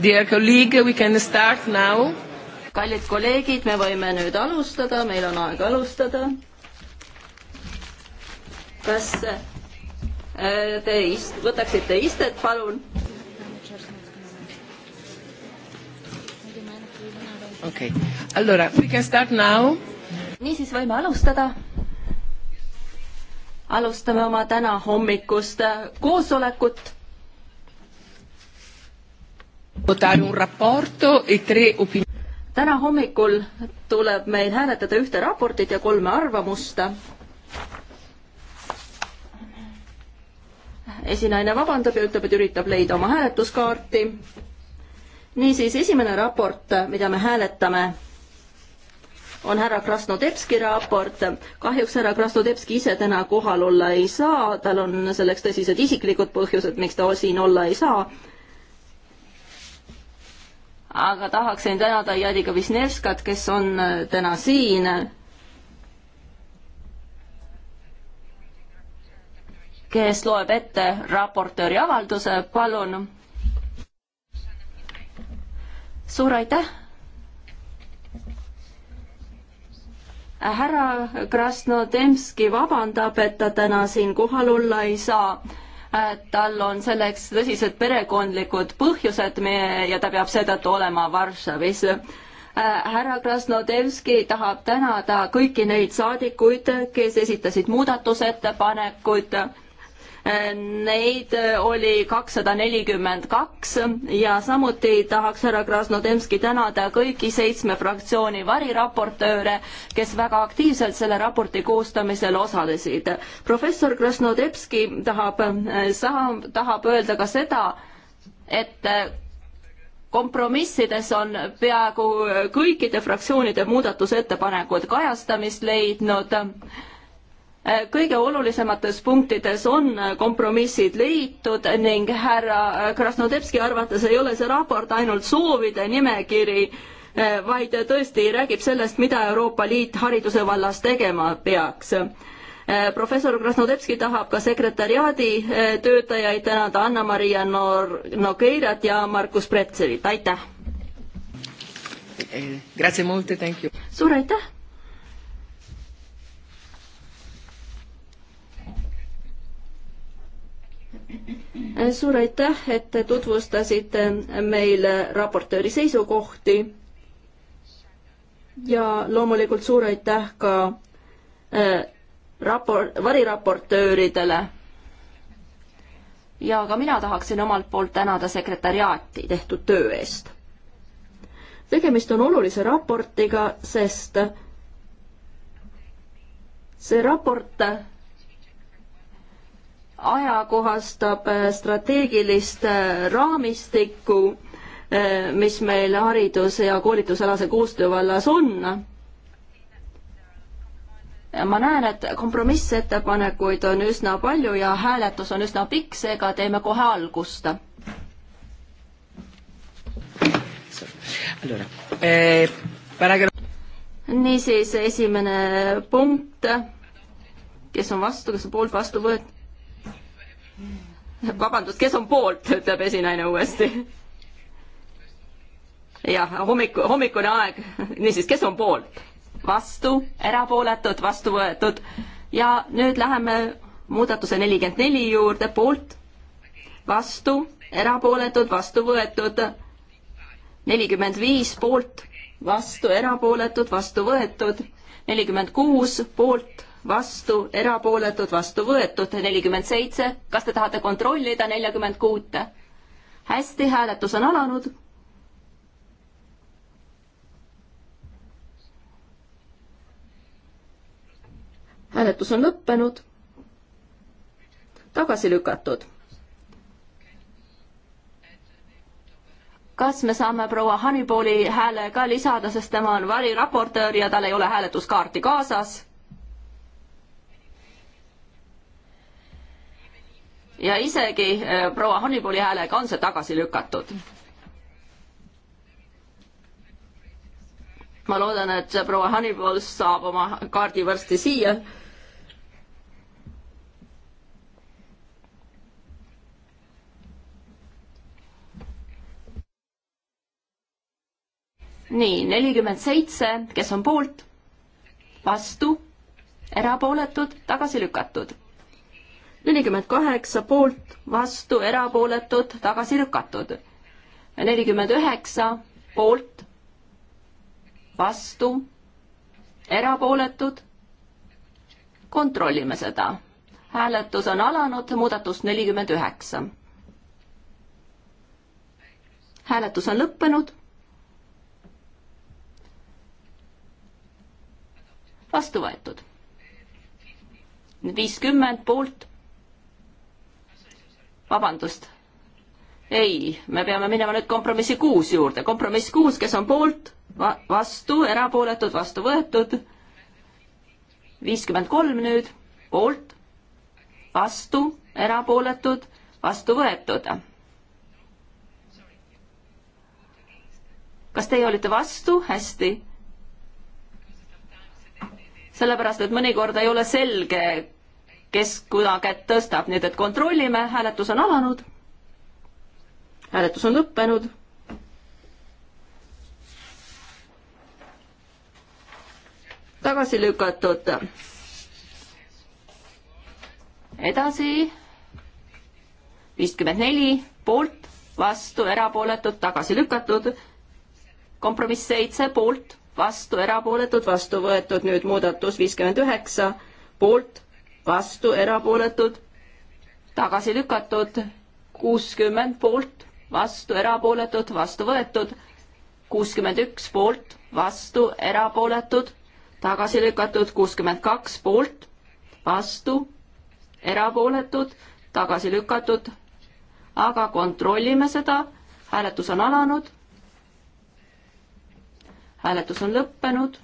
Dear colleague, we can start now. kallid kolleegid, me võime nüüd alustada, meil on aeg alustada. kas äh, te ist-, võtaksite istet, palun? okei okay., allora we can start now. niisiis võime alustada alustame oma täna hommikust koosolekut E täna hommikul tuleb meil hääletada ühte raportit ja kolme arvamust. esinaine vabandab ja ütleb, et üritab leida oma hääletuskaarti. niisiis, esimene raport, mida me hääletame, on härra Krasnodebski raport. kahjuks härra Krasnodebski ise täna kohal olla ei saa, tal on selleks tõsised isiklikud põhjused, miks ta siin olla ei saa aga tahaksin tänada Jadiga Visnevskat, kes on äh, täna siin. kes loeb ette raportööri avalduse, palun. suur aitäh. härra Krasnodemski vabandab, et ta täna siin kohal olla ei saa tal on selleks tõsised perekondlikud põhjused ja ta peab seetõttu olema Varssavis. Äh, härra Krasnodevski tahab tänada kõiki neid saadikuid, kes esitasid muudatusettepanekuid Neid äh, oli kakssada nelikümmend kaks ja samuti tahaks härra Krasnodemski tänada kõiki seitsme fraktsiooni variraportööre, kes väga aktiivselt selle raporti koostamisel osalesid. professor Krasnodemski tahab, äh, tahab öelda ka seda, et äh, kompromissides on peaaegu kõikide fraktsioonide muudatusettepanekud kajastamist leidnud Äh, kõige olulisemates punktides on äh, kompromissid leitud ning härra äh, Krasnodebski arvates ei ole see raport ainult soovide nimekiri, vaid tõesti räägib sellest, mida Euroopa Liit hariduse vallas tegema peaks. professor Krasnodebski tahab ka sekretäriaadi töötajaid tänada Anna-Maria Nogeirat ja Markus Pretselit, aitäh! Eh, suur aitäh! suur aitäh, et te tutvustasite meile raportööri seisukohti. ja loomulikult suur aitäh ka äh, raport, variraportööridele. ja ka mina tahaksin omalt poolt tänada sekretäriaati tehtud töö eest. tegemist on olulise raportiga, sest see raport ajakohastab äh, strateegilist äh, raamistikku, äh, mis meil haridus- ja koolitusalase koostöö vallas on. ma näen, et kompromissettepanekuid on üsna palju ja hääletus on üsna pikk, seega teeme kohe algust. Eh, niisiis, esimene punkt, kes on vastu, kes on poolt vastu võetud? vabandust, kes on poolt, ütleb esinaine uuesti. jah, hommiku, hommikune aeg, niisiis, kes on poolt? vastu, erapooletud, vastu võetud ja nüüd läheme muudatuse nelikümmend neli juurde, poolt, vastu, erapooletud, vastu võetud, nelikümmend viis poolt, vastu, erapooletud, vastu võetud, nelikümmend kuus poolt vastu, erapooletud, vastu võetud, nelikümmend seitse. kas te tahate kontrollida neljakümmend kuute? hästi, hääletus on alanud. hääletus on lõppenud. tagasi lükatud. kas me saame proua Hanipooli hääle ka lisada, sest tema on variraportöör ja tal ei ole hääletuskaarti kaasas ja isegi äh, proua Hannibali häälega on see tagasi lükatud. ma loodan, et proua Hannibal saab oma kaardi varsti siia nii, nelikümmend seitse, kes on poolt, vastu, erapooletud, tagasi lükatud nelikümmend kaheksa poolt, vastu, erapooletud, tagasi lükatud. nelikümmend üheksa poolt, vastu, erapooletud. kontrollime seda. hääletus on alanud, muudatus nelikümmend üheksa. hääletus on lõppenud. vastu võetud. viiskümmend poolt vabandust. ei, me peame minema nüüd kompromissi kuus juurde, kompromiss kuus, kes on poolt va, vastu, erapooletud, vastu võetud. viiskümmend kolm nüüd, poolt, vastu, erapooletud, vastu võetud. kas teie olite vastu? hästi sellepärast, et mõnikord ei ole selge, kes kuna kätt tõstab, nii et kontrollime, hääletus on alanud. hääletus on lõppenud. tagasi lükatud. edasi viiskümmend neli poolt, vastu, erapooletud, tagasi lükatud. kompromiss seitse poolt, vastu, erapooletud, vastu võetud, nüüd muudatus viiskümmend üheksa poolt vastu, erapooletud, tagasi lükatud, kuuskümmend poolt, vastu, erapooletud, vastu võetud, kuuskümmend üks poolt, vastu, erapooletud, tagasi lükatud, kuuskümmend kaks poolt, vastu, erapooletud, tagasi lükatud, aga kontrollime seda, hääletus on alanud, hääletus on lõppenud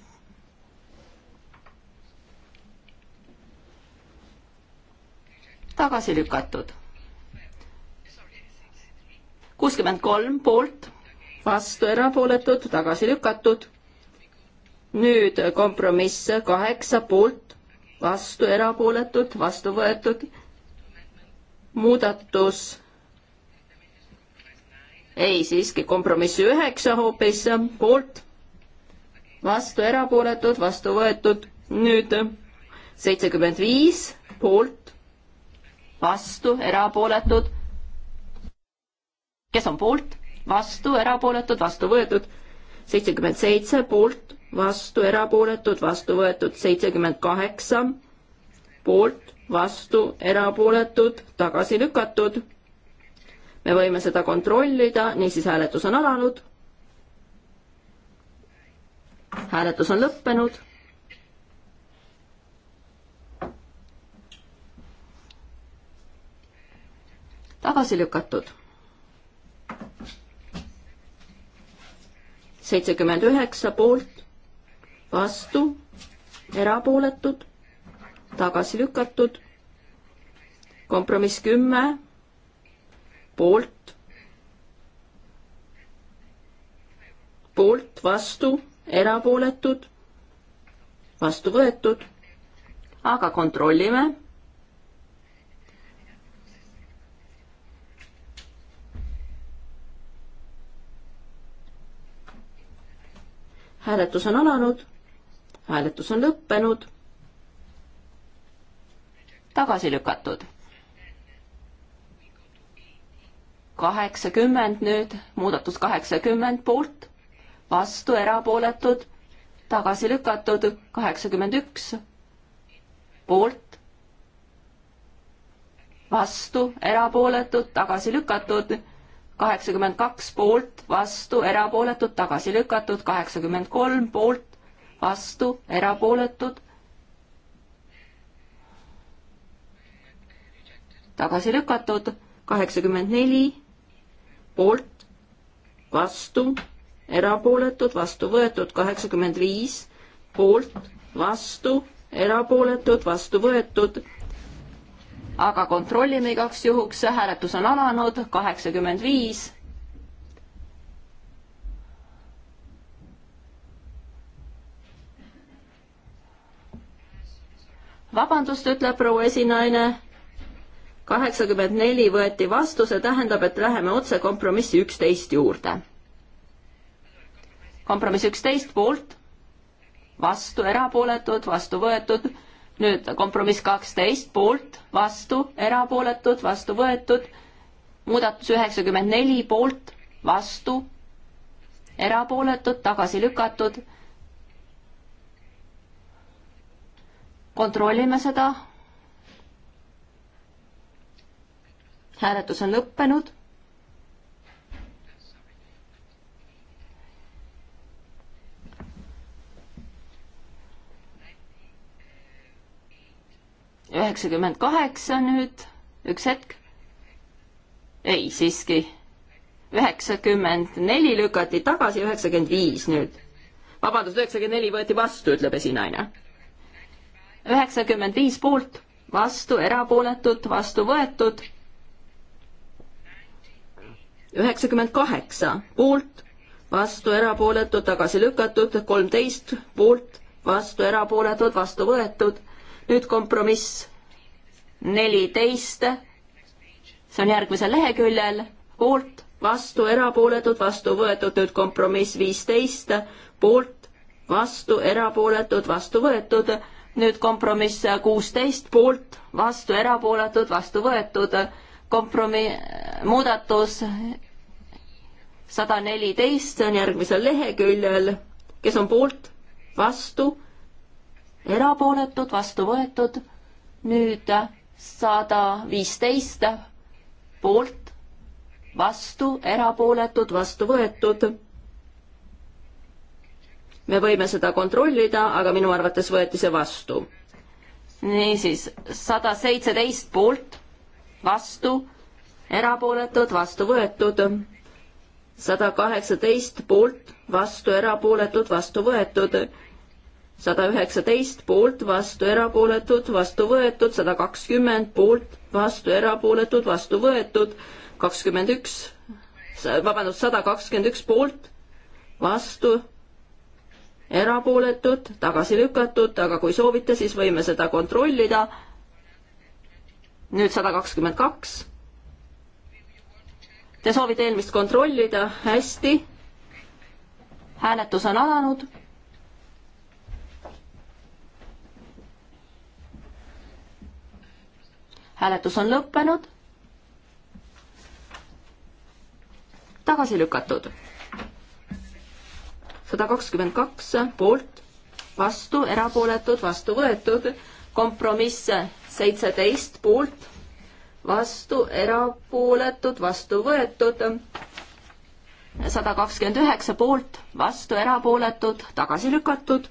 tagasi lükatud. kuuskümmend kolm poolt, vastu erapooletud, tagasi lükatud. nüüd kompromiss kaheksa poolt, vastu erapooletud, vastu võetud. muudatus ei, siiski kompromiss üheksa hoopis poolt, vastu erapooletud, vastu võetud, nüüd seitsekümmend viis poolt, vastu, erapooletud. kes on poolt, vastu, erapooletud, vastu võetud. seitsekümmend seitse poolt, vastu, erapooletud, vastu võetud. seitsekümmend kaheksa poolt, vastu, erapooletud, tagasi lükatud. me võime seda kontrollida, niisiis hääletus on alanud. hääletus on lõppenud tagasi lükatud. seitsekümmend üheksa poolt, vastu, erapooletud, tagasi lükatud. kompromiss kümme, poolt, poolt, vastu, erapooletud, vastu võetud, aga kontrollime hääletus on alanud, hääletus on lõppenud, tagasi lükatud. kaheksakümmend nüüd, muudatus kaheksakümmend poolt, vastu erapooletud, tagasi lükatud, kaheksakümmend üks poolt, vastu erapooletud, tagasi lükatud kaheksakümmend kaks poolt, vastu, erapooletud, tagasi lükatud, kaheksakümmend kolm poolt, vastu, erapooletud, tagasi lükatud, kaheksakümmend neli poolt, vastu, erapooletud, vastu võetud, kaheksakümmend viis poolt, vastu, erapooletud, vastu võetud aga kontrollime igaks juhuks, hääletus on alanud, kaheksakümmend viis. vabandust, ütleb proua esinaine. kaheksakümmend neli võeti vastu, see tähendab, et läheme otse kompromissi üksteist juurde. kompromiss üksteist poolt, vastu erapooletud, vastu võetud nüüd kompromiss kaksteist poolt, vastu, erapooletud, vastu võetud, muudatus üheksakümmend neli poolt, vastu, erapooletud, tagasi lükatud. kontrollime seda. hääletus on lõppenud üheksakümmend kaheksa nüüd, üks hetk. ei, siiski. üheksakümmend neli lükati tagasi, üheksakümmend viis nüüd. vabandust, üheksakümmend neli võeti vastu, ütleb esinaine. üheksakümmend viis poolt, vastu, erapooletud, vastu võetud. üheksakümmend kaheksa poolt, vastu, erapooletud, tagasi lükatud, kolmteist poolt, vastu, erapooletud, vastu võetud nüüd kompromiss neliteist, see on järgmisel leheküljel, poolt, vastu, erapooletud, vastu võetud, nüüd kompromiss viisteist, poolt, vastu, erapooletud, vastu võetud, nüüd kompromiss kuusteist, poolt, vastu, erapooletud, vastu võetud, kompromi-, muudatus sada neliteist, see on järgmisel leheküljel, kes on poolt, vastu erapooletud, vastu võetud, nüüd sada viisteist poolt, vastu, erapooletud, vastu võetud. me võime seda kontrollida, aga minu arvates võeti see vastu. niisiis, sada seitseteist poolt, vastu, erapooletud, vastu võetud, sada kaheksateist poolt, vastu, erapooletud, vastu võetud sada üheksateist poolt, vastu erapooletud, vastu võetud, sada kakskümmend poolt, vastu erapooletud, vastu võetud, kakskümmend üks, vabandust, sada kakskümmend üks poolt, vastu erapooletud, tagasi lükatud, aga kui soovite, siis võime seda kontrollida. nüüd sada kakskümmend kaks. Te soovite eelmist kontrollida, hästi. hääletus on alanud hääletus on lõppenud. tagasi lükatud. sada kakskümmend kaks poolt, vastu, erapooletud, vastu võetud, kompromiss seitseteist poolt, vastu, erapooletud, vastu võetud, sada kakskümmend üheksa poolt, vastu, erapooletud, tagasi lükatud,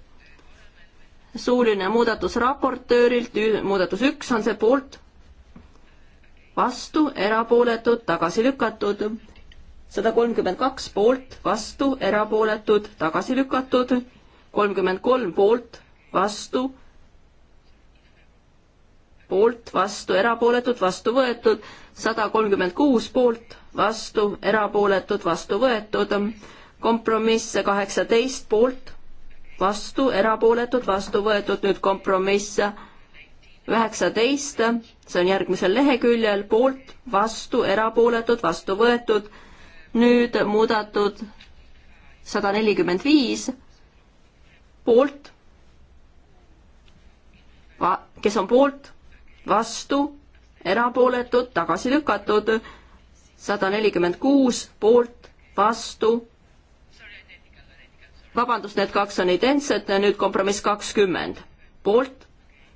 suuline muudatus raportöörilt, muudatus üks on see poolt vastu, erapooletud, tagasi lükatud. sada kolmkümmend kaks poolt, vastu, erapooletud, tagasi lükatud. kolmkümmend kolm poolt, vastu, poolt, vastu, erapooletud, vastu võetud. sada kolmkümmend kuus poolt, vastu, erapooletud, vastu võetud. kompromiss kaheksateist poolt, vastu, erapooletud, vastu võetud, nüüd kompromiss üheksateist see on järgmisel leheküljel, poolt, vastu, erapooletud, vastu võetud, nüüd muudatud sada nelikümmend viis, poolt, kes on poolt, vastu, erapooletud, tagasi lükatud, sada nelikümmend kuus, poolt, vastu, vabandust, need kaks on identsed, nüüd kompromiss kakskümmend, poolt,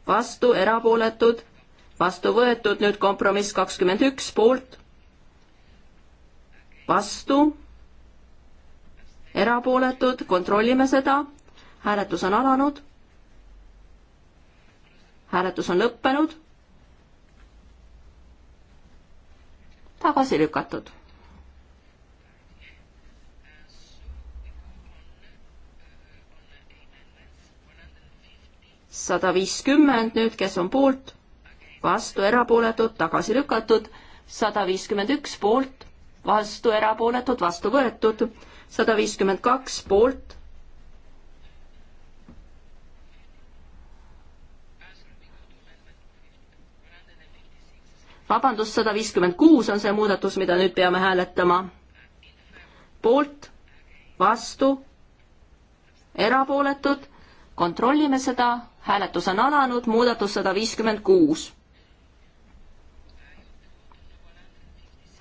vastu, erapooletud vastu võetud, nüüd kompromiss kakskümmend üks poolt, vastu, erapooletud, kontrollime seda, hääletus on alanud, hääletus on lõppenud, tagasi lükatud sada viiskümmend nüüd, kes on poolt? vastu, erapooletud, tagasi lükatud, sada viiskümmend üks poolt, vastu, erapooletud, vastu võetud, sada viiskümmend kaks poolt, vabandust, sada viiskümmend kuus on see muudatus, mida nüüd peame hääletama. poolt, vastu, erapooletud, kontrollime seda, hääletus on alanud, muudatus sada viiskümmend kuus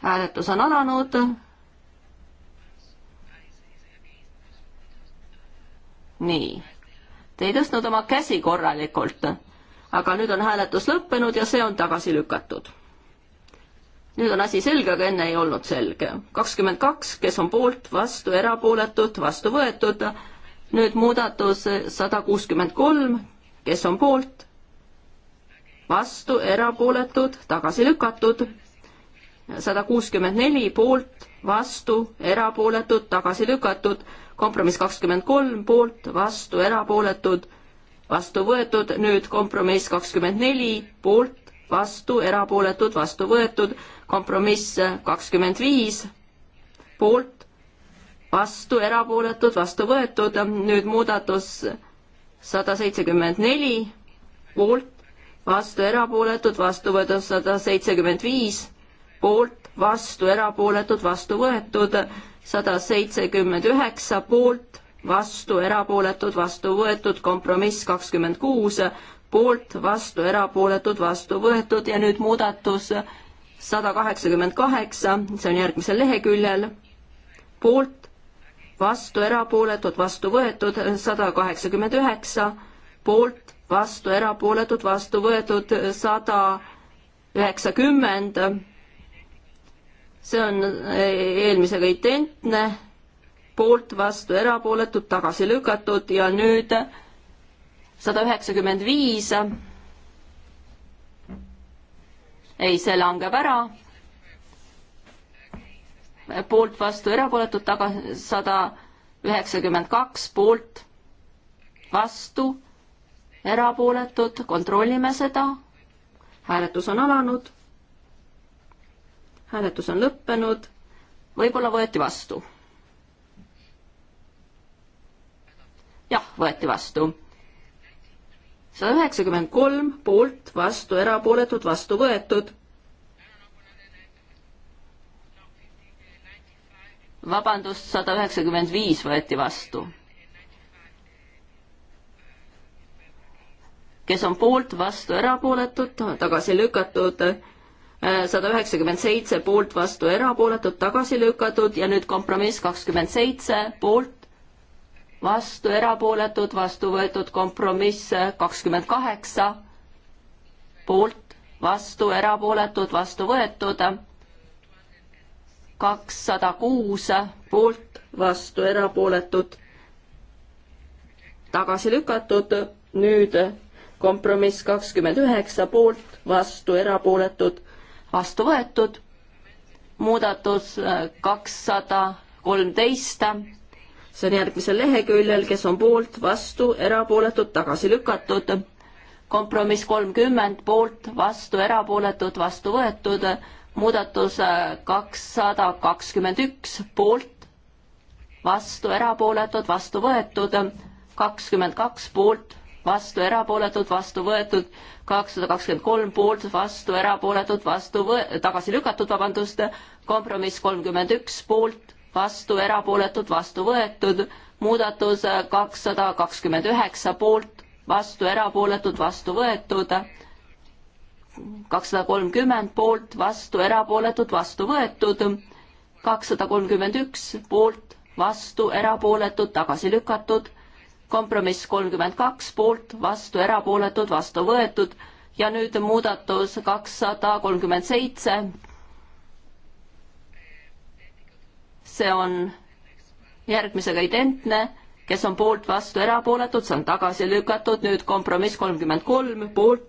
hääletus on alanud. nii, te ei tõstnud oma käsi korralikult, aga nüüd on hääletus lõppenud ja see on tagasi lükatud. nüüd on asi selge, aga enne ei olnud selge. kakskümmend kaks, kes on poolt, vastu, erapooletud, vastu võetud. nüüd muudatus sada kuuskümmend kolm, kes on poolt, vastu, erapooletud, tagasi lükatud sada kuuskümmend neli poolt, vastu, erapooletud, tagasi lükatud, kompromiss kakskümmend kolm poolt, vastu, erapooletud, vastu võetud, nüüd kompromiss kakskümmend neli poolt, vastu, erapooletud, vastu võetud, kompromiss kakskümmend viis poolt, vastu, erapooletud, vastu võetud, nüüd muudatus sada seitsekümmend neli poolt, vastu, erapooletud, vastu võetud sada seitsekümmend viis poolt, vastu, erapooletud, vastu võetud, sada seitsekümmend üheksa poolt, vastu, erapooletud, vastu võetud, kompromiss kakskümmend kuus, poolt, vastu, erapooletud, vastu võetud ja nüüd muudatus sada kaheksakümmend kaheksa, see on järgmisel leheküljel, poolt, vastu, erapooletud, vastu võetud, sada kaheksakümmend üheksa, poolt, vastu, erapooletud, vastu võetud, sada üheksakümmend see on eh, eelmisega identne, poolt, vastu, erapooletud, tagasi lükatud ja nüüd sada üheksakümmend viis. ei, see langeb ära. poolt, vastu, erapooletud, tagasi sada üheksakümmend kaks, poolt, vastu, erapooletud, kontrollime seda. hääletus on alanud hääletus on lõppenud, võib-olla võeti vastu. jah, võeti vastu. sada üheksakümmend kolm poolt, vastu, erapooletud, vastu võetud. vabandust, sada üheksakümmend viis võeti vastu kes on poolt, vastu, erapooletud, tagasi lükatud sada üheksakümmend seitse poolt, vastu erapooletud, tagasi lükatud ja nüüd kompromiss kakskümmend seitse poolt, vastu erapooletud, vastu võetud kompromiss kakskümmend kaheksa poolt, vastu erapooletud, vastu võetud kakssada kuus poolt, vastu erapooletud, tagasi lükatud, nüüd kompromiss kakskümmend üheksa poolt, vastu erapooletud vastu võetud, muudatus äh, kakssada kolmteist, see on järgmisel leheküljel, kes on poolt, vastu, erapooletud, tagasi lükatud, kompromiss kolmkümmend, poolt, vastu, erapooletud, vastu võetud, muudatus äh, kakssada kakskümmend üks, poolt, vastu, erapooletud, vastu võetud, kakskümmend kaks poolt, vastu erapooletud, vastu võetud, kakssada kakskümmend kolm poolt, vastu erapooletud, vastu võe-, tagasi lükatud, vabandust, kompromiss kolmkümmend üks poolt, vastu erapooletud, vastu võetud, muudatus kakssada kakskümmend üheksa poolt, vastu erapooletud, vastu võetud, kakssada kolmkümmend poolt, vastu erapooletud, vastu võetud, kakssada kolmkümmend üks poolt, vastu erapooletud, tagasi lükatud kompromiss kolmkümmend kaks poolt, vastu erapooletud, vastu võetud ja nüüd muudatus kakssada kolmkümmend seitse. see on järgmisega identne, kes on poolt, vastu, erapooletud, see on tagasi lükatud, nüüd kompromiss kolmkümmend kolm poolt.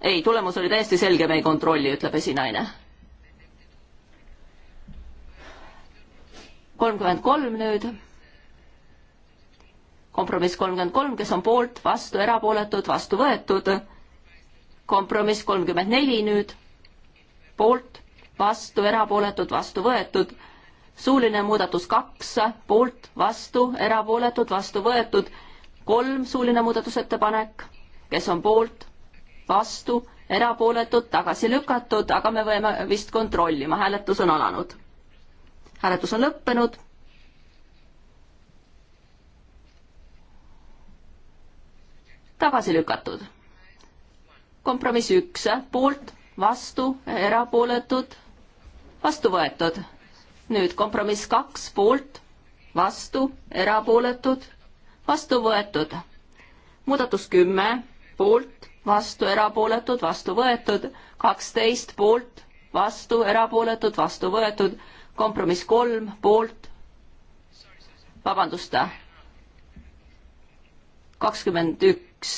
ei, tulemus oli täiesti selge, me ei kontrolli, ütleb esinaine kolmkümmend kolm nüüd kompromiss kolmkümmend kolm, kes on poolt, vastu, erapooletud, vastu võetud. kompromiss kolmkümmend neli nüüd, poolt, vastu, erapooletud, vastu võetud. suuline muudatus kaks, poolt, vastu, erapooletud, vastu võetud. kolm, suuline muudatusettepanek, kes on poolt, vastu, erapooletud, tagasi lükatud, aga me võime vist kontrollima, hääletus on alanud. hääletus on lõppenud tagasi lükatud. kompromiss üks, poolt, vastu, erapooletud, vastu võetud. nüüd kompromiss kaks, poolt, vastu, erapooletud, vastu võetud. muudatus kümme, poolt, vastu, erapooletud, vastu võetud, kaksteist poolt, vastu, erapooletud, vastu võetud, kompromiss kolm poolt, vabandust, kakskümmend üks üks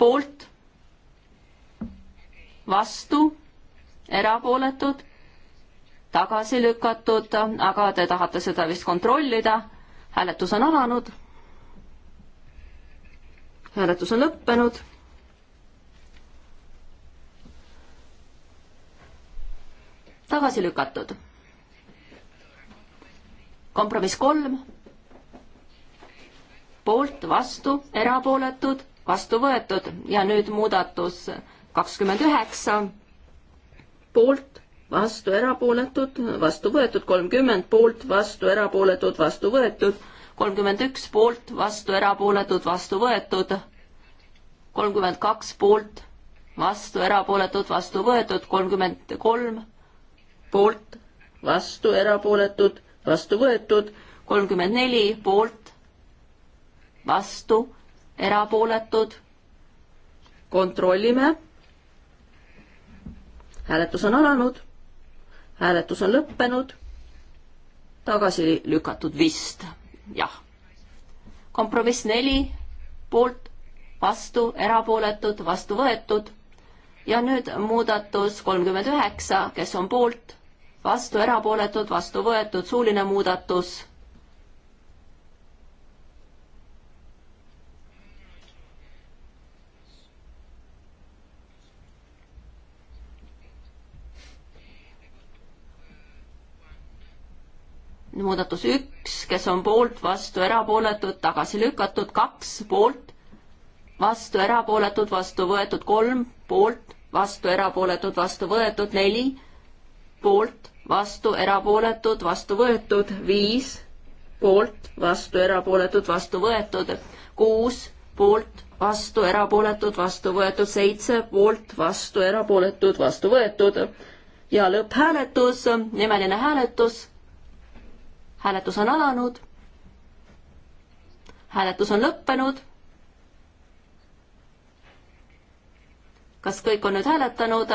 poolt, vastu, erapooletud, tagasi lükatud, aga te tahate seda vist kontrollida. hääletus on alanud. hääletus on lõppenud. tagasi lükatud. kompromiss kolm poolt, vastu, erapooletud, vastu võetud ja nüüd muudatus kakskümmend üheksa, poolt, vastu, erapooletud, vastu võetud, kolmkümmend poolt, vastu, erapooletud, vastu võetud, kolmkümmend üks poolt, vastu, erapooletud, vastu võetud, kolmkümmend kaks poolt, vastu, erapooletud, vastu võetud, kolmkümmend kolm poolt, vastu, erapooletud, vastu võetud, kolmkümmend neli poolt, vastu, erapooletud. kontrollime. hääletus on alanud. hääletus on lõppenud. tagasi lükatud vist, jah. kompromiss neli, poolt, vastu, erapooletud, vastu võetud. ja nüüd muudatus kolmkümmend üheksa, kes on poolt, vastu, erapooletud, vastu võetud, suuline muudatus muudatus üks, kes on poolt, vastu, erapooletud, tagasi lükatud, kaks poolt, vastu, erapooletud, vastu võetud, kolm poolt, vastu, erapooletud, vastu võetud, neli poolt, vastu, erapooletud, vastu võetud, viis poolt, vastu, erapooletud, vastu võetud, kuus poolt, vastu, erapooletud, vastu võetud, seitse poolt, vastu, erapooletud, vastu võetud ja lõpphääletus, nimeline hääletus hääletus on alanud. hääletus on lõppenud. kas kõik on nüüd hääletanud?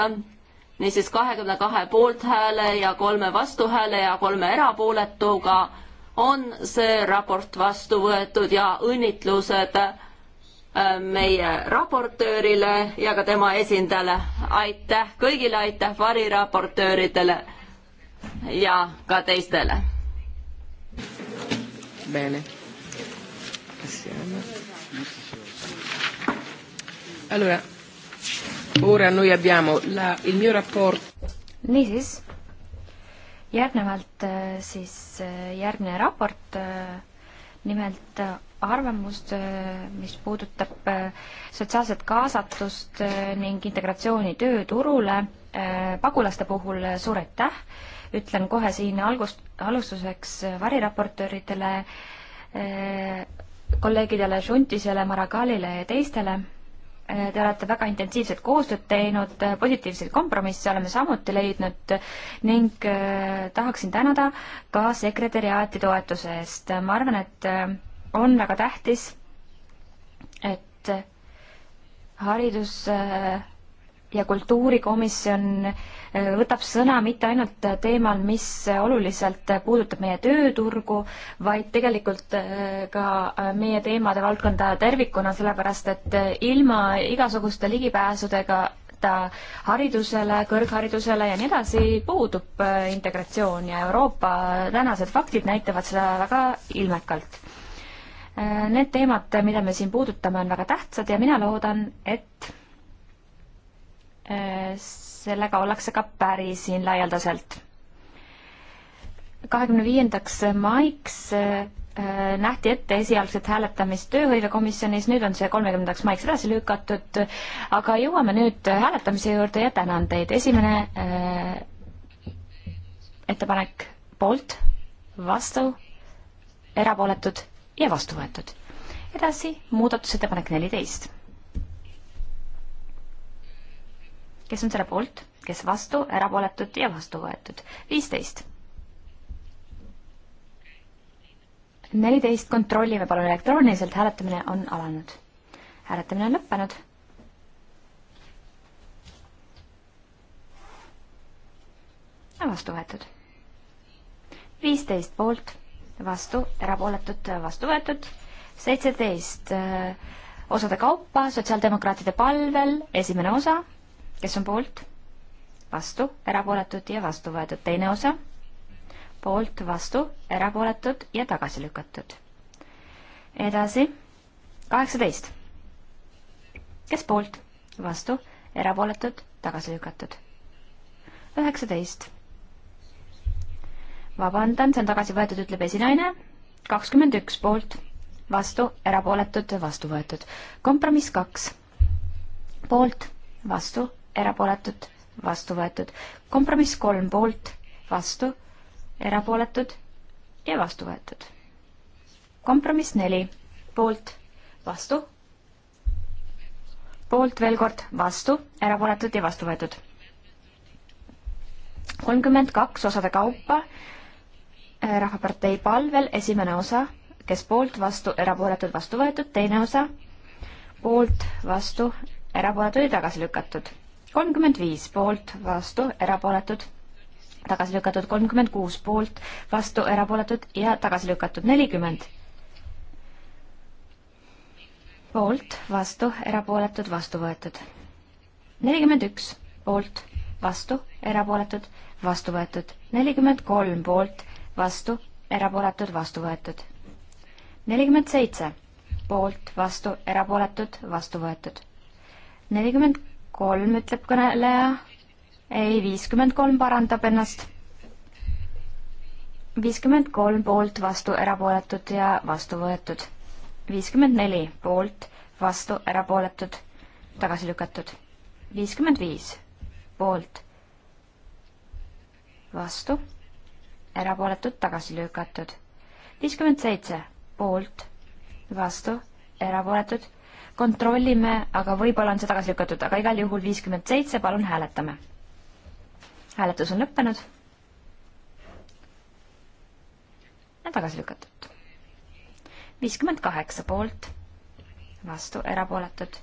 niisiis kahekümne kahe poolthääle ja kolme vastuhääle ja kolme erapooletuga on see raport vastu võetud ja õnnitlused äh, meie raportöörile ja ka tema esindajale. aitäh kõigile, aitäh variraportööridele ja ka teistele Bene. Passiamo. Allora, ora noi abbiamo la, il mio rapporto. Niisiis, järgnevalt äh, siis äh, järgmine raport, äh, nimelt arvamust, mis puudutab sotsiaalset kaasatust ning integratsiooni tööturule pagulaste puhul, suur aitäh ütlen kohe siin algust, alustuseks variraportööridele, eh, kolleegidele Šuntisele, Maragalile ja teistele. Eh, te olete väga intensiivset koostööd teinud, eh, positiivseid kompromisse oleme samuti leidnud ning tahaksin tänada ka sekretäriaati toetuse eest. ma arvan, et on väga tähtis, et haridus ja kultuurikomisjon äh, võtab sõna mitte ainult teemal, mis oluliselt puudutab meie tööturgu, vaid tegelikult äh, ka äh, meie teemade valdkonda tervikuna, sellepärast et ilma igasuguste ligipääsudega ta haridusele, kõrgharidusele ja nii edasi puudub integratsioon ja Euroopa tänased faktid näitavad seda väga ilmekalt. Need teemad, mida me siin puudutame, on väga tähtsad ja mina loodan, et Äh, sellega ollakse ka päri siin laialdaselt. kahekümne viiendaks maiks äh, nähti ette esialgset hääletamist tööhõivekomisjonis, nüüd on see kolmekümnendaks maiks edasi lükatud, aga jõuame nüüd hääletamise juurde ja tänan teid. esimene äh, ettepanek poolt, vastu, erapooletud ja vastu võetud. edasi muudatusettepanek neliteist kes on selle poolt, kes vastu, erapooletud ja vastu võetud. viisteist. neliteist, kontrollime palun elektrooniliselt, hääletamine on alanud. hääletamine on lõppenud. vastu võetud. viisteist poolt, vastu, erapooletud, vastu võetud. seitseteist eh, osade kaupa sotsiaaldemokraatide palvel, esimene osa kes on poolt, vastu, erapooletud ja vastu võetud. teine osa, poolt, vastu, erapooletud ja tagasi lükatud. edasi, kaheksateist. kes poolt, vastu, erapooletud, tagasi lükatud. üheksateist. vabandan, see on tagasi võetud, ütleb esinaine. kakskümmend üks poolt, vastu, erapooletud, vastu võetud. kompromiss kaks poolt, vastu, erapooletud, vastu võetud. kompromiss kolm poolt, vastu, erapooletud ja vastu võetud. kompromiss neli poolt, vastu, poolt veel kord, vastu, erapooletud ja vastu võetud. kolmkümmend kaks osade kaupa äh, Rahvapartei palvel esimene osa, kes poolt, vastu, erapooletud, vastu võetud, teine osa, poolt, vastu, erapooletud ja tagasi lükatud kolmkümmend viis poolt, vastu, erapooletud, tagasi lükatud kolmkümmend kuus poolt, vastu, erapooletud ja tagasi lükatud nelikümmend. poolt, vastu, erapooletud, vastu võetud. nelikümmend üks poolt, vastu, erapooletud, vastu võetud. nelikümmend kolm poolt, vastu, erapooletud, vastu võetud. nelikümmend seitse poolt, vastu, erapooletud, vastu võetud. nelikümmend kolm, ütleb kõneleja. ei, viiskümmend kolm parandab ennast. viiskümmend kolm poolt, vastu, erapooletud ja vastu võetud. viiskümmend neli poolt, vastu, erapooletud, tagasi lükatud. viiskümmend viis poolt, vastu, erapooletud, tagasi lükatud. viiskümmend seitse poolt, vastu, erapooletud kontrollime, aga võib-olla on see tagasi lükatud, aga igal juhul viiskümmend seitse, palun hääletame. hääletus on lõppenud. ja tagasi lükatud. viiskümmend kaheksa poolt, vastu erapooletud,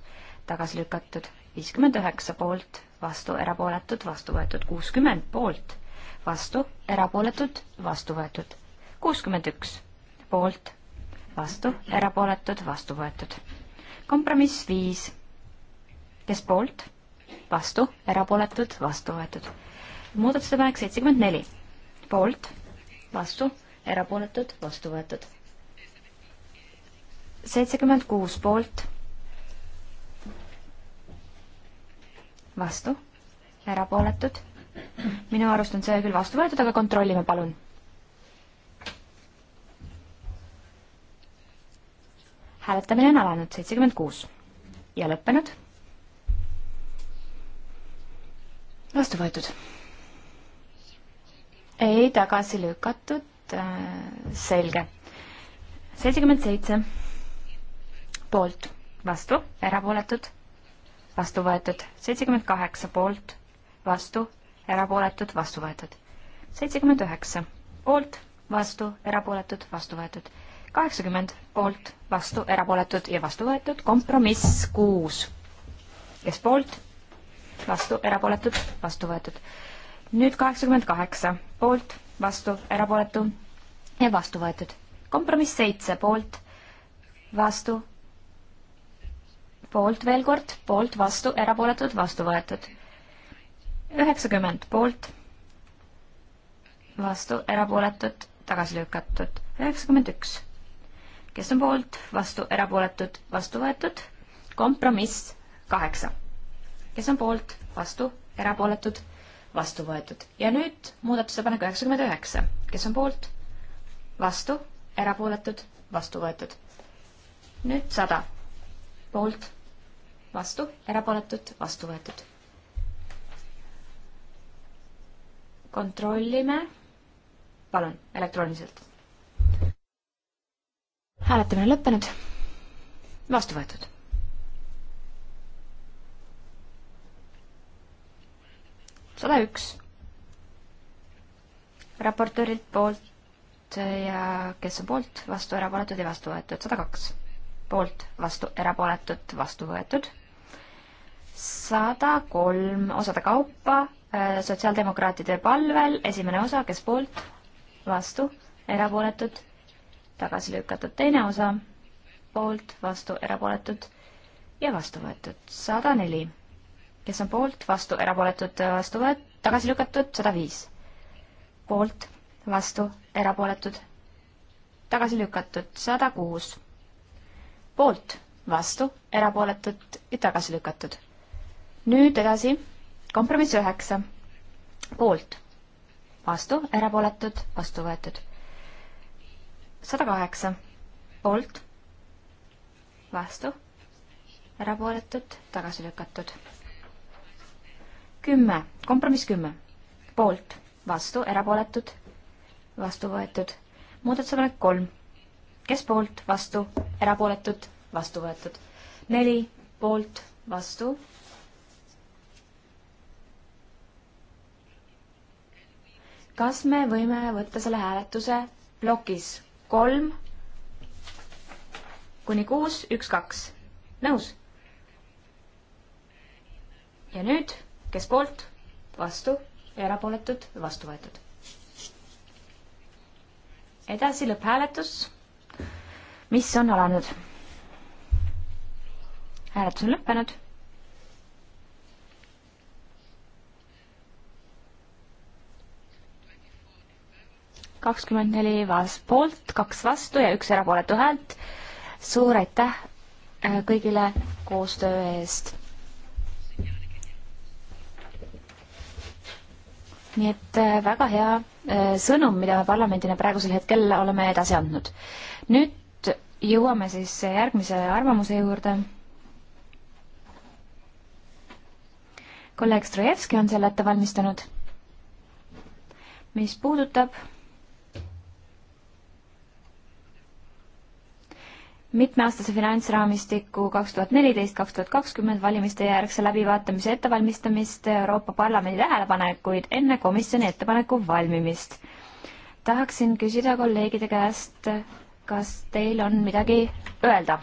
tagasi lükatud, viiskümmend üheksa poolt, vastu erapooletud, vastu võetud, kuuskümmend poolt, vastu erapooletud, vastu võetud, kuuskümmend üks poolt, vastu erapooletud, vastu võetud kompromiss viis, kes poolt, vastu, erapooletud, vastu võetud. muudatusettepanek seitsekümmend neli, poolt, vastu, erapooletud, vastu võetud. seitsekümmend kuus poolt, vastu, erapooletud. minu arust on see küll vastu võetud, aga kontrollime palun hääletamine on alanud, seitsekümmend kuus ja lõppenud. vastu võetud. ei, tagasi lükatud, äh, selge. seitsekümmend seitse poolt, vastu, erapooletud, vastu võetud, seitsekümmend kaheksa poolt, vastu, erapooletud, vastu võetud, seitsekümmend üheksa poolt, vastu, erapooletud, vastu võetud kaheksakümmend poolt, vastu, erapooletud ja vastu võetud, kompromiss kuus. kes poolt, vastu, erapooletud, vastu võetud. nüüd kaheksakümmend kaheksa poolt, vastu, erapooletu ja vastu võetud. kompromiss seitse poolt, vastu, poolt veel kord, poolt, vastu, erapooletud, vastu võetud. üheksakümmend poolt, vastu, erapooletud, tagasi lükatud. üheksakümmend üks kes on poolt, vastu, erapooletud, vastu võetud. kompromiss kaheksa, kes on poolt, vastu, erapooletud, vastu võetud. ja nüüd muudatusepanek üheksakümmend üheksa, kes on poolt, vastu, erapooletud, vastu võetud. nüüd sada, poolt, vastu, erapooletud, vastu võetud. kontrollime, palun, elektrooniliselt hääletamine lõppenud. vastu võetud. sada üks. raportöörilt poolt ja kes on poolt, vastu, erapooletud ja vastu võetud, sada kaks. poolt, vastu, erapooletud, vastu võetud. sada kolm osade kaupa äh, sotsiaaldemokraatide palvel, esimene osa, kes poolt, vastu, erapooletud tagasi lükatud teine osa, poolt, vastu, erapooletud ja vastu võetud. sada neli, kes on poolt, vastu, erapooletud, vastu võet-, tagasi lükatud, sada viis. poolt, vastu, erapooletud, tagasi lükatud, sada kuus. poolt, vastu, erapooletud ja tagasi lükatud. nüüd edasi, kompromiss üheksa. poolt, vastu, erapooletud, vastu võetud sada kaheksa poolt, vastu, erapooletud, tagasi lükatud. kümme, kompromiss kümme, poolt, vastu, erapooletud, vastu võetud. muudatusepanek kolm, kes poolt, vastu, erapooletud, vastu võetud. neli, poolt, vastu, kas me võime võtta selle hääletuse plokis? kolm kuni kuus, üks, kaks. nõus? ja nüüd, kes poolt, vastu, erapooletud, vastu võetud. edasi lõpphääletus, mis on alanud. hääletus on lõppenud kakskümmend neli vast-, poolt, kaks vastu ja üks erapooletu häält. suur aitäh äh, kõigile koostöö eest. nii et äh, väga hea äh, sõnum, mida me parlamendina praegusel hetkel oleme edasi andnud. nüüd jõuame siis järgmise arvamuse juurde. kolleeg Strojevski on selle ette valmistanud, mis puudutab mitmeaastase finantsraamistiku kaks tuhat neliteist, kaks tuhat kakskümmend valimiste järgse läbivaatamise ettevalmistamist, Euroopa Parlamendi tähelepanekuid enne komisjoni ettepaneku valmimist. tahaksin küsida kolleegide käest, kas teil on midagi öelda?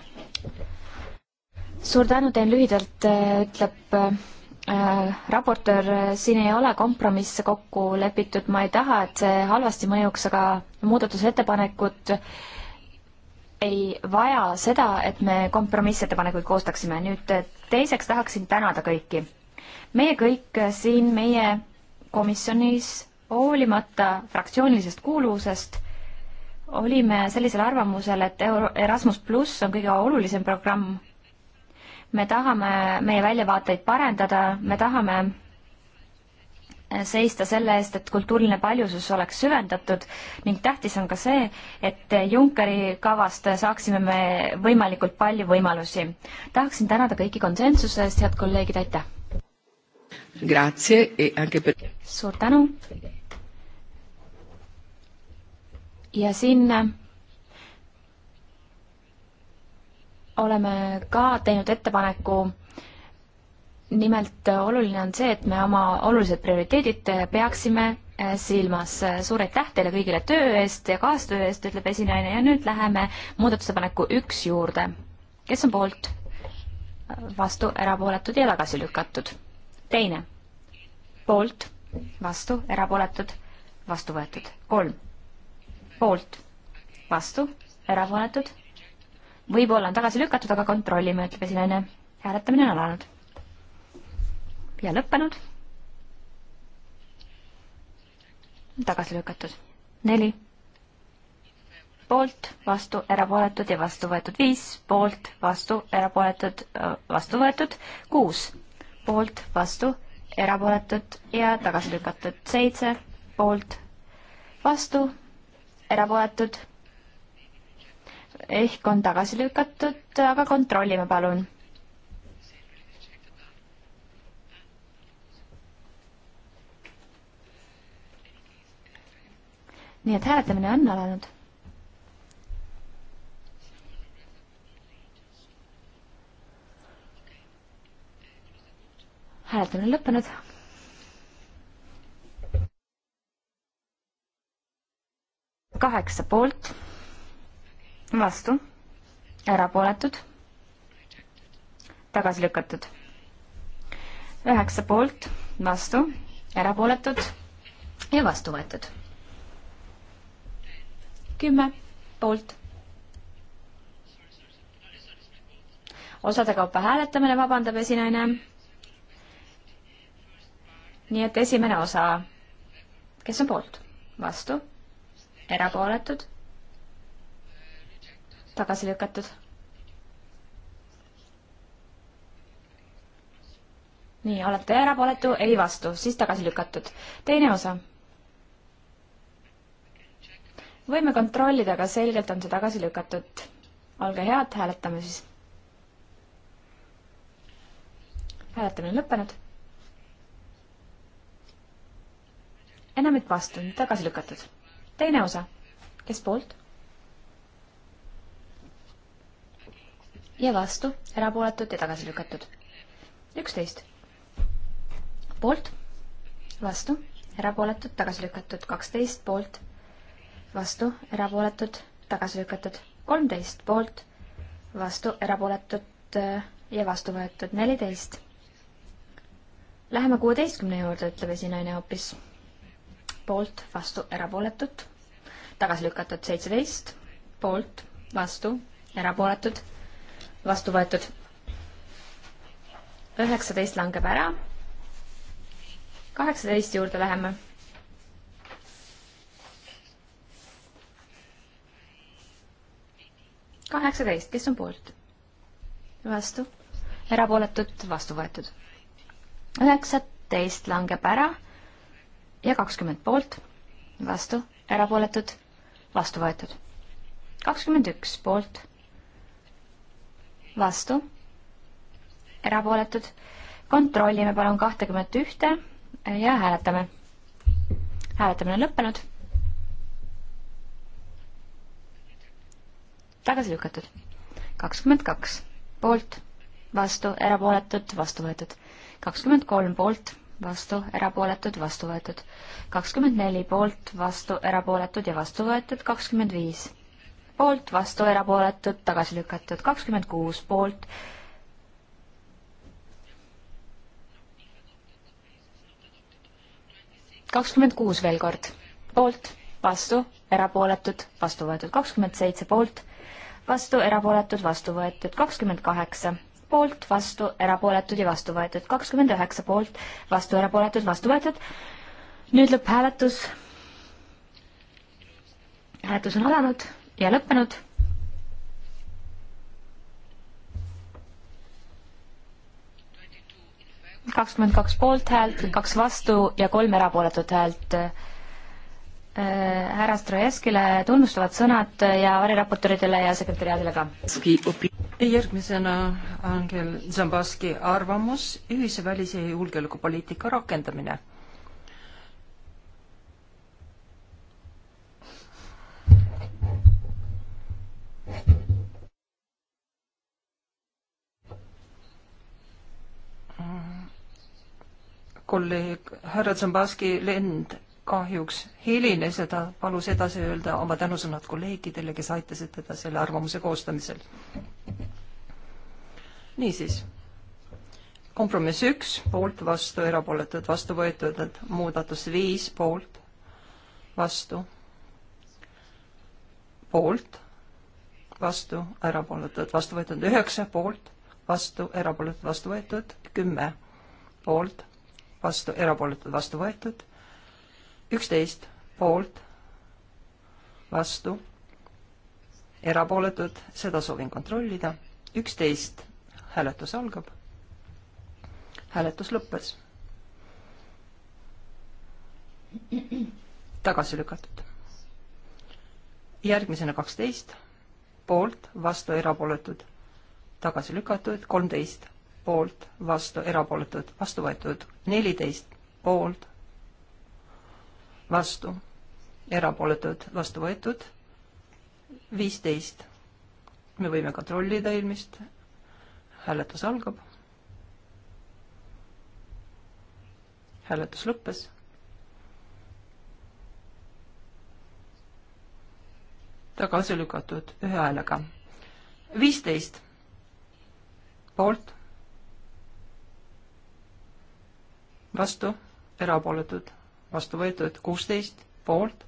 suur tänu, teen lühidalt, ütleb äh, raportöör, siin ei ole kompromisse kokku lepitud, ma ei taha, et see halvasti mõjuks, aga muudatusettepanekud äh, ei vaja seda, et me kompromissettepanekuid koostaksime. nüüd eh, teiseks tahaksin tänada kõiki. meie kõik eh, siin meie komisjonis, hoolimata fraktsioonilisest kuuluvusest, olime sellisel arvamusel, et Euro Erasmus pluss on kõige olulisem programm. me tahame meie väljavaateid parendada, me tahame Äh, seista selle eest, et kultuuriline paljusus oleks süvendatud ning tähtis on ka see, et Junckeri kavast saaksime me võimalikult palju võimalusi. tahaksin tänada kõiki konsensuse eest, head kolleegid, aitäh! E suur tänu! ja siin äh, oleme ka teinud ettepaneku nimelt äh, oluline on see, et me oma olulised prioriteedid äh, peaksime äh, silmas. suur aitäh teile kõigile töö eest ja kaastöö eest, ütleb esinaine ja nüüd läheme muudatusepaneku üks juurde. kes on poolt? vastu, erapooletud ja tagasi lükatud. teine, poolt, vastu, erapooletud, vastu võetud. kolm, poolt, vastu, erapooletud, võib-olla on tagasi lükatud, aga kontrollime, ütleb esinaine. hääletamine on alanud ja lõppenud. tagasi lükatud. neli. poolt, vastu, erapooletud ja vastu võetud viis, poolt, vastu, erapooletud, äh, vastu võetud kuus, poolt, vastu, erapooletud ja tagasi lükatud seitse, poolt, vastu, erapooletud ehk on tagasi lükatud, aga kontrollime palun nii et hääletamine on alanud. hääletamine lõppenud. kaheksa poolt, vastu, erapooletud, tagasi lükatud. üheksa poolt, vastu, erapooletud ja vastu võetud kümme poolt. osade kaupa hääletamine, vabandab esinaine. nii et esimene osa, kes on poolt, vastu, erapooletud, tagasi lükatud. nii, olete erapooletu, ei vastu, siis tagasi lükatud. teine osa võime kontrollida, aga selgelt on see tagasi lükatud. olge head, hääletame siis. hääletamine on lõppenud. enamik vastu, tagasi lükatud. teine osa, kes poolt? ja vastu, erapooletud ja tagasi lükatud. üksteist. poolt, vastu, erapooletud, tagasi lükatud, kaksteist poolt vastu, erapooletud, tagasi lükatud. kolmteist poolt, vastu, erapooletud äh, ja vastu võetud neliteist. Läheme kuueteistkümne juurde, ütleb esinaine hoopis. poolt, vastu, erapooletud, tagasi lükatud seitseteist, poolt, vastu, erapooletud, vastu võetud. üheksateist langeb ära. kaheksateist juurde läheme kaheksateist, kes on poolt? vastu, erapooletud, vastu võetud. üheksateist langeb ära ja kakskümmend poolt, vastu, erapooletud, vastu võetud. kakskümmend üks poolt, vastu, erapooletud. kontrollime palun kahtekümmet ühte ja hääletame. hääletamine on lõppenud tagasi lükatud. kakskümmend kaks poolt, vastu, erapooletud, vastu võetud. kakskümmend kolm poolt, vastu, erapooletud, vastu võetud. kakskümmend neli poolt, vastu, erapooletud ja vastu võetud. kakskümmend viis poolt, vastu, erapooletud, tagasi lükatud. kakskümmend kuus poolt, kakskümmend kuus veel kord, poolt, vastu, erapooletud, vastu võetud kakskümmend seitse poolt, vastu, erapooletud, vastu võetud kakskümmend kaheksa poolt, vastu, erapooletud ja vastu võetud kakskümmend üheksa poolt, vastu, erapooletud, vastu võetud. nüüd lõpphääletus. hääletus on alanud ja lõppenud. kakskümmend kaks poolthäält, kaks vastu ja kolm erapooletut häält Äh, härra Strojevskile tunnustavad sõnad ja variraportoritele ja sekretäriaadile ka. järgmisena Angel Zambaski arvamus ühise välis- ja julgeolekupoliitika rakendamine. kolleeg härra Zambaski lend kahjuks hilines ja ta palus edasi öelda oma tänusõnad kolleegidele, kes aitasid teda selle arvamuse koostamisel. niisiis, kompromiss üks, poolt, vastu, erapooletud, vastu võetud, et muudatus viis, poolt, vastu, poolt, vastu, erapooletud, vastu võetud, üheksa, poolt, vastu, erapooletud, vastu võetud, kümme, poolt, vastu, erapooletud, vastu võetud üksteist poolt, vastu, erapooletud, seda soovin kontrollida. üksteist, hääletus algab. hääletus lõppes. tagasi lükatud. järgmisena kaksteist, poolt, vastu, erapooletud, tagasi lükatud, kolmteist, poolt, vastu, erapooletud, vastu võetud, neliteist, poolt, vastu, erapooletud, vastu võetud, viisteist. me võime kontrollida eelmist, hääletus algab. hääletus lõppes. tagasi lükatud ühe häälega. viisteist poolt, vastu, erapooletud vastu võetud kuusteist poolt,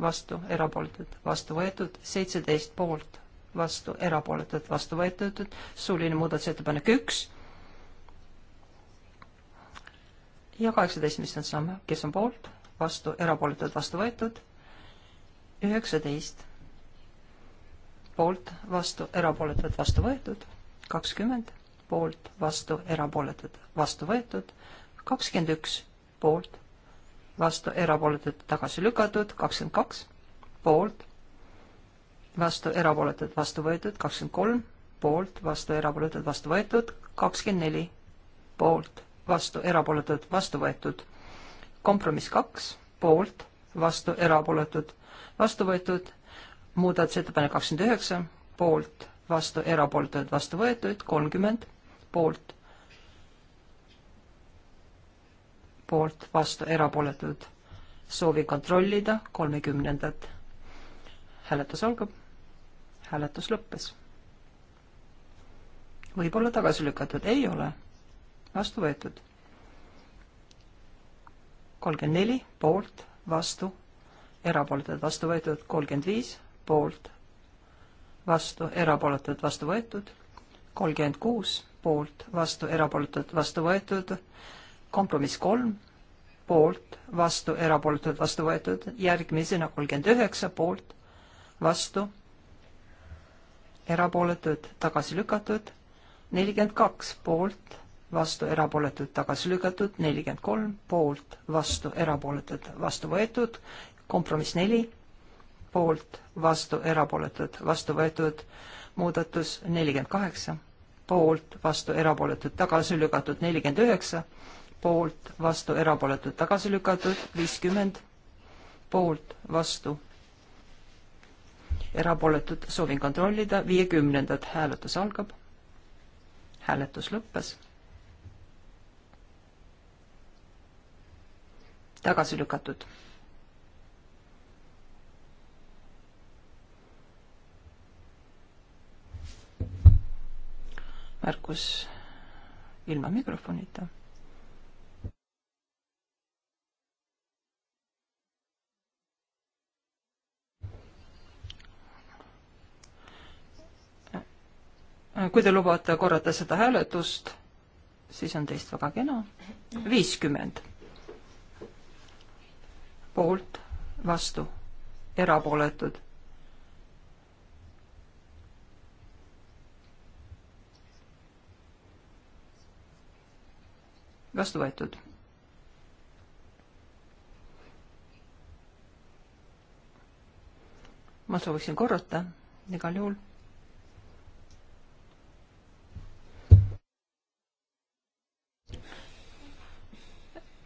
vastu erapooletud, vastu võetud seitseteist poolt, vastu erapooletud, vastu võetud, suuline muudatusettepanek üks ja kaheksateist, mis on sama, kes on poolt, vastu, erapooletud, vastu võetud, üheksateist, poolt, vastu, erapooletud, vastu võetud, kakskümmend, poolt, vastu, erapooletud, vastu võetud, kakskümmend üks, poolt, vastu, erapooletud, tagasi lükatud, kakskümmend kaks poolt, vastu, erapooletud, vastu võetud, kakskümmend kolm poolt, vastu, erapooletud, vastu võetud, kakskümmend neli poolt, vastu, erapooletud, vastu võetud, kompromiss kaks poolt, vastu, erapooletud, vastu võetud, muudatusettepanek kakskümmend üheksa poolt, vastu, erapooletud, vastu võetud, kolmkümmend poolt poolt, vastu, erapooletud. soovin kontrollida kolmekümnendat. hääletus algab. hääletus lõppes. võib-olla tagasi lükatud, ei ole. vastu võetud. kolmkümmend neli poolt, vastu, erapooletud, vastu võetud, kolmkümmend viis poolt, vastu, erapooletud, vastu võetud, kolmkümmend kuus poolt, vastu, erapooletud, vastu võetud, kompromiss kolm, poolt, vastu, erapooletud, vastu võetud, järgmisena kolmkümmend üheksa, poolt, vastu, erapooletud, tagasi lükatud, nelikümmend kaks, poolt, vastu, erapooletud, tagasi lükatud, nelikümmend kolm, poolt, vastu, erapooletud, vastu võetud, kompromiss neli, poolt, vastu, erapooletud, vastu võetud, muudatus nelikümmend kaheksa, poolt, vastu, erapooletud, tagasi lükatud, nelikümmend üheksa, poolt, vastu, erapooletud, tagasi lükatud, viiskümmend, poolt, vastu, erapooletud, soovin kontrollida, viiekümnendat hääletus algab, hääletus lõppes, tagasi lükatud. märkus ilma mikrofonita kui te lubate korrata seda hääletust, siis on teist väga kena. viiskümmend. poolt, vastu, erapooletud. vastu võetud. ma sooviksin korrata igal juhul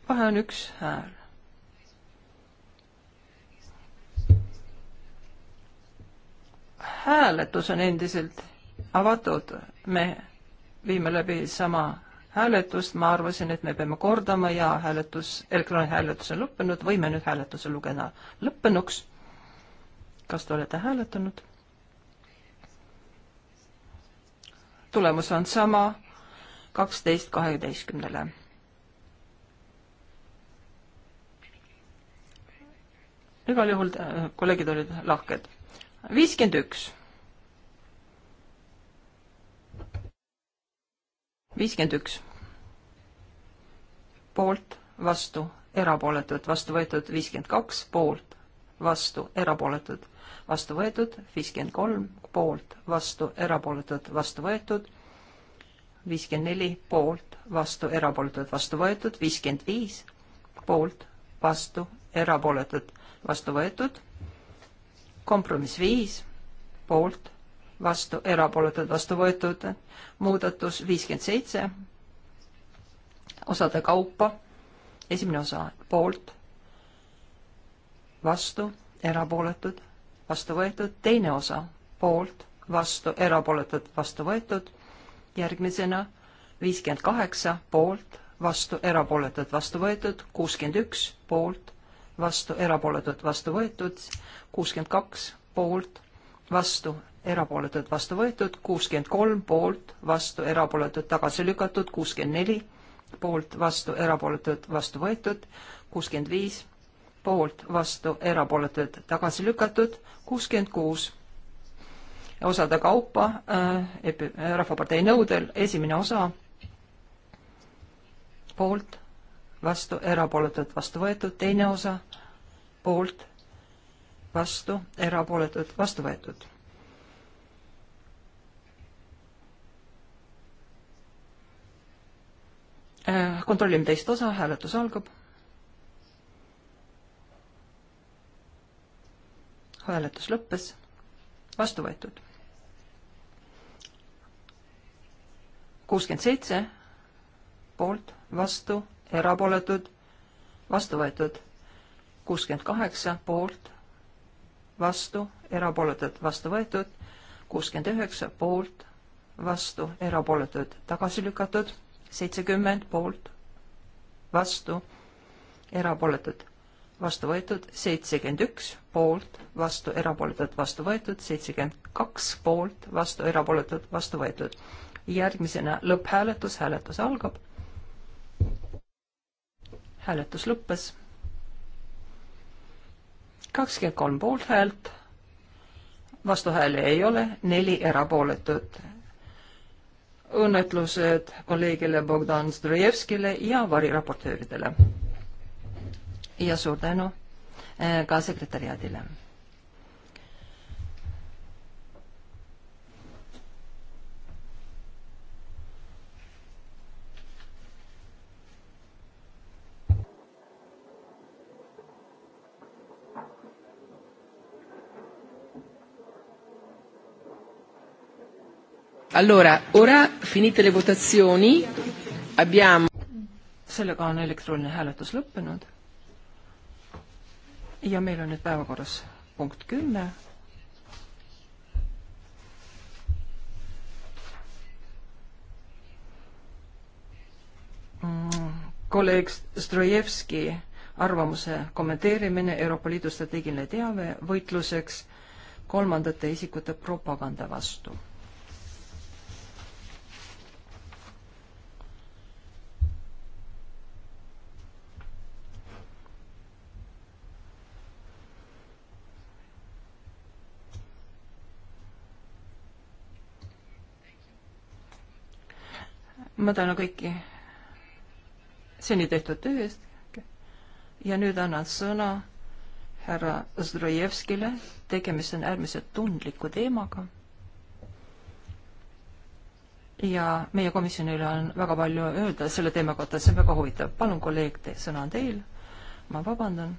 vahe on üks hääl. hääletus on endiselt avatud, me viime läbi sama hääletust, ma arvasin, et me peame kordama ja hääletus, elektrooniline hääletus on lõppenud, võime nüüd hääletuse lugeda lõppenuks. kas te olete hääletanud? tulemus on sama, kaksteist kaheteistkümnele igal juhul äh, kolleegid olid lahked. viiskümmend üks. viiskümmend üks. poolt, vastu, erapooletud, vastu võetud viiskümmend kaks, poolt, vastu, erapooletud, vastu võetud viiskümmend kolm, poolt, vastu, erapooletud, vastu võetud viiskümmend neli poolt, vastu, erapooletud, vastu võetud, viiskümmend viis poolt, vastu, erapooletud, vastu võetud. kompromiss viis, poolt, vastu, erapooletud, vastu võetud. muudatus viiskümmend seitse, osade kaupa, esimene osa poolt, vastu, erapooletud, vastu võetud, teine osa poolt, vastu, erapooletud, vastu võetud, järgmisena viiskümmend kaheksa poolt, vastu, erapooletud, vastu võetud, kuuskümmend üks poolt vastu, erapooletud, vastu võetud, kuuskümmend kaks poolt, vastu, erapooletud, vastu võetud, kuuskümmend kolm poolt, vastu, erapooletud, tagasi lükatud, kuuskümmend neli poolt, vastu, erapooletud, vastu võetud, kuuskümmend viis poolt, vastu, erapooletud, tagasi lükatud, kuuskümmend kuus osade kaupa äh, Rahvapartei nõudel, esimene osa poolt vastu, erapooletud, vastu võetud, teine osa poolt, vastu, erapooletud, vastu võetud. Äh, kontrollime teist osa, hääletus algab. hääletus lõppes, vastu võetud. kuuskümmend seitse poolt, vastu erapooletud, vastu võetud. kuuskümmend kaheksa poolt, vastu, erapooletud, vastu võetud. kuuskümmend üheksa poolt, vastu, erapooletud, tagasi lükatud. seitsekümmend poolt, vastu, erapooletud, vastu võetud. seitsekümmend üks poolt, vastu, erapooletud, vastu võetud. seitsekümmend kaks poolt, vastu, erapooletud, vastu võetud. järgmisena lõpphääletus, hääletus algab hääletus lõppes. kakskümmend kolm poolthäält, vastuhääli ei ole, neli erapooletut. õnnetlused kolleegile Bogdan Zdrojevskile ja variraportööridele. ja suur tänu eh, ka sekretäriaadile Allora, ora finite le votazioni, abbiamo... sellega on elektrooniline hääletus lõppenud. ja meil on nüüd päevakorras punkt kümme. Mm, kolleeg Strojevski arvamuse kommenteerimine Euroopa Liidu strateegiline teave võitluseks kolmandate isikute propaganda vastu ma tänan kõiki seni tehtud töö eest ja nüüd annan sõna härra Zdrojevskile, tegemist on äärmiselt tundliku teemaga. ja meie komisjonil on väga palju öelda selle teema kohta, see on väga huvitav. palun, kolleeg, sõna on teil. ma vabandan.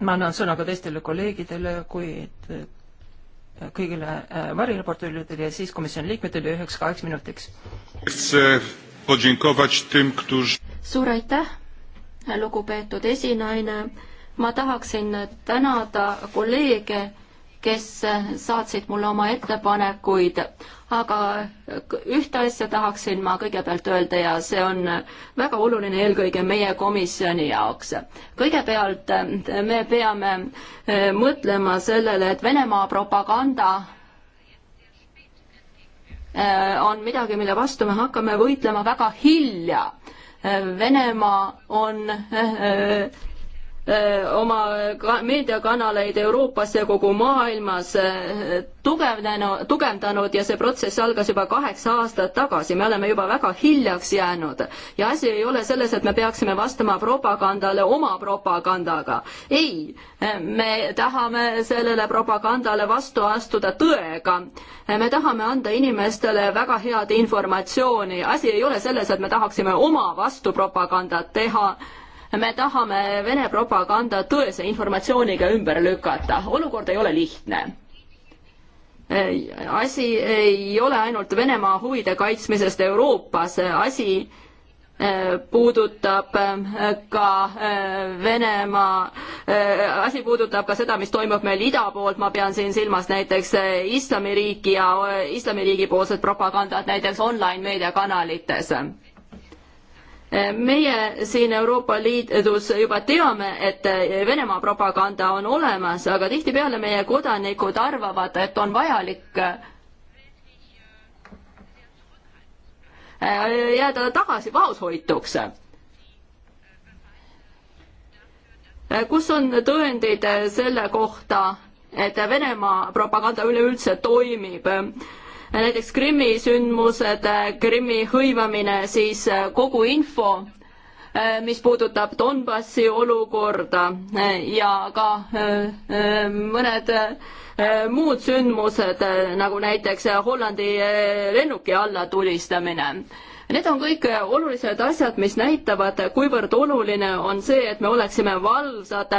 ma annan sõna ka teistele kolleegidele, kuid kõigile äh, varireportööridele ja siis komisjoni liikmetele üheks-kaheks minutiks. suur aitäh, lugupeetud esinaine, ma tahaksin tänada kolleege kes saatsid mulle oma ettepanekuid, aga ühte asja tahaksin ma kõigepealt öelda ja see on väga oluline eelkõige meie komisjoni jaoks. kõigepealt eh, me peame eh, mõtlema sellele, et Venemaa propaganda eh, on midagi, mille vastu me hakkame võitlema väga hilja. Venemaa on oma meediakanaleid Euroopas ja kogu maailmas tugevdanud, tugevdanud ja see protsess algas juba kaheksa aastat tagasi, me oleme juba väga hiljaks jäänud. ja asi ei ole selles, et me peaksime vastama propagandale oma propagandaga. ei, me tahame sellele propagandale vastu astuda tõega. me tahame anda inimestele väga head informatsiooni, asi ei ole selles, et me tahaksime oma vastupropagandat teha me tahame Vene propaganda tõese informatsiooniga ümber lükata, olukord ei ole lihtne asi ei ole ainult Venemaa huvide kaitsmisest Euroopas, asi eh, puudutab eh, ka eh, Venemaa, asi puudutab ka seda, mis toimub meil ida poolt, ma pean siin silmas näiteks islamiriiki ja islamiriigi poolset propagandat näiteks online meediakanalites meie siin Euroopa Liidus juba teame, et Venemaa propaganda on olemas, aga tihtipeale meie kodanikud arvavad, et on vajalik äh, jääda tagasi vaoshoituks. kus on tõendid selle kohta, et Venemaa propaganda üleüldse toimib? näiteks Krimmi sündmused, Krimmi hõivamine, siis äh, kogu info, äh, mis puudutab Donbassi olukorda äh, ja ka mõned muud sündmused, nagu näiteks Hollandi lennuki allatulistamine Need on kõik äh, olulised asjad, mis näitavad, kuivõrd oluline on see, et me oleksime valvsad,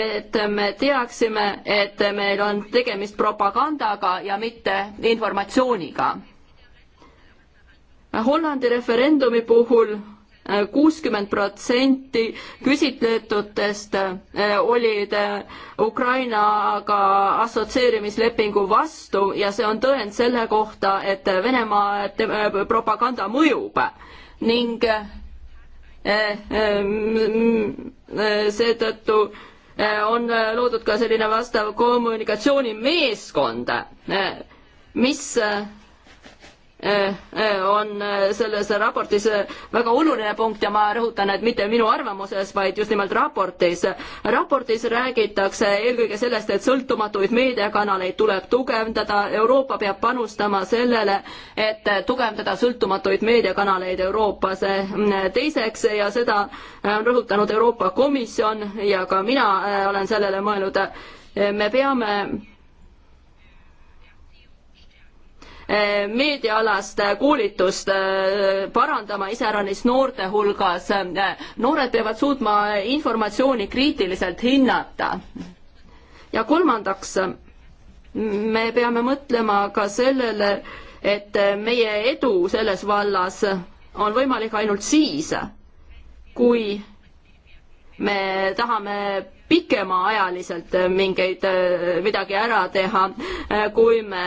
et me teaksime, et meil on tegemist propagandaga ja mitte informatsiooniga. Hollandi referendumi puhul kuuskümmend protsenti küsitletutest äh, olid äh, Ukrainaga assotsieerimislepingu vastu ja see on tõend selle kohta, et Venemaa äh, propaganda mõjub ning seetõttu on loodud ka selline vastav kommunikatsioonimeeskond, mis on selles raportis väga oluline punkt ja ma rõhutan, et mitte minu arvamuses, vaid just nimelt raportis. raportis räägitakse eelkõige sellest, et sõltumatuid meediakanaleid tuleb tugevdada, Euroopa peab panustama sellele, et tugevdada sõltumatuid meediakanaleid Euroopas. teiseks ja seda on rõhutanud Euroopa Komisjon ja ka mina olen sellele mõelnud, me peame meediaalast koolitust äh, parandama, iseäranis noorte hulgas. noored peavad suutma informatsiooni kriitiliselt hinnata. ja kolmandaks, me peame mõtlema ka sellele, et meie edu selles vallas on võimalik ainult siis, kui me tahame pikemaajaliselt äh, mingeid, äh, midagi ära teha, äh, kui me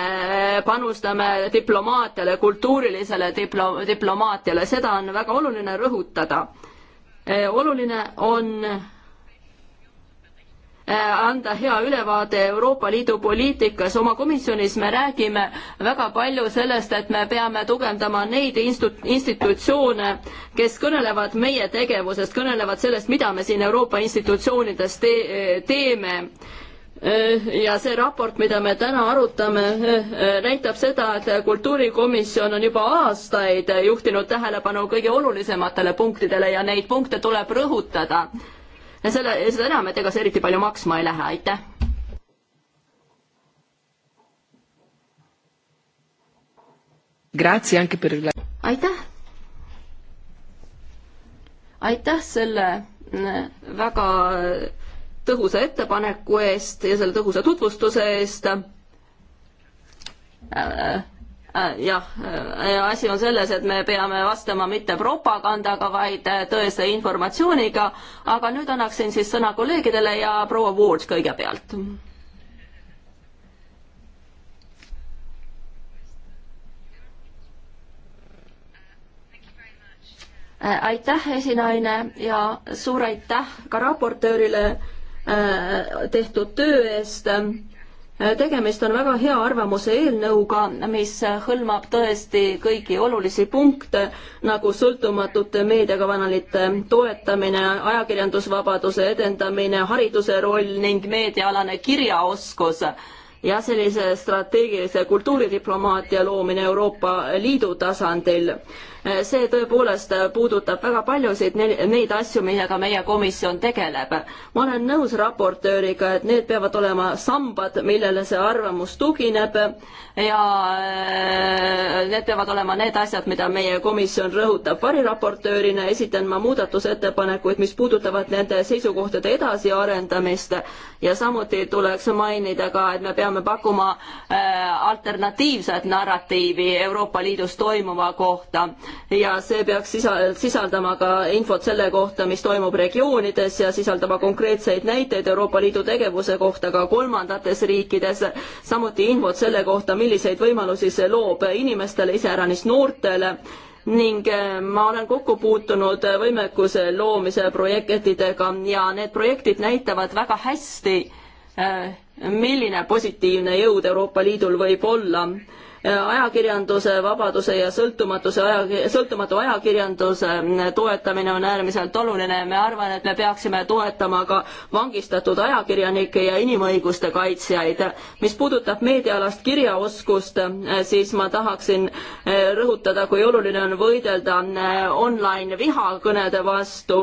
panustame diplomaatiale, kultuurilisele diplo-, diplomaatiale, seda on väga oluline rõhutada. oluline on Äh, anda hea ülevaade Euroopa Liidu poliitikas. oma komisjonis me räägime väga palju sellest, et me peame tugevdama neid institutsioone, kes kõnelevad meie tegevusest, kõnelevad sellest, mida me siin Euroopa institutsioonides te teeme äh, ja see raport, mida me täna arutame, äh, näitab seda, et kultuurikomisjon on juba aastaid juhtinud tähelepanu kõige olulisematele punktidele ja neid punkte tuleb rõhutada selle, seda enam, et ega see eriti palju maksma ei lähe, aitäh. aitäh. aitäh selle mm, väga tõhusa ettepaneku eest ja selle tõhusa tutvustuse eest äh, äh Äh, jah, äh, asi on selles, et me peame vastama mitte propagandaga, vaid äh, tõese informatsiooniga, aga nüüd annaksin siis sõna kolleegidele ja proua Ward kõigepealt. aitäh, esinaine ja suur aitäh ka raportöörile tehtud töö eest tegemist on väga hea arvamuse eelnõuga, mis hõlmab tõesti kõiki olulisi punkte, nagu sõltumatute meediakanalite toetamine, ajakirjandusvabaduse edendamine, hariduse roll ning meediaalane kirjaoskus ja sellise strateegilise kultuuridiplomaatia loomine Euroopa Liidu tasandil Eh, see tõepoolest eh, puudutab väga paljusid neid asju, millega meie komisjon tegeleb. ma olen nõus raportööriga, et need peavad olema sambad, millele see arvamus tugineb ja eh, need peavad olema need asjad, mida meie komisjon rõhutab. variraportöörina esitan ma muudatusettepanekuid, mis puudutavad nende seisukohtade edasiarendamist ja samuti tuleks mainida ka, et me peame pakkuma alternatiivset narratiivi Euroopa Liidus toimuva kohta ja see peaks sisaldama ka infot selle kohta, mis toimub regioonides ja sisaldama konkreetseid näiteid Euroopa Liidu tegevuse kohta ka kolmandates riikides, samuti infot selle kohta, milliseid võimalusi see loob inimestele, iseäranis noortele ning eh, ma olen kokku puutunud võimekuse loomise projektidega ja need projektid näitavad väga hästi, Äh, milline positiivne jõud Euroopa Liidul võib olla äh, ajakirjanduse vabaduse ja sõltumatuse aja, sõltumatu ajakirjanduse äh, toetamine on äärmiselt oluline. me arvan, et me peaksime toetama ka vangistatud ajakirjanikke ja inimõiguste kaitsjaid. mis puudutab meediaalast kirjaoskust, siis ma tahaksin rõhutada, kui oluline on võidelda online vihakõnede vastu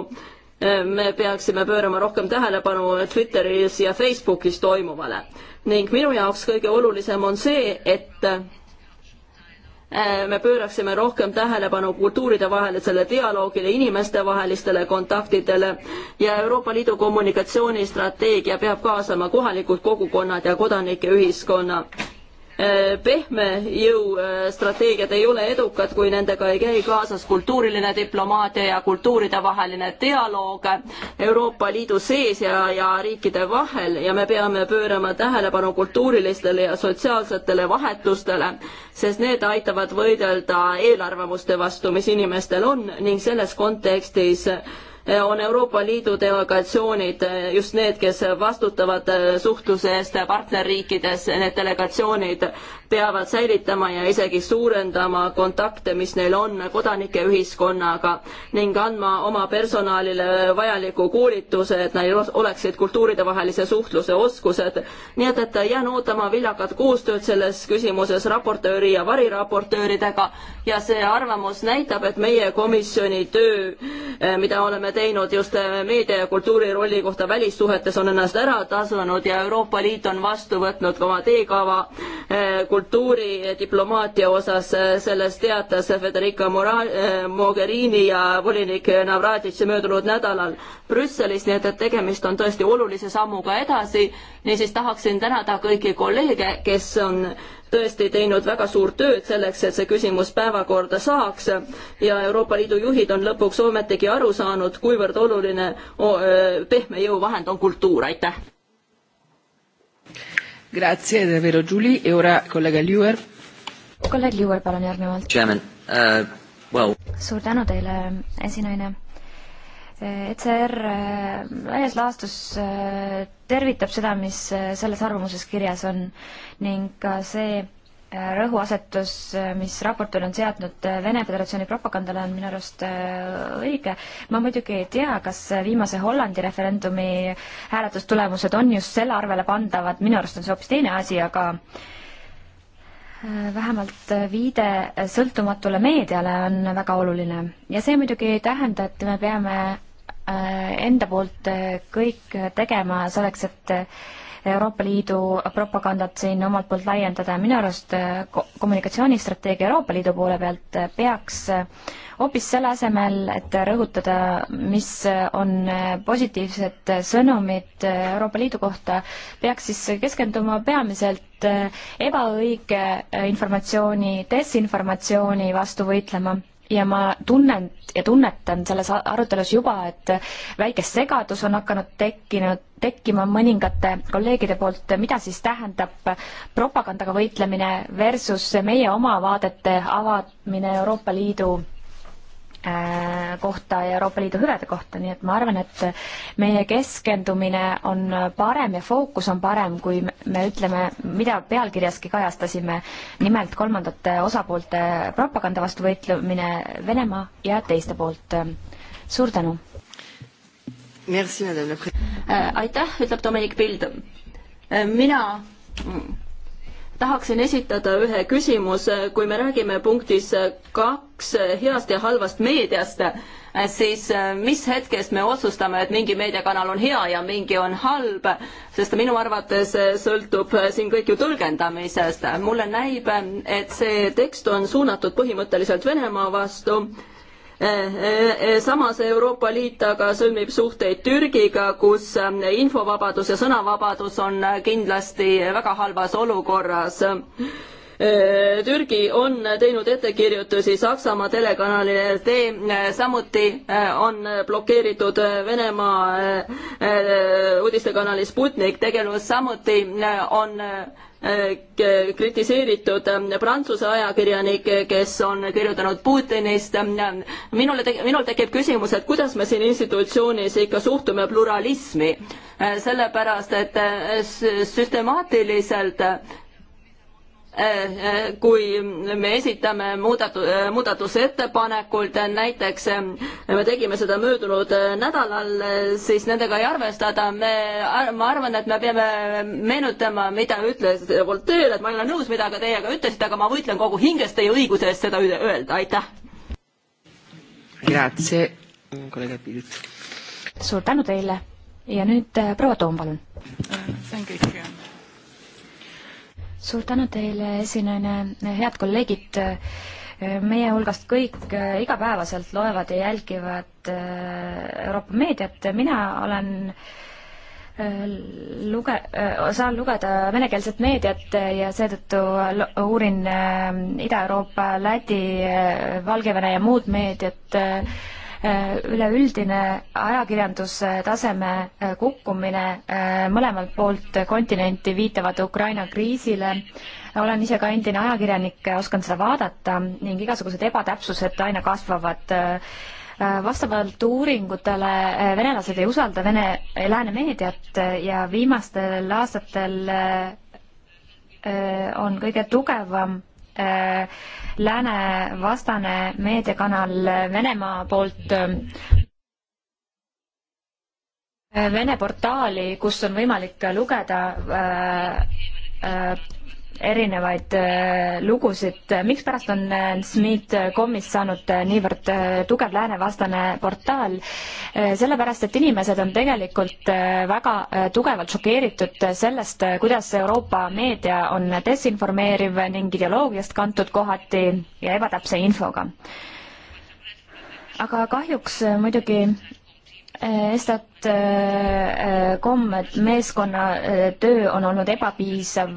me peaksime pöörama rohkem tähelepanu Twitteris ja Facebookis toimuvale. ning minu jaoks kõige olulisem on see, et äh, me pööraksime rohkem tähelepanu kultuuride vahelisele dialoogile, inimestevahelistele kontaktidele ja Euroopa Liidu kommunikatsioonistrateegia peab kaasama kohalikud kogukonnad ja kodanike ühiskonna Äh, pehme jõu äh, strateegiad ei ole edukad, kui nendega ei käi kaasas kultuuriline diplomaatia ja kultuuridevaheline dialoog Euroopa Liidu sees ja, ja riikide vahel ja me peame pöörama tähelepanu kultuurilistele ja sotsiaalsetele vahetustele, sest need aitavad võidelda eelarvamuste vastu, mis inimestel on ning selles kontekstis äh, on Euroopa Liidu delegatsioonid eh, just need, kes vastutavad eh, suhtluse eest partnerriikides, need delegatsioonid peavad säilitama ja isegi suurendama kontakte, mis neil on kodanikeühiskonnaga ning andma oma personalile vajaliku koolituse, et neil oleksid kultuuridevahelise suhtluse oskused. nii et, et jään ootama viljakat koostööd selles küsimuses raportööri ja variraportööridega ja see arvamus näitab, et meie komisjoni töö, eh, mida oleme oleme teinud just äh, meedia ja kultuuri rolli kohta välissuhetes, on ennast ära tasunud ja Euroopa Liit on vastu võtnud ka oma teekava äh, kultuuridiplomaatia osas. Äh, sellest teatas Federica Mora-, Mogherini ja volinik Navratitš möödunud nädalal Brüsselis, nii et, et tegemist on tõesti olulise sammuga edasi. niisiis tahaksin tänada kõiki kolleege, kes on tõesti teinud väga suurt tööd selleks, et see küsimus päevakorda saaks ja Euroopa Liidu juhid on lõpuks ometigi aru saanud, kuivõrd oluline pehme jõuvahend on kultuur, aitäh! Grazie davvero Giuli e ora kolleeg Liuer. kolleeg Liuer, palun järgnevalt. Chairman uh,, well. suur tänu teile, esinaine ECR äh, laias laastus äh, tervitab seda, mis äh, selles arvamuses kirjas on ning ka see rõhuasetus, mis raportööl on seatud Vene Föderatsiooni propagandale, on minu arust õige. ma muidugi ei tea, kas viimase Hollandi referendumi hääletustulemused on just selle arvele pandavad, minu arust on see hoopis teine asi, aga vähemalt viide sõltumatule meediale on väga oluline ja see muidugi ei tähenda, et me peame Äh, enda poolt äh, kõik tegema selleks, et äh, Euroopa Liidu propagandat siin omalt poolt laiendada, minu arust kommunikatsioonistrateegia Euroopa Liidu poole pealt peaks hoopis selle asemel, et rõhutada, mis on positiivsed sõnumid Euroopa Liidu kohta, peaks siis keskenduma peamiselt ebaõige informatsiooni, desinformatsiooni vastu võitlema ja ma tunnen ja tunnetan selles arutelus juba, et väike segadus on hakanud tekkinud, tekkima mõningate kolleegide poolt, mida siis tähendab propagandaga võitlemine versus meie oma vaadete avamine Euroopa Liidu Äh, kohta ja Euroopa Liidu hüvede kohta, nii et ma arvan, et meie keskendumine on parem ja fookus on parem, kui me ütleme, mida pealkirjaski kajastasime, nimelt kolmandate osapoolte propaganda vastu võitlemine Venemaa ja teiste poolt. suur tänu! Äh, aitäh, ütleb Dominic Pild. Äh, mina tahaksin esitada ühe küsimuse, kui me räägime punktis kaks heast ja halvast meediast, siis äh, mis hetkest me otsustame, et mingi meediakanal on hea ja mingi on halb, sest minu arvates äh, sõltub äh, siin kõik ju tõlgendamisest. mulle näib, et see tekst on suunatud põhimõtteliselt Venemaa vastu Eh, eh, samas Euroopa Liit aga sõlmib suhteid Türgiga, kus eh, infovabadus ja sõnavabadus on kindlasti väga halvas olukorras. Türgi on teinud ettekirjutusi Saksamaa telekanalile D, samuti on blokeeritud Venemaa uudistekanalis Sputnik, tegelenud samuti on Äh, kritiseeritud ähm, Prantsuse ajakirjanik, äh, kes on kirjutanud Putinist. Ähm, ähm, minule te-, minul tekib küsimus, et kuidas me siin institutsioonis ikka suhtume pluralismi, äh, sellepärast et süstemaatiliselt kui me esitame muudatu-, muudatusettepanekult, näiteks me tegime seda möödunud nädalal, siis nendega ei arvestada, me, ma arvan, et me peame meenutama, mida ütles Voltaire, et ma ei ole nõus, mida ka teiega ütlesite, aga ma võitlen kogu hingest teie õiguse eest seda öelda, aitäh! Grazie, kolleeg Pilt. suur tänu teile ja nüüd äh, proua Toom, palun! Uh, suur tänu teile, esinejana, head kolleegid meie hulgast kõik äh, igapäevaselt loevad ja jälgivad äh, Euroopa meediat, mina olen äh, luge-, saan lugeda venekeelset meediat ja seetõttu uurin Ida-Euroopa, Läti, Valgevene ja muud meediat Äh, üleüldine ajakirjandustaseme äh, kukkumine äh, mõlemalt poolt kontinenti viitavad Ukraina kriisile. olen ise ka endine ajakirjanik, oskan seda vaadata ning igasugused ebatäpsused aina kasvavad vastavalt uuringutele venelased ei usalda Vene, lääne meediat ja viimastel aastatel on kõige tugevam lääne vastane meediakanal Venemaa poolt äh, Vene portaali, kus on võimalik lugeda äh, äh, erinevaid äh, lugusid, mikspärast on äh, Smith.com'ist äh, saanud niivõrd tugev läänevastane portaal? sellepärast, et inimesed on tegelikult väga tugevalt šokeeritud sellest, kuidas Euroopa meedia on desinformeeriv ning ideoloogiast kantud kohati ja ebatäpse infoga. aga kahjuks muidugi Estat.com äh, äh, meeskonna äh, töö on olnud ebapiisav,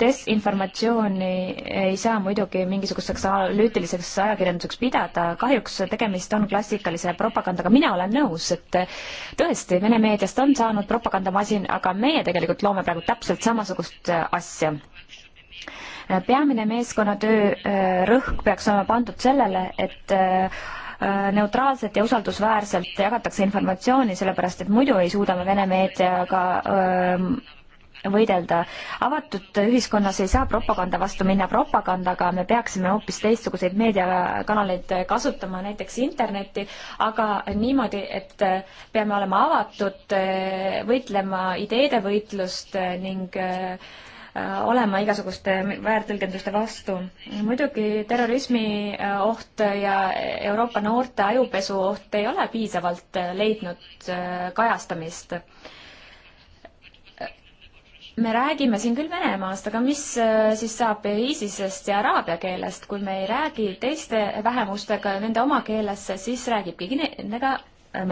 desinformatsiooni ei saa muidugi mingisuguseks analüütiliseks ajakirjanduseks pidada, kahjuks tegemist on klassikalise propagandaga, mina olen nõus, et tõesti, Vene meediast on saanud propagandamasin, aga meie tegelikult loome praegu täpselt samasugust asja peamine meeskonnatöö rõhk peaks olema pandud sellele, et Äh, neutraalselt ja usaldusväärselt jagatakse informatsiooni, sellepärast et muidu ei suuda me Vene meediaga ähm, võidelda. avatud ühiskonnas ei saa propaganda vastu minna propagandaga, me peaksime hoopis teistsuguseid meediakanaleid kasutama, näiteks Internetti, aga niimoodi, et äh, peame olema avatud, äh, võitlema ideede võitlust ning äh, Äh, olema igasuguste väärtõlgenduste vastu. muidugi terrorismi äh, oht ja Euroopa noorte ajupesu oht ei ole piisavalt äh, leidnud kajastamist me räägime siin küll Venemaast, aga mis siis saab ISISest ja araabia keelest, kui me ei räägi teiste vähemustega nende oma keeles, siis räägib keegi nendega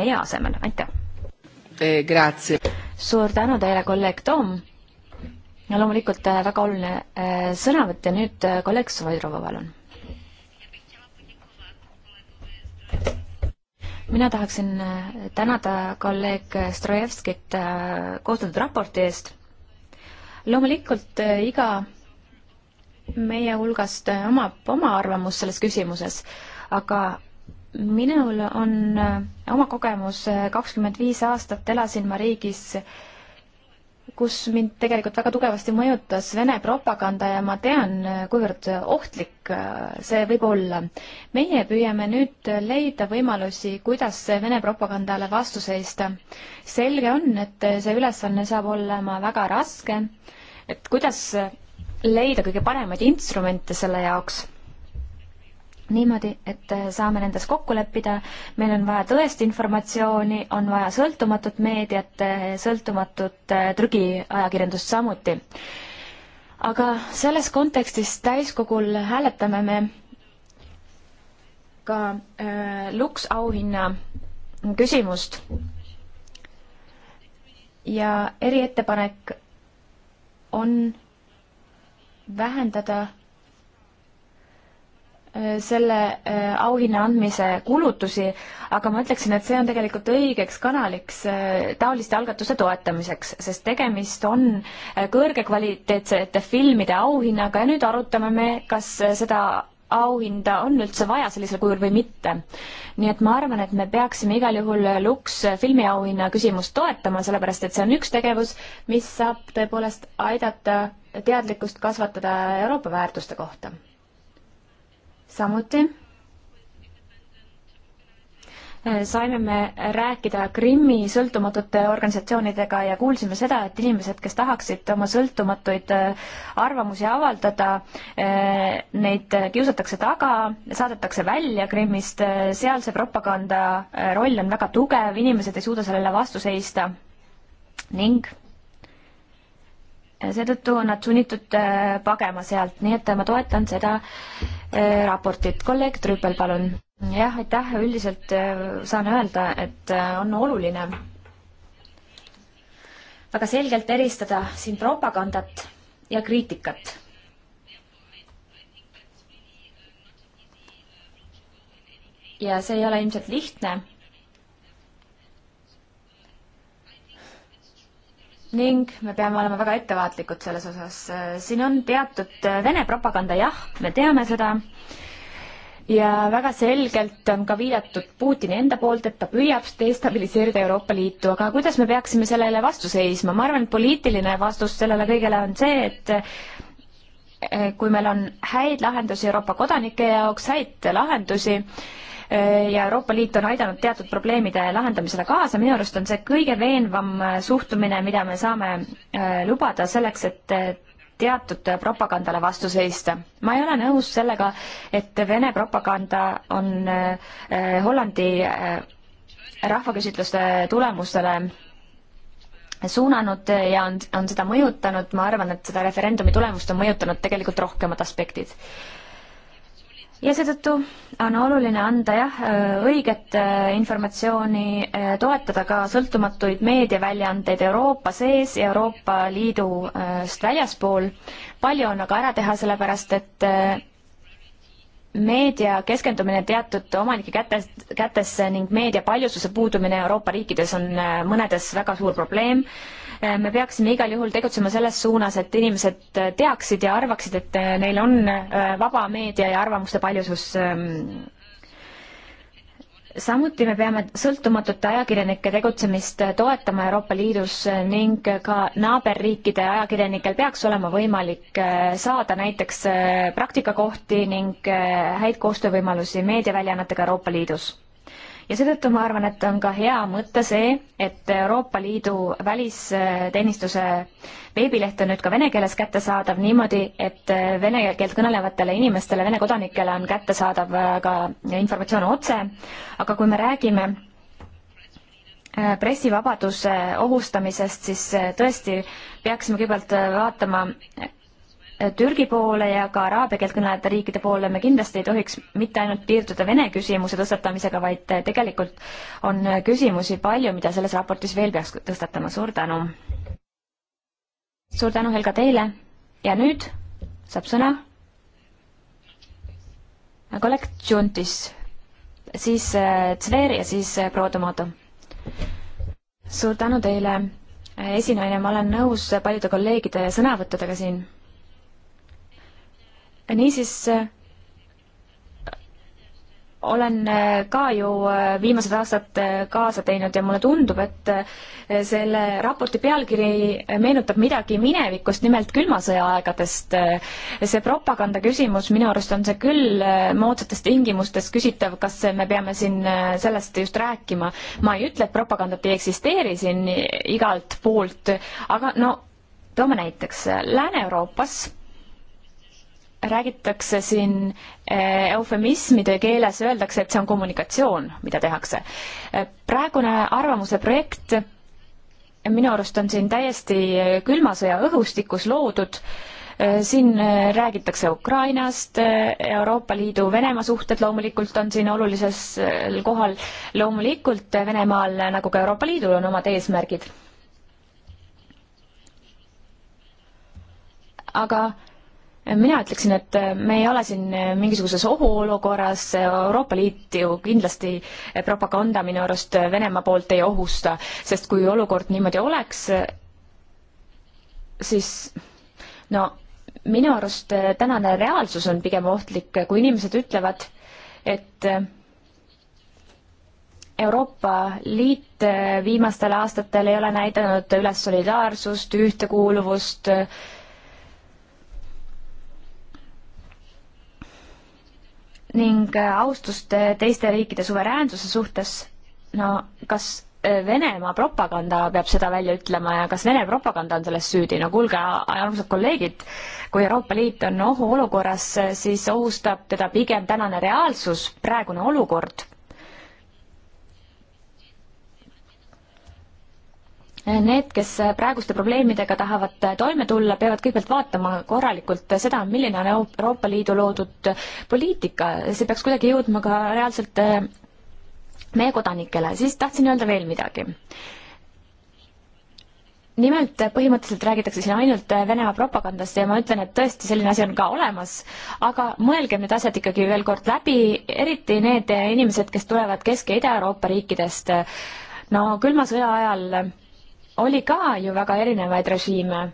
meie asemel, aitäh eh,! suur tänu teile, kolleeg Toom! ja loomulikult äh, väga oluline äh, sõnavõtt ja nüüd äh, kolleeg Soidrova, palun. mina tahaksin tänada kolleeg Strojevskit koostatud raporti eest. loomulikult iga meie hulgast omab oma arvamus selles küsimuses, aga minul on oma kogemus, kakskümmend viis aastat elasin ma riigis, kus mind tegelikult väga tugevasti mõjutas Vene propaganda ja ma tean, kuivõrd ohtlik äh, see võib olla. meie püüame nüüd leida võimalusi, kuidas Vene propagandale vastu seista. selge on, et see ülesanne saab olema väga raske, et kuidas leida kõige paremaid instrumente selle jaoks niimoodi, et äh, saame nendes kokku leppida, meil on vaja tõest informatsiooni, on vaja sõltumatut meediat, äh, sõltumatut äh, trügiajakirjandust samuti. aga selles kontekstis täiskogul hääletame me ka äh, Lux auhinna küsimust ja eriettepanek on vähendada Äh, selle äh, auhinna andmise kulutusi, aga ma ütleksin, et see on tegelikult õigeks kanaliks äh, taoliste algatuse toetamiseks, sest tegemist on kõrgekvaliteetsete filmide auhinnaga ja nüüd arutame me, kas seda auhinda on üldse vaja sellisel kujul või mitte. nii et ma arvan, et me peaksime igal juhul Lux filmiauhinna küsimust toetama, sellepärast et see on üks tegevus, mis saab tõepoolest aidata teadlikkust kasvatada Euroopa väärtuste kohta samuti äh, saime me rääkida Krimmi sõltumatute organisatsioonidega ja kuulsime seda, et inimesed, kes tahaksid oma sõltumatuid äh, arvamusi avaldada, äh, neid kiusatakse taga, saadetakse välja Krimmist, sealse propaganda roll on väga tugev, inimesed ei suuda sellele vastu seista ning seetõttu on nad sunnitud äh, pagema sealt, nii et äh, ma toetan seda äh, raportit. kolleeg Trüüpel, palun. jah, aitäh, üldiselt saan öelda, et on oluline väga selgelt eristada siin propagandat ja kriitikat. ja see ei ole ilmselt lihtne ning me peame olema väga ettevaatlikud selles osas. siin on teatud äh, Vene propaganda, jah, me teame seda, ja väga selgelt on ka viidatud Putini enda poolt, et ta püüab destabiliseerida Euroopa Liitu, aga kuidas me peaksime sellele vastu seisma, ma arvan, et poliitiline vastus sellele kõigele on see, et äh, kui meil on häid lahendusi Euroopa kodanike jaoks, häid lahendusi, Äh, ja Euroopa Liit on aidanud teatud probleemide lahendamisele kaasa, minu arust on see kõige veenvam äh, suhtumine, mida me saame äh, lubada selleks, et teatud propagandale vastu seista. ma ei ole nõus sellega, et Vene propaganda on Hollandi rahvaküsitluste tulemustele suunanud ja on, on seda mõjutanud, ma arvan, et seda referendumi tulemust on mõjutanud tegelikult rohkemad aspektid ja seetõttu on oluline anda jah, õiget äh, informatsiooni, äh, toetada ka sõltumatuid meediaväljaandeid Euroopa sees ja Euroopa Liidust äh, väljaspool. palju on aga ära teha, sellepärast et meedia keskendumine teatud omanike kätes, kätesse ning meedia paljususe puudumine Euroopa riikides on mõnedes väga suur probleem me peaksime igal juhul tegutsema selles suunas, et inimesed äh, teaksid ja arvaksid, et äh, neil on äh, vaba meedia ja arvamuste paljusus. Ähm, samuti me peame sõltumatute ajakirjanike tegutsemist toetama Euroopa Liidus ning ka naaberriikide ajakirjanikel peaks olema võimalik saada näiteks praktikakohti ning häid koostöövõimalusi meediaväljaannetega Euroopa Liidus ja seetõttu ma arvan, et on ka hea mõte see, et Euroopa Liidu välisteenistuse veebileht on nüüd ka vene keeles kättesaadav niimoodi, et vene keelt kõnelevatele inimestele, Vene kodanikele on kättesaadav ka informatsioon otse, aga kui me räägime äh, pressivabaduse ohustamisest, siis äh, tõesti peaksime kõigepealt äh, vaatama, Türgi poole ja ka araabia keelt kõnelevate riikide poole me kindlasti ei tohiks mitte ainult piirduda Vene küsimuse tõstatamisega, vaid tegelikult on küsimusi palju, mida selles raportis veel peaks tõstatama. suur tänu! suur tänu, Helga, teile ja nüüd saab sõna kolleeg Tšuntis, siis Tsveer äh, ja siis äh, proua Tomato. suur tänu teile, esinaine, ma olen nõus paljude kolleegide sõnavõttudega siin niisiis olen ka ju viimased aastad kaasa teinud ja mulle tundub, et selle raporti pealkiri meenutab midagi minevikust, nimelt külma sõja aegadest. see propaganda küsimus, minu arust on see küll moodsates tingimustes küsitav, kas me peame siin sellest just rääkima. ma ei ütle, et propagandat ei eksisteeri siin igalt poolt, aga no toome näiteks Lääne-Euroopas räägitakse siin eh, eufemismide keeles, öeldakse, et see on kommunikatsioon, mida tehakse. Eh, praegune arvamuse projekt minu arust on siin täiesti külma sõja õhustikus loodud eh, siin räägitakse Ukrainast, Euroopa Liidu, Venemaa suhted loomulikult on siin olulisel kohal. loomulikult Venemaal nagu ka Euroopa Liidul on omad eesmärgid. aga mina ütleksin, et äh, me ei ole siin äh, mingisuguses ohuolukorras, Euroopa Liit ju kindlasti äh, propaganda minu arust Venemaa poolt ei ohusta, sest kui olukord niimoodi oleks, siis no minu arust tänane reaalsus on pigem ohtlik, kui inimesed ütlevad, et Euroopa Liit viimastel aastatel ei ole näidanud üles solidaarsust, ühtekuuluvust äh,, ning äh, austust äh, teiste riikide suveräänsuse suhtes, no kas äh, Venemaa propaganda peab seda välja ütlema ja kas Vene propaganda on selles süüdi, no kuulge, armsad kolleegid, kui Euroopa Liit on ohuolukorras, siis ohustab teda pigem tänane reaalsus, praegune olukord Need, kes praeguste probleemidega tahavad toime tulla, peavad kõigepealt vaatama korralikult seda, milline on Euroopa Liidu loodud poliitika, see peaks kuidagi jõudma ka reaalselt äh, meie kodanikele, siis tahtsin öelda veel midagi nimelt põhimõtteliselt räägitakse siin ainult äh, Venemaa propagandast ja ma ütlen, et tõesti selline asi on ka olemas, aga mõelgem need asjad ikkagi veel kord läbi, eriti need inimesed, kes tulevad Kesk- ja Ida-Euroopa riikidest. no külma sõja ajal oli ka ju väga erinevaid režiime.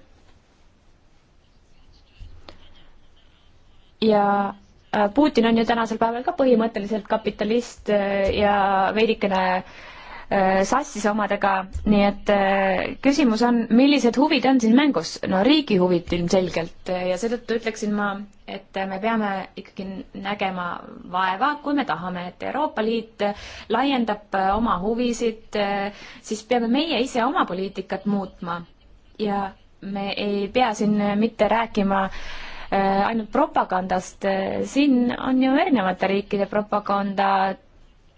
ja äh, Putin on ju tänasel päeval ka põhimõtteliselt kapitalist äh, ja veidikene äh, Äh, sassis omadega, nii et äh, küsimus on, millised huvid on siin mängus? no riigi huvid ilmselgelt äh, ja seetõttu ütleksin ma, et me peame ikkagi nägema vaeva, kui me tahame, et Euroopa Liit laiendab oma huvisid, siis peame meie ise oma poliitikat muutma ja me ei pea siin mitte rääkima ainult propagandast, siin on ju erinevate riikide propagandad,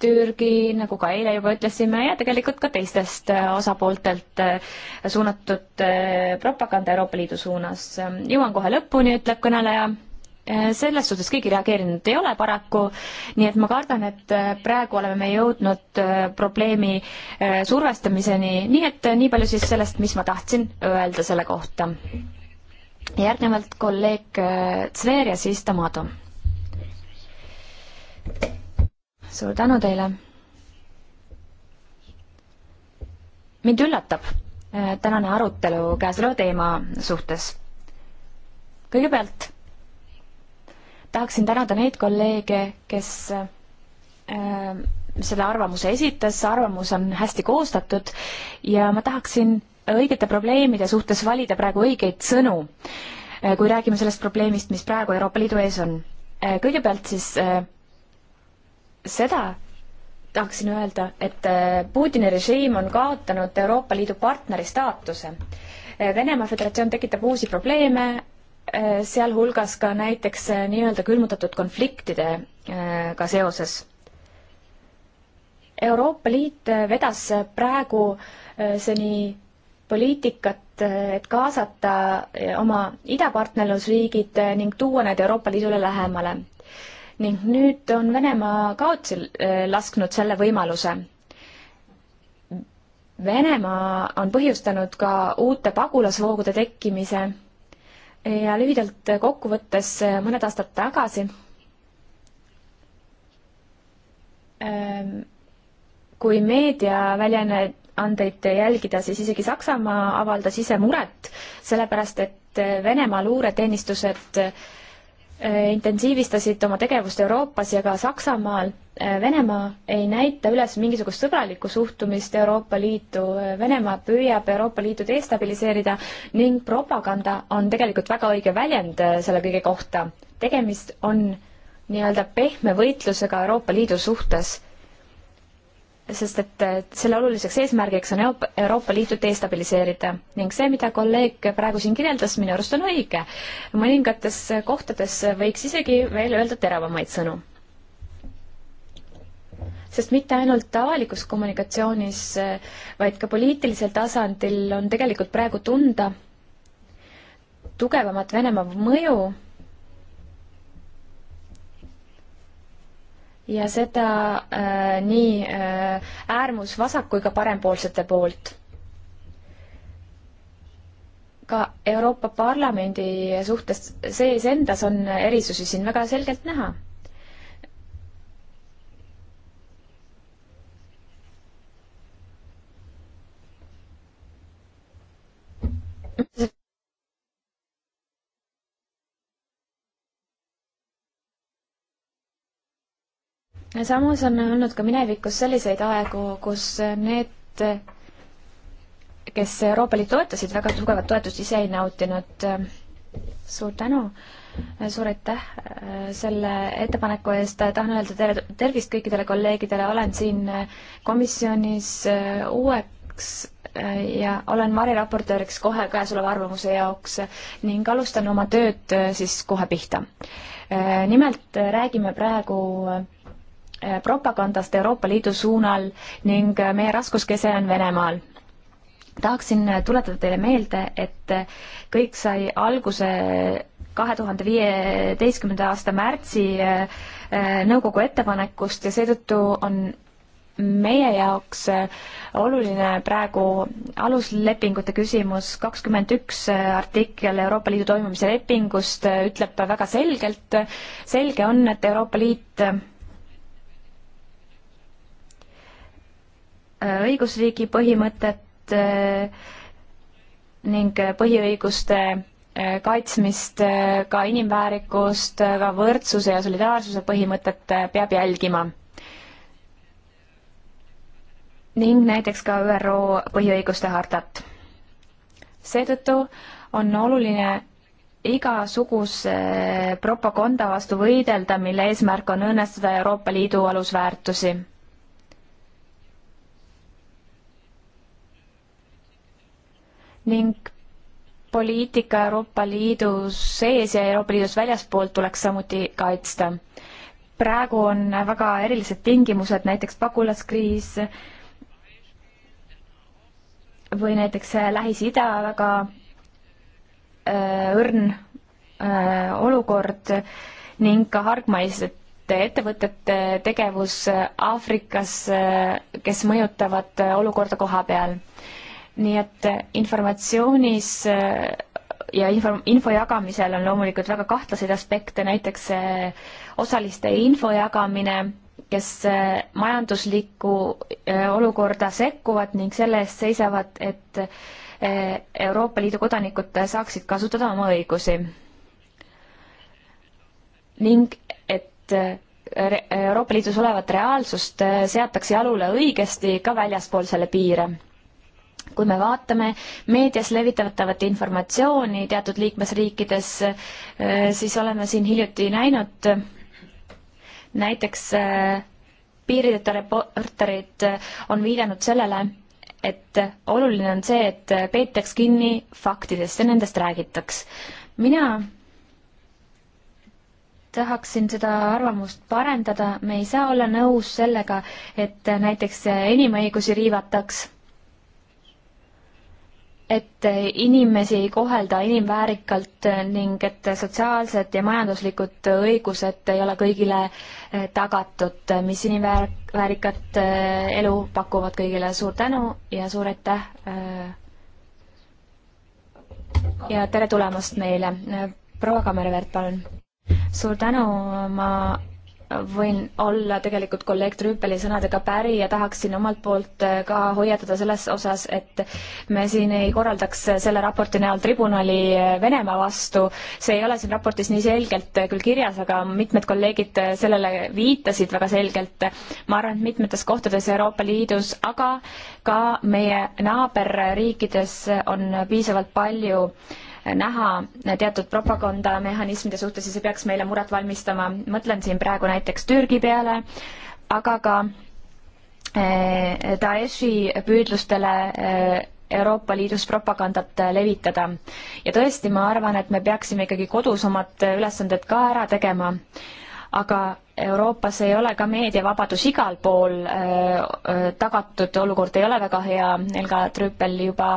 Türgi, nagu ka eile juba ütlesime, ja tegelikult ka teistest äh, osapooltelt äh, suunatud äh, propaganda Euroopa Liidu suunas. jõuan kohe lõpuni, ütleb kõneleja selles suhtes keegi reageerinud ei ole paraku, nii et ma kardan, et praegu oleme me jõudnud probleemi survestamiseni, nii et nii palju siis sellest, mis ma tahtsin öelda selle kohta. järgnevalt kolleeg Zver ja siis Tamado suur tänu teile. mind üllatab äh, tänane arutelu käesoleva teema suhtes. kõigepealt tahaksin tänada neid kolleege, kes äh, selle arvamuse esitas, arvamus on hästi koostatud ja ma tahaksin õigete probleemide suhtes valida praegu õigeid sõnu, äh, kui räägime sellest probleemist, mis praegu Euroopa Liidu ees on. Äh, kõigepealt siis äh, seda tahaksin öelda, et äh, Putini režiim on kaotanud Euroopa Liidu partneri staatuse. Äh, Venemaa Föderatsioon tekitab uusi probleeme, äh, sealhulgas ka näiteks nii-öelda külmutatud konfliktidega seoses. Euroopa Liit vedas praegu seni poliitikat, et kaasata oma idapartnerlusriigid ning tuua need Euroopa Liidule lähemale ning nüüd on Venemaa kaotsi äh, lasknud selle võimaluse. Venemaa on põhjustanud ka uute pagulasvoogude tekkimise ja lühidalt kokkuvõttes äh, mõned aastad tagasi ähm, kui meediaväljaandeid jälgida, siis isegi Saksamaa avaldas ise muret, sellepärast et äh, Venemaa luureteenistused äh, Äh, intensiivistasid oma tegevust Euroopas ja ka Saksamaal. Äh, Venemaa ei näita üles mingisugust sõbralikku suhtumist Euroopa Liitu, äh, Venemaa püüab Euroopa Liitu destabiliseerida ning propaganda on tegelikult väga õige väljend selle kõige kohta. tegemist on nii-öelda pehme võitlusega Euroopa Liidu suhtes sest et selle oluliseks eesmärgiks on Euroopa Liitu destabiliseerida ning see, mida kolleeg praegu siin kirjeldas, minu arust on õige. mõningates kohtades võiks isegi veel öelda teravamaid sõnu. sest mitte ainult avalikus kommunikatsioonis, vaid ka poliitilisel tasandil on tegelikult praegu tunda tugevamat Venemaa mõju ja seda äh, nii äh, äärmusvasak- kui ka parempoolsete poolt. ka Euroopa Parlamendi suhtes sees endas on erisusi siin väga selgelt näha samas on olnud ka minevikus selliseid aegu, kus need, kes Euroopa Liitu toetasid, väga tugevat toetust ise ei nautinud. suur tänu, suur aitäh äh, selle ettepaneku eest, tahan öelda tere, tervist kõikidele kolleegidele, olen siin äh, komisjonis äh, uueks ja olen variraportööriks kohe käesoleva arvamuse jaoks ning alustan oma tööd siis kohe pihta. nimelt räägime praegu Eh, propagandast Euroopa Liidu suunal ning eh, meie raskuskese on Venemaal. tahaksin eh, tuletada teile meelde, et kõik sai alguse kahe tuhande viieteistkümnenda aasta märtsi nõukogu ettepanekust ja seetõttu on meie jaoks oluline praegu aluslepingute küsimus, kakskümmend üks artikkel Euroopa Liidu toimimise lepingust ütleb väga selgelt, selge on, et Euroopa Liit õigusriigi põhimõtet äh, ning põhiõiguste äh, kaitsmist, äh, ka inimväärikust, ka võrdsuse ja solidaarsuse põhimõtet peab jälgima. ning näiteks ka ÜRO põhiõiguste hartat. seetõttu on oluline igasuguse propaganda vastu võidelda, mille eesmärk on õõnestada Euroopa Liidu alusväärtusi. ning poliitika Euroopa Liidu sees ja Euroopa Liidust väljaspoolt tuleks samuti kaitsta. praegu on väga erilised tingimused, näiteks pagulaskriis või näiteks Lähis-Ida väga äh, õrn äh, olukord ning ka hargmaised ettevõtete tegevus Aafrikas, äh, kes mõjutavad olukorda koha peal nii et äh, informatsioonis äh, ja info, info jagamisel on loomulikult väga kahtlaseid aspekte, näiteks äh, osaliste info jagamine, kes majanduslikku olukorda sekkuvad ning selle eest seisavad, et Euroopa Liidu kodanikud saaksid kasutada oma õigusi. ning et Euroopa Liidus olevat reaalsust seatakse jalule õigesti ka väljaspool selle piire kui me vaatame meedias levitatavat informatsiooni teatud liikmesriikides, eh, siis oleme siin hiljuti näinud eh, näiteks eh, piirideta reporterid on viidanud sellele, et oluline on see, et peetaks kinni faktidest ja nendest räägitaks. mina tahaksin seda arvamust parendada, me ei saa olla nõus sellega, et näiteks inimõigusi riivataks et inimesi ei kohelda inimväärikalt ning et sotsiaalsed ja majanduslikud õigused ei ole kõigile eh, tagatud, mis inimväärikat eh, elu pakuvad kõigile. suur tänu ja suur aitäh! Eh, ja tere tulemast meile! proua Kammerväärt, palun! suur tänu, ma võin olla tegelikult kolleeg Trüüpeli sõnadega päri ja tahaksin omalt poolt äh, ka hoiatada selles osas, et me siin ei korraldaks äh, selle raporti näol tribunali äh, Venemaa vastu. see ei ole siin raportis nii selgelt küll kirjas, aga mitmed kolleegid sellele viitasid väga selgelt. ma arvan, et mitmetes kohtades Euroopa Liidus, aga ka meie naaberriikides on piisavalt palju äh, näha teatud propagandamehhanismide suhtes ja see peaks meile muret valmistama. mõtlen siin praegu näiteks Türgi peale, aga ka eh, Daeshi püüdlustele eh, Euroopa Liidus propagandat levitada. ja tõesti, ma arvan, et me peaksime ikkagi kodus omad ülesanded ka ära tegema aga Euroopas ei ole ka meediavabadus igal pool tagatud, olukord ei ole väga hea, Helga Trüppel juba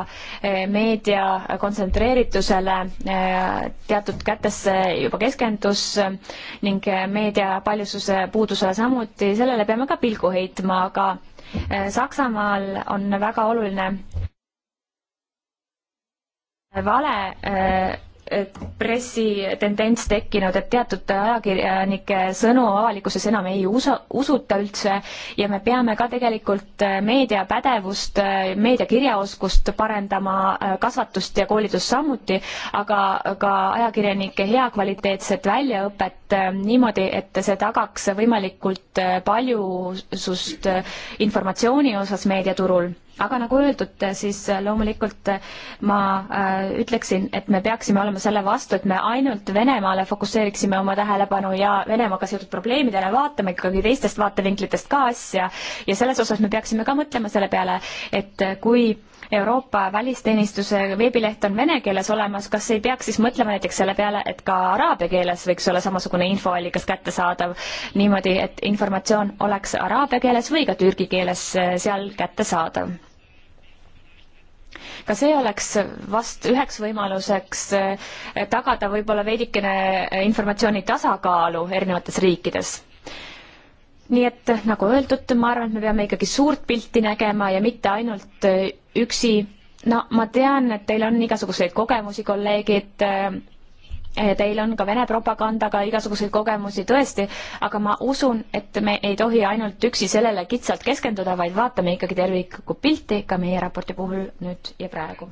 meedia kontsentreeritusele teatud kätesse juba keskendus ning meedia paljususe puudusele samuti, sellele peame ka pilgu heitma, aga Saksamaal on väga oluline vale pressitendents tekkinud, et teatud ajakirjanike sõnu avalikkuses enam ei usu, usuta üldse ja me peame ka tegelikult äh, meediapädevust, äh, meediakirjaoskust parendama, äh, kasvatust ja koolitust samuti, aga ka ajakirjanike heakvaliteetset väljaõpet niimoodi, et see tagaks võimalikult paljusust informatsiooni osas meediaturul aga nagu öeldud, siis loomulikult ma äh, ütleksin, et me peaksime olema selle vastu, et me ainult Venemaale fokusseeriksime oma tähelepanu ja Venemaaga seotud probleemidele, vaatame ikkagi teistest vaatevinklitest ka asja ja selles osas me peaksime ka mõtlema selle peale, et kui äh, Euroopa välisteenistuse veebileht on vene keeles olemas, kas ei peaks siis mõtlema näiteks selle peale, et ka araabia keeles võiks olla samasugune infoallikas kättesaadav niimoodi, et informatsioon oleks araabia keeles või ka türgi keeles äh, seal kättesaadav? ka see oleks vast üheks võimaluseks äh, tagada võib-olla veidikene äh, informatsiooni tasakaalu erinevates riikides nii et nagu öeldud, ma arvan, et me peame ikkagi suurt pilti nägema ja mitte ainult äh, üksi. no ma tean, et teil on igasuguseid kogemusi, kolleegid äh, teil on ka Vene propagandaga igasuguseid kogemusi tõesti, aga ma usun, et me ei tohi ainult üksi sellele kitsalt keskenduda, vaid vaatame ikkagi terviklikku pilti ka meie raporti puhul nüüd ja praegu.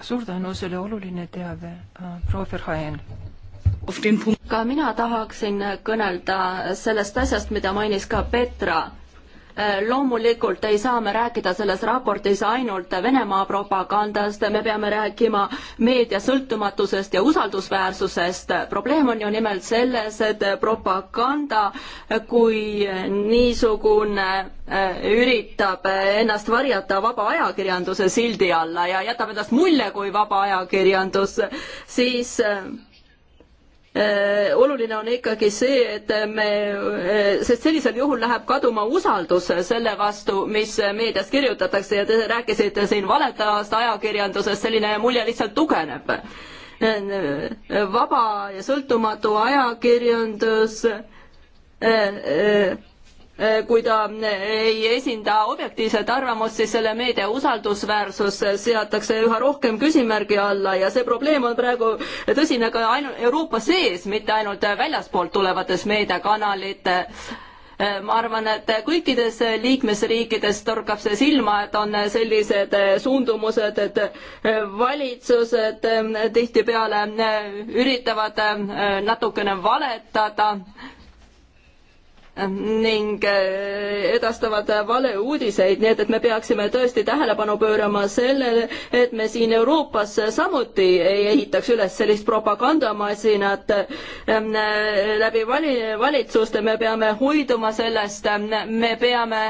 suur tänu, see oli oluline teave, äh, proua Ferhajen ka mina tahaksin kõnelda sellest asjast, mida mainis ka Petra äh, loomulikult ei saa me rääkida selles raportis ainult Venemaa propagandast, me peame rääkima meedia sõltumatusest ja usaldusväärsusest. probleem on ju nimelt selles, et propaganda kui niisugune äh, üritab ennast varjata vaba ajakirjanduse sildi alla ja jätab endast mulje kui vaba ajakirjandus, siis äh, Äh, oluline on ikkagi see, et me, äh, sest sellisel juhul läheb kaduma usaldus selle vastu, mis meedias kirjutatakse ja te rääkisite siin valetajast ajakirjandusest, selline mulje lihtsalt tugevneb. Äh, vaba ja sõltumatu ajakirjandus Äh, kui ta äh, ei esinda objektiivset arvamust, siis selle meedia usaldusväärsus äh, seatakse üha rohkem küsimärgi alla ja see probleem on praegu tõsine ka ainult Euroopa sees, mitte ainult väljaspoolt tulevates meediakanalite ma arvan, et kõikides liikmesriikides torkab see silma, et on sellised suundumused, et valitsused tihtipeale üritavad natukene valetada ning äh, edastavad valeuudiseid, nii et, et me peaksime tõesti tähelepanu pöörama sellele, et me siin Euroopas samuti ei ehitaks üles sellist propagandamasinat ähm, äh, läbi vali-, valitsuste, me peame hoiduma sellest, ähm, me peame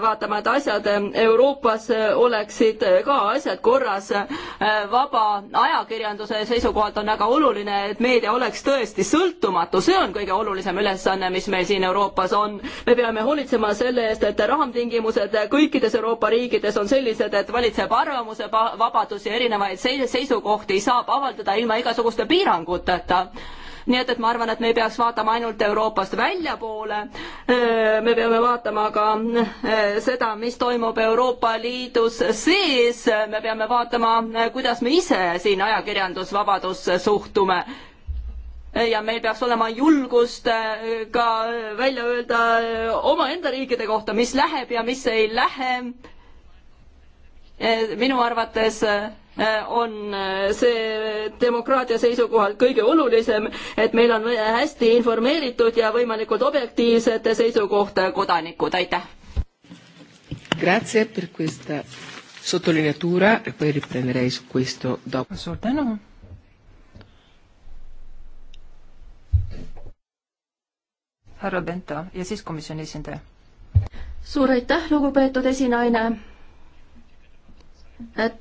vaatama, et asjad Euroopas oleksid ka asjad korras. vaba ajakirjanduse seisukohalt on väga oluline, et meedia oleks tõesti sõltumatu, see on kõige olulisem ülesanne, mis meil siin Euroopas on. me peame hoolitsema selle eest, et raamtingimused kõikides Euroopa riikides on sellised, et valitseb arvamuse vabadus ja erinevaid seisukohti saab avaldada ilma igasuguste piiranguteta nii et, et ma arvan, et me ei peaks vaatama ainult Euroopast väljapoole, me peame vaatama ka seda, mis toimub Euroopa Liidus sees, me peame vaatama, kuidas me ise siin ajakirjandusvabadusse suhtume ja meil peaks olema julgust ka välja öelda omaenda riikide kohta, mis läheb ja mis ei lähe. minu arvates Äh, on äh, see demokraatia seisukohalt kõige olulisem, et meil on hästi informeeritud ja võimalikult objektiivsete seisukohta kodanikud, aitäh! Grazie per questa sottolineatura e poi riprenderei su questo dopo. Suur tänu! härra Bento ja siis komisjoni esindaja. suur aitäh, lugupeetud esinaine!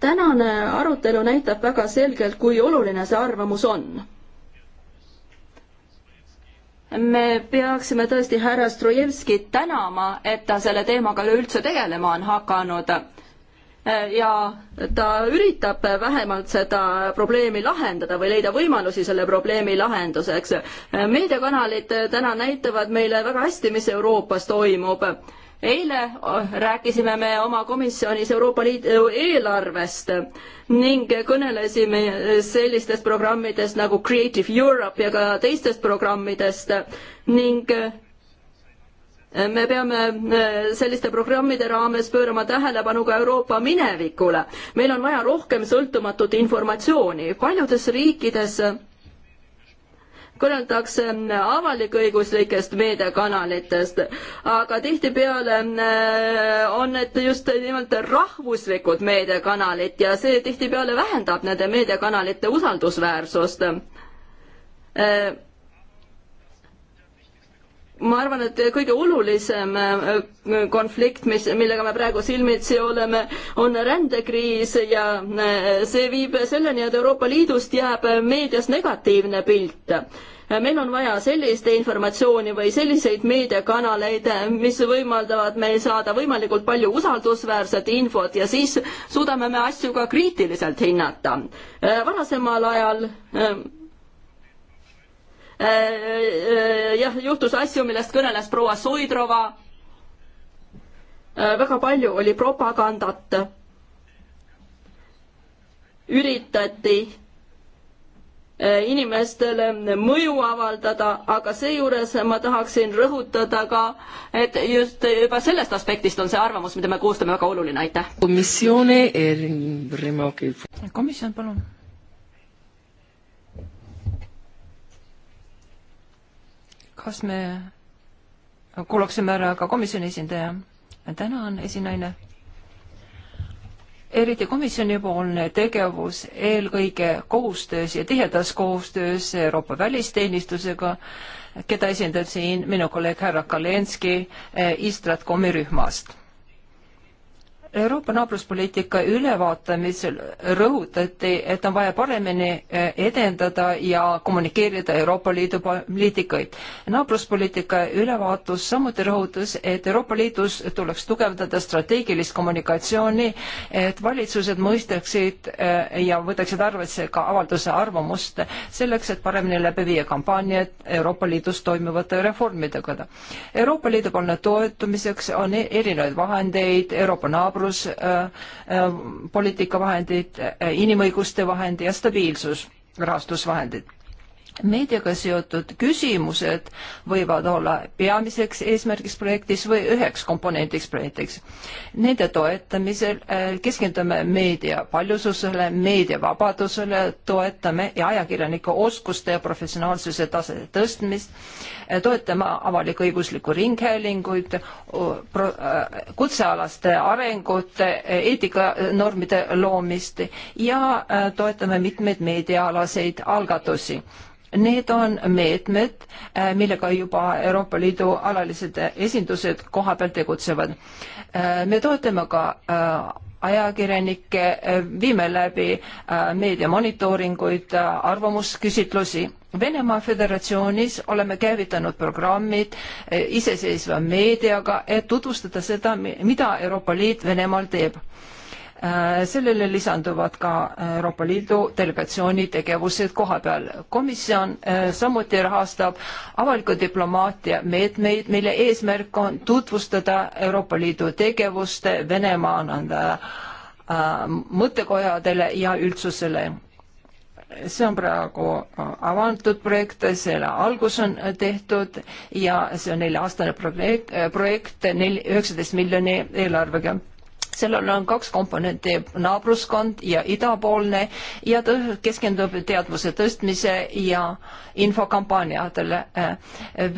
tänane arutelu näitab väga selgelt, kui oluline see arvamus on. me peaksime tõesti härra Strojevskit tänama, et ta selle teemaga üleüldse tegelema on hakanud ja ta üritab vähemalt seda probleemi lahendada või leida võimalusi selle probleemi lahenduseks. meediakanalid täna näitavad meile väga hästi, mis Euroopas toimub eile oh, rääkisime me oma komisjonis Euroopa Liidu eelarvest ning kõnelesime sellistest programmidest nagu Creative Europe ja ka teistest programmidest ning eh, me peame eh, selliste programmide raames pöörama tähelepanu ka Euroopa minevikule. meil on vaja rohkem sõltumatut informatsiooni. paljudes riikides kõneldakse ähm, avalik-õiguslikest meediakanalitest, aga tihtipeale ähm, äh, on need just nimelt rahvuslikud meediakanalid ja see tihtipeale vähendab nende meediakanalite usaldusväärsust äh, ma arvan, et kõige olulisem äh, konflikt, mis, millega me praegu silmitsi oleme, on rändekriis ja äh, see viib selleni, et Euroopa Liidust jääb meedias negatiivne pilt. meil on vaja sellist informatsiooni või selliseid meediakanaleid, mis võimaldavad meil saada võimalikult palju usaldusväärset infot ja siis suudame me asju ka kriitiliselt hinnata. Äh, varasemal ajal Äh, äh, jah, juhtus asju, millest kõneles proua Suidrova. Äh, väga palju oli propagandat. üritati inimestele mõju avaldada, aga seejuures ma tahaksin rõhutada ka, et just juba sellest aspektist on see arvamus, mida me koostame, väga oluline, aitäh. Er- komisjon, palun kas me kuulaksime ära ka komisjoni esindaja? tänan, esinaine. eriti komisjonipoolne tegevus eelkõige koostöös ja tihedas koostöös Euroopa välisteenistusega, keda esindab siin minu kolleeg härra Kalenski eh, Istrat komirühmast Euroopa naabruspoliitika ülevaatamisel rõhutati, et on vaja paremini eh, edendada ja kommunikeerida Euroopa Liidu poliitikaid. naabruspoliitika ülevaatus samuti rõhutas, et Euroopa Liidus tuleks tugevdada strateegilist kommunikatsiooni, et valitsused mõistaksid eh, ja võtaksid arvesse ka avalduse arvamust selleks, et paremini läbi viia kampaaniad Euroopa Liidus toimuvate reformidega. Euroopa Liidu poolne toetumiseks on e-, erinevaid vahendeid Euroopa naabruspoliitika naabruspoliitika äh, äh, vahendid, äh, inimõiguste vahendid ja stabiilsus, rahastusvahendid meediaga seotud küsimused võivad olla peamiseks eesmärgiks projektis või üheks komponendiks projektiks. Nende toetamisel äh, keskendume meedia paljususele, meediavabadusele, toetame ja ajakirjanike oskuste ja professionaalsuse tase tõstmist, äh, toetame avalik-õiguslikku ringhäälinguid, äh, kutsealaste arengut, eetikanormide loomist ja toetame mitmeid meediaalaseid algatusi Need on meetmed, äh, millega juba Euroopa Liidu alalised esindused koha peal tegutsevad. Äh, me toetame ka äh, ajakirjanikke, viime läbi meediamonitooringuid, arvamusküsitlusi. Venemaa Föderatsioonis oleme käivitanud programmid iseseisva meediaga, et tutvustada seda, mida Euroopa Liit Venemaal teeb Äh, sellele lisanduvad ka Euroopa Liidu delegatsiooni tegevused kohapeal. komisjon äh, samuti rahastab avaliku diplomaatia meetmeid, mille eesmärk on tutvustada Euroopa Liidu tegevust Venemaa nõnda äh, mõttekojadele ja üldsusele see on praegu avatud projekt, selle algus on tehtud ja see on nelja-aastane projekt, projekt neli, üheksateist miljoni eelarvega sellel on kaks komponenti, naabruskond ja idapoolne ja ta keskendub teadvuse tõstmise ja infokampaaniatele.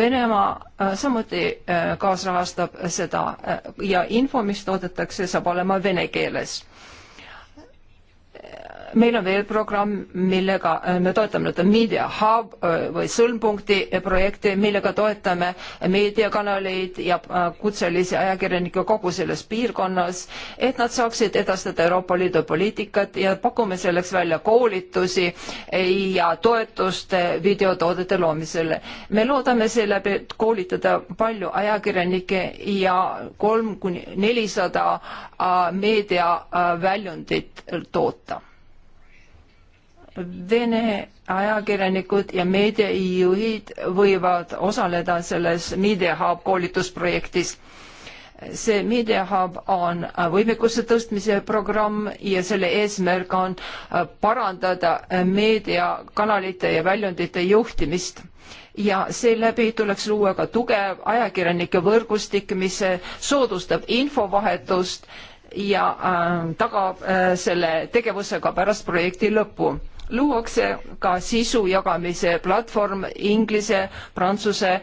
Venemaa äh, samuti äh, kaasrahastab seda äh, ja info, mis toodetakse, saab olema vene keeles meil on veel programm, millega äh, me toetame nii-öelda Media Hub äh, või sõlmpunkti äh, projekti, millega toetame meediakanaleid ja kutselisi ajakirjanikke kogu selles piirkonnas, et nad saaksid edastada Euroopa Liidu poliitikat ja pakume selleks välja koolitusi ja toetust videotoodete loomisele. me loodame seeläbi koolitada palju ajakirjanikke ja kolm kuni nelisada meediaväljundit toota Vene ajakirjanikud ja meediajuhid võivad osaleda selles Media Hub koolitusprojektis. see Media Hub on võimekuse tõstmise programm ja selle eesmärk on parandada meediakanalite ja väljundite juhtimist ja seeläbi tuleks luua ka tugev ajakirjanike võrgustik, mis soodustab infovahetust ja äh, tagab äh, selle tegevuse ka pärast projekti lõppu luuakse ka sisu jagamise platvorm inglise, prantsuse,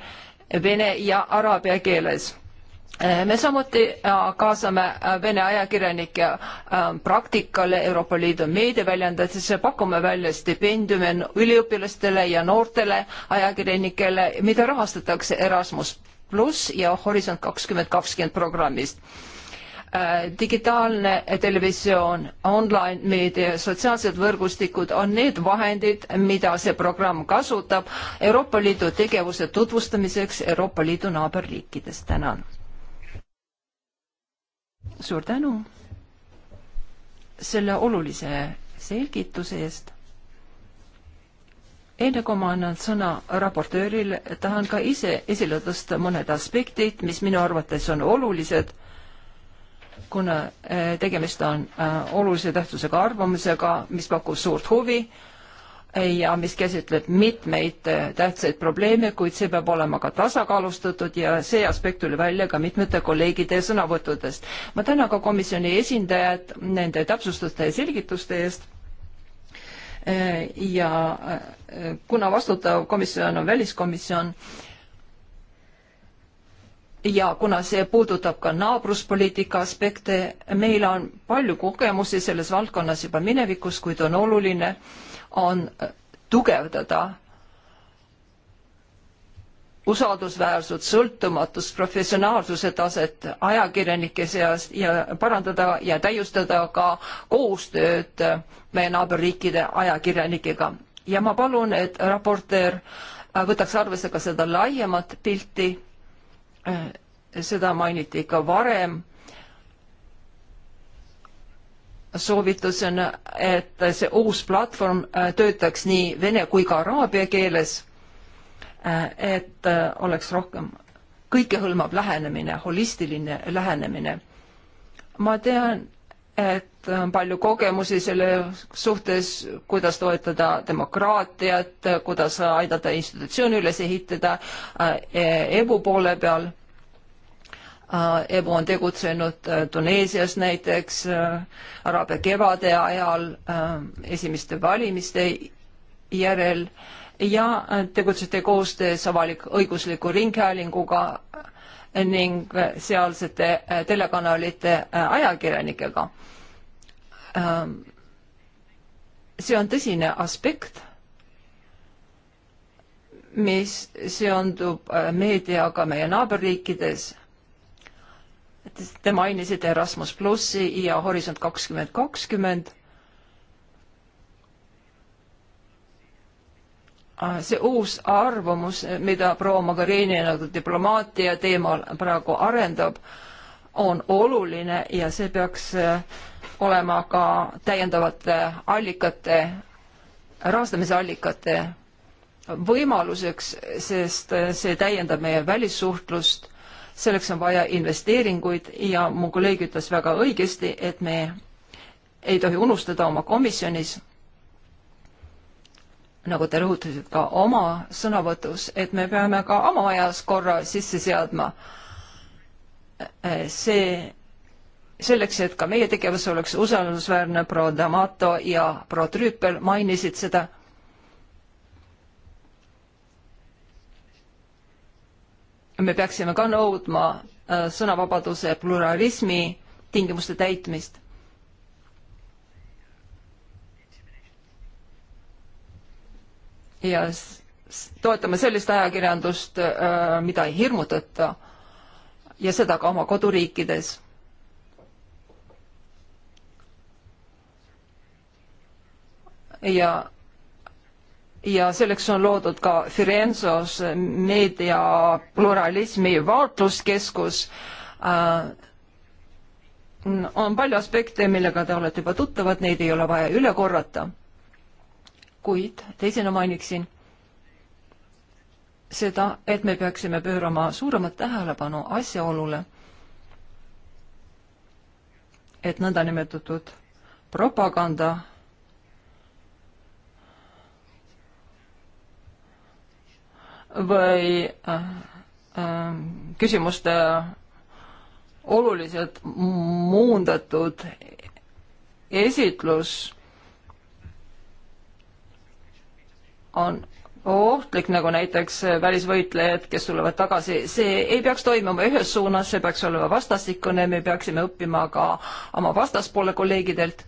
vene ja araabia keeles äh, me samuti äh, kaasame äh, Vene ajakirjanike praktikale Euroopa Liidu meediaväljenditesse, pakume välja stipendiume üliõpilastele ja noortele ajakirjanikele, mida rahastatakse Erasmus pluss ja Horisont kakskümmend kakskümmend programmist Äh, digitaalne televisioon, online meedia, sotsiaalsed võrgustikud on need vahendid, mida see programm kasutab Euroopa Liidu tegevuse tutvustamiseks Euroopa Liidu naaberriikides. tänan. suur tänu selle olulise selgituse eest. enne kui ma annan sõna raportöörile, tahan ka ise esile tõsta mõned aspektid, mis minu arvates on olulised kuna äh, tegemist on äh, olulise tähtsusega arvamusega, mis pakub suurt huvi äh, ja mis käsitleb mitmeid tähtsaid probleeme, kuid see peab olema ka tasakaalustatud ja see aspekt tuli välja ka mitmete kolleegide sõnavõttudest. ma tänan ka komisjoni esindajad nende täpsustuste ja selgituste eest ja kuna vastutav komisjon on väliskomisjon, ja kuna see puudutab ka naabruspoliitika aspekte, meil on palju kogemusi selles valdkonnas juba minevikus, kuid on oluline, on äh, tugevdada usaldusväärsust, sõltumatust, professionaalsuse taset ajakirjanike seas ja parandada ja täiustada ka koostööd äh, meie naaberriikide ajakirjanikega. ja ma palun, et raportöör äh, võtaks arvesse ka seda laiemat pilti Äh, seda mainiti ka varem soovitusena, et see uus platvorm äh, töötaks nii vene kui ka araabia keeles, äh, et oleks rohkem kõikehõlmav lähenemine, holistiline lähenemine. ma tean, et on palju kogemusi selle suhtes, kuidas toetada demokraatiat, kuidas aidata institutsioone üles ehitada äh, EBU poole peal. Äh, EBU on tegutsenud äh, Tuneesias näiteks araabia kevade ajal esimeste valimiste järel ja tegutsete koostöös avalik-õigusliku ringhäälinguga ning sealsete telekanalite ajakirjanikega Ähm, see on tõsine aspekt, mis seondub äh, meediaga meie naaberriikides. Te mainisite Erasmus plussi ja Horisont kakskümmend kakskümmend. Äh, see uus arvamus, mida proua Magarini nagu diplomaatia teemal praegu arendab, on oluline ja see peaks äh, olema ka täiendavate allikate, rahastamise allikate võimaluseks, sest see täiendab meie välissuhtlust, selleks on vaja investeeringuid ja mu kolleeg ütles väga õigesti, et me ei tohi unustada oma komisjonis, nagu te rõhutasite ka oma sõnavõtus, et me peame ka oma ajas korra sisse seadma. see selleks, et ka meie tegevus oleks usaldusväärne, proua D'Amato ja proua Trüüpel mainisid seda. me peaksime ka nõudma äh, sõnavabaduse pluralismi tingimuste täitmist. ja toetame sellist ajakirjandust, äh, mida ei hirmutata ja seda ka oma koduriikides ja ja selleks on loodud ka Firenzos meedia pluralismi vaatluskeskus äh,. on palju aspekte, millega te olete juba tuttavad, neid ei ole vaja üle korrata. kuid teisena mainiksin seda, et me peaksime pöörama suuremat tähelepanu asjaolule, et nõndanimetatud propaganda või äh, äh, küsimuste oluliselt muundatud esitlus on ohtlik, nagu näiteks välisvõitlejad, kes tulevad tagasi, see ei peaks toimuma ühes suunas, see peaks olema vastastikune, me peaksime õppima ka oma vastaspoole kolleegidelt,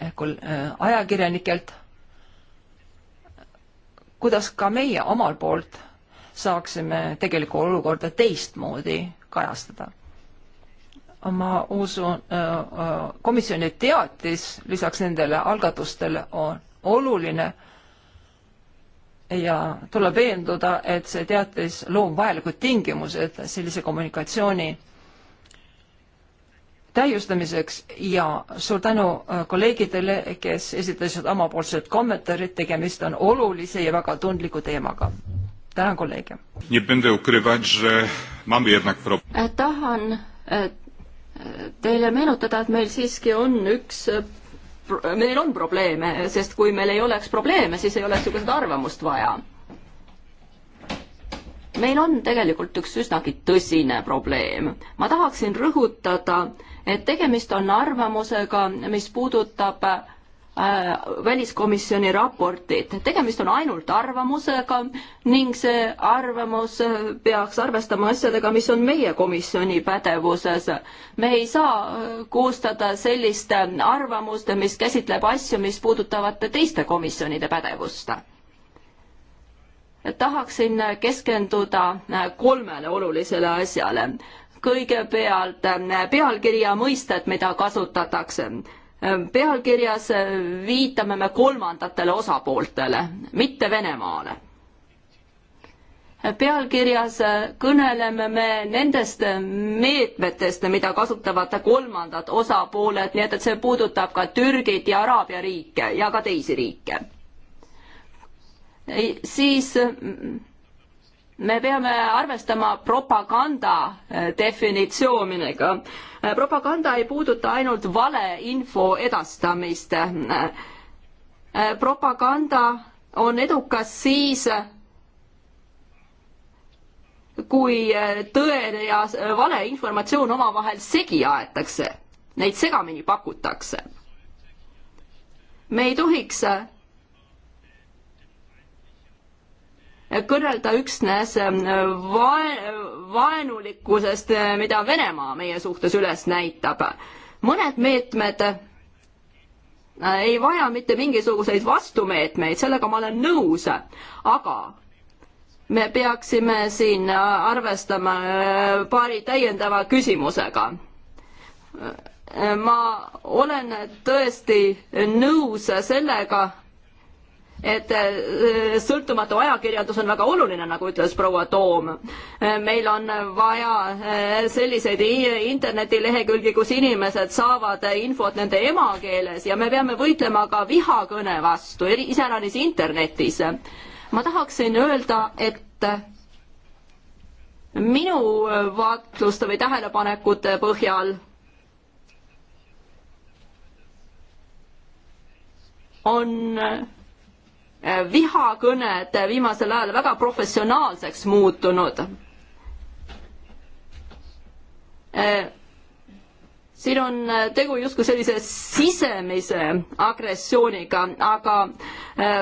eh, eh, ajakirjanikelt kuidas ka meie omalt poolt saaksime tegelikku olukorda teistmoodi kajastada. ma usun, äh, äh, komisjoni teatis lisaks nendele algatustele on oluline ja tuleb veenduda, et see teatis loob vajalikud tingimused sellise kommunikatsiooni täiustamiseks ja suur tänu äh, kolleegidele, kes esitasid omapoolsed kommentaarid, tegemist on olulise ja väga tundliku teemaga. tänan kolleege. Äh, tahan äh, teile meenutada, et meil siiski on üks meil on probleeme, sest kui meil ei oleks probleeme, siis ei oleks ju ka seda arvamust vaja. meil on tegelikult üks üsnagi tõsine probleem. ma tahaksin rõhutada äh, et tegemist on arvamusega, mis puudutab äh, väliskomisjoni raportit. tegemist on ainult arvamusega ning see arvamus äh, peaks arvestama asjadega, mis on meie komisjoni pädevuses. me ei saa äh, koostada sellist arvamust, mis käsitleb asju, mis puudutavad teiste komisjonide pädevust tahaksin keskenduda kolmele olulisele asjale kõigepealt äh, pealkirja mõisted, mida kasutatakse. Äh, pealkirjas äh, viitame me kolmandatele osapooltele, mitte Venemaale pealkirjas kõneleme me nendest meetmetest, mida kasutavad kolmandad osapooled, nii et, et see puudutab ka Türgit ja Araabia riike ja ka teisi riike. siis mm, me peame arvestama propaganda äh, definitsiooniga. Äh, propaganda ei puuduta ainult valeinfo edastamist. Äh, propaganda on edukas siis, kui tõene ja valeinformatsioon omavahel segi aetakse, neid segamini pakutakse. me ei tohiks kõnelda üksnes ähm, vae-, vaenulikkusest, äh, mida Venemaa meie suhtes üles näitab. mõned meetmed äh, ei vaja mitte mingisuguseid vastumeetmeid, sellega ma olen nõus, aga me peaksime siin äh, arvestama paari täiendava küsimusega. ma olen tõesti nõus sellega, et äh, äh, sõltumatu ajakirjandus on väga oluline, nagu ütles proua Toom. Äh, meil on vaja selliseid internetilehekülgi, kus inimesed saavad infot nende emakeeles ja me peame võitlema ka vihakõne vastu, iseäranis internetis. ma tahaksin öelda, et minu vaatluste või tähelepanekute põhjal on Äh, vihakõned viimasel ajal väga professionaalseks muutunud. Äh, siin on äh, tegu justkui sellise sisemise agressiooniga, aga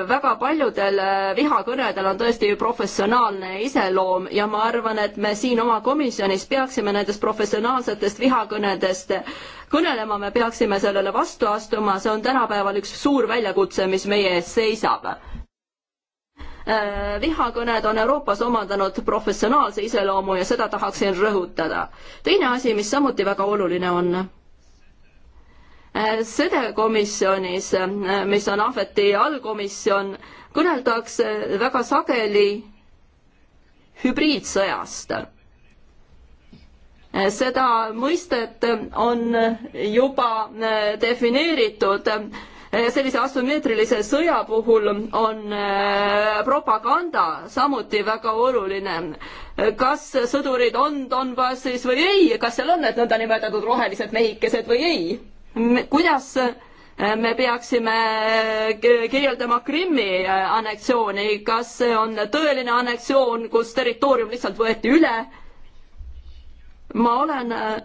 väga paljudel vihakõnedel on tõesti professionaalne iseloom ja ma arvan, et me siin oma komisjonis peaksime nendest professionaalsetest vihakõnedest kõnelema, me peaksime sellele vastu astuma, see on tänapäeval üks suur väljakutse, mis meie ees seisab. Äh, vihakõned on Euroopas omandanud professionaalse iseloomu ja seda tahaksin rõhutada. teine asi, mis samuti väga oluline on, äh, sede komisjonis, äh, mis on ahveti allkomisjon, kõneldakse väga sageli hübriidsõjast seda mõistet on juba äh, defineeritud äh, sellise asümmeetrilise sõja puhul on äh, propaganda samuti väga oluline. kas sõdurid on Donbassis või ei, kas seal on need nõndanimetatud rohelised mehikesed või ei? kuidas me peaksime kirjeldama Krimmi anneksiooni, kas see on tõeline anneksioon, kus territoorium lihtsalt võeti üle ma olen äh,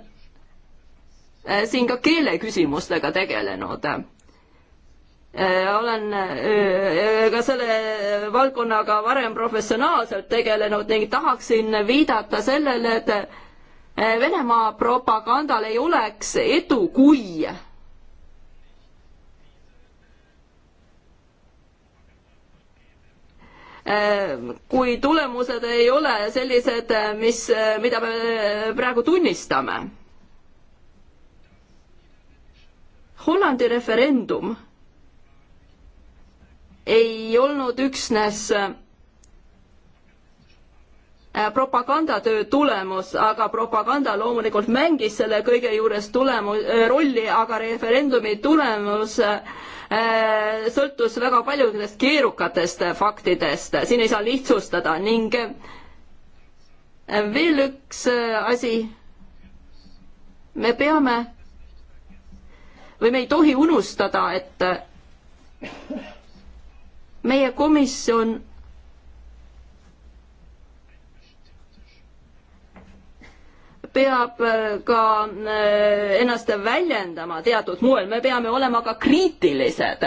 siin ka keeleküsimustega tegelenud. Äh, olen äh, ka selle valdkonnaga varem professionaalselt tegelenud ning tahaksin viidata sellele, et Venemaa propagandal ei oleks edu, kui kui tulemused ei ole sellised, mis, mida me praegu tunnistame. Hollandi referendum ei olnud üksnes äh, propagandatöö tulemus, aga propaganda loomulikult mängis selle kõige juures tulemu-, äh, rolli, aga referendumi tulemus äh, Äh, sõltus väga palju nendest keerukatest faktidest, siin ei saa lihtsustada ning äh, veel üks äh, asi, me peame või me ei tohi unustada, et meie komisjon peab äh, ka äh, ennast väljendama teatud moel, me peame olema ka kriitilised.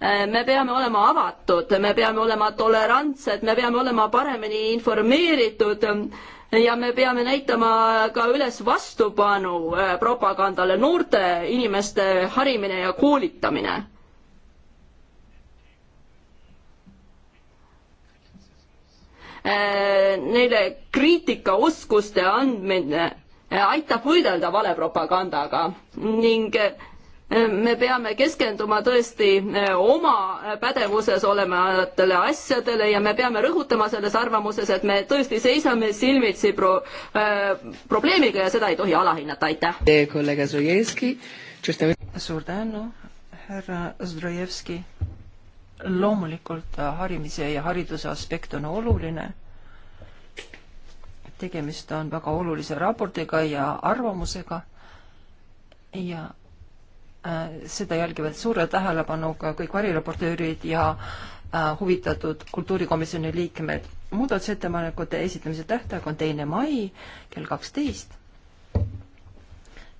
Äh, me peame olema avatud, me peame olema tolerantsed, me peame olema paremini informeeritud ja me peame näitama ka üles vastupanu propagandale, noorte inimeste harimine ja koolitamine Äh, neile kriitikaoskuste andmine äh, aitab võidelda valepropagandaga ning äh, me peame keskenduma tõesti oma pädevuses olevatele asjadele ja me peame rõhutama selles arvamuses, et me tõesti seisame silmitsi pro, äh, probleemiga ja seda ei tohi alahinnata, aitäh. kolleeg Zdrojevski. suur tänu, härra Zdrojevski loomulikult äh, harimise ja hariduse aspekt on oluline. tegemist on väga olulise raportiga ja arvamusega ja äh, seda jälgivad suure tähelepanuga kõik variraportöörid ja äh, huvitatud kultuurikomisjoni liikmed. muudatusettepanekute esitamise tähtaeg on teine mai kell kaksteist.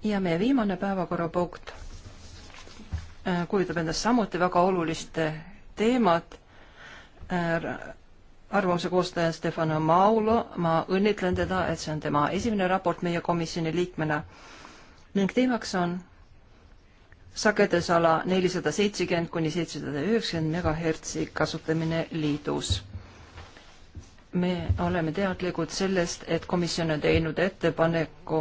ja meie viimane päevakorrapunkt äh, kujutab endast samuti väga olulist teemat. Äh, arvamuse koostaja Stefano Maulo, ma õnnitlen teda, et see on tema esimene raport meie komisjoni liikmena ning teemaks on sagedusala nelisada seitsekümmend kuni seitsesada üheksakümmend megahertsi kasutamine liidus. me oleme teadlikud sellest, et komisjon on teinud ettepaneku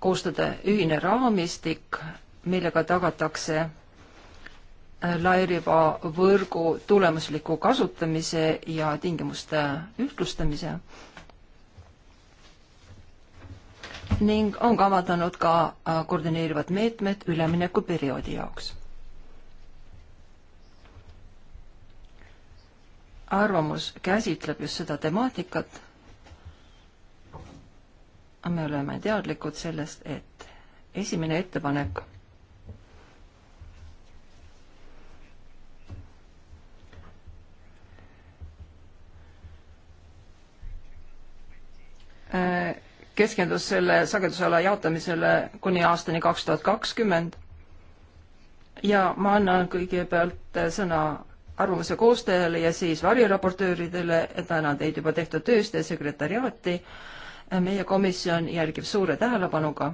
koostada ühine raamistik, millega tagatakse lairibavõrgu tulemusliku kasutamise ja tingimuste ühtlustamise ning on kavandanud ka äh, koordineerivad meetmed üleminekuperioodi jaoks. arvamus käsitleb just seda temaatikat. me oleme teadlikud sellest, et esimene ettepanek Äh, keskendus selle sagedusala jaotamisele kuni aastani kaks tuhat kakskümmend. ja ma annan kõigepealt sõna arvamuse koostajale ja siis variraportööridele, tänan teid juba tehtud tööst ja sekretäriaati. meie komisjon jälgib suure tähelepanuga.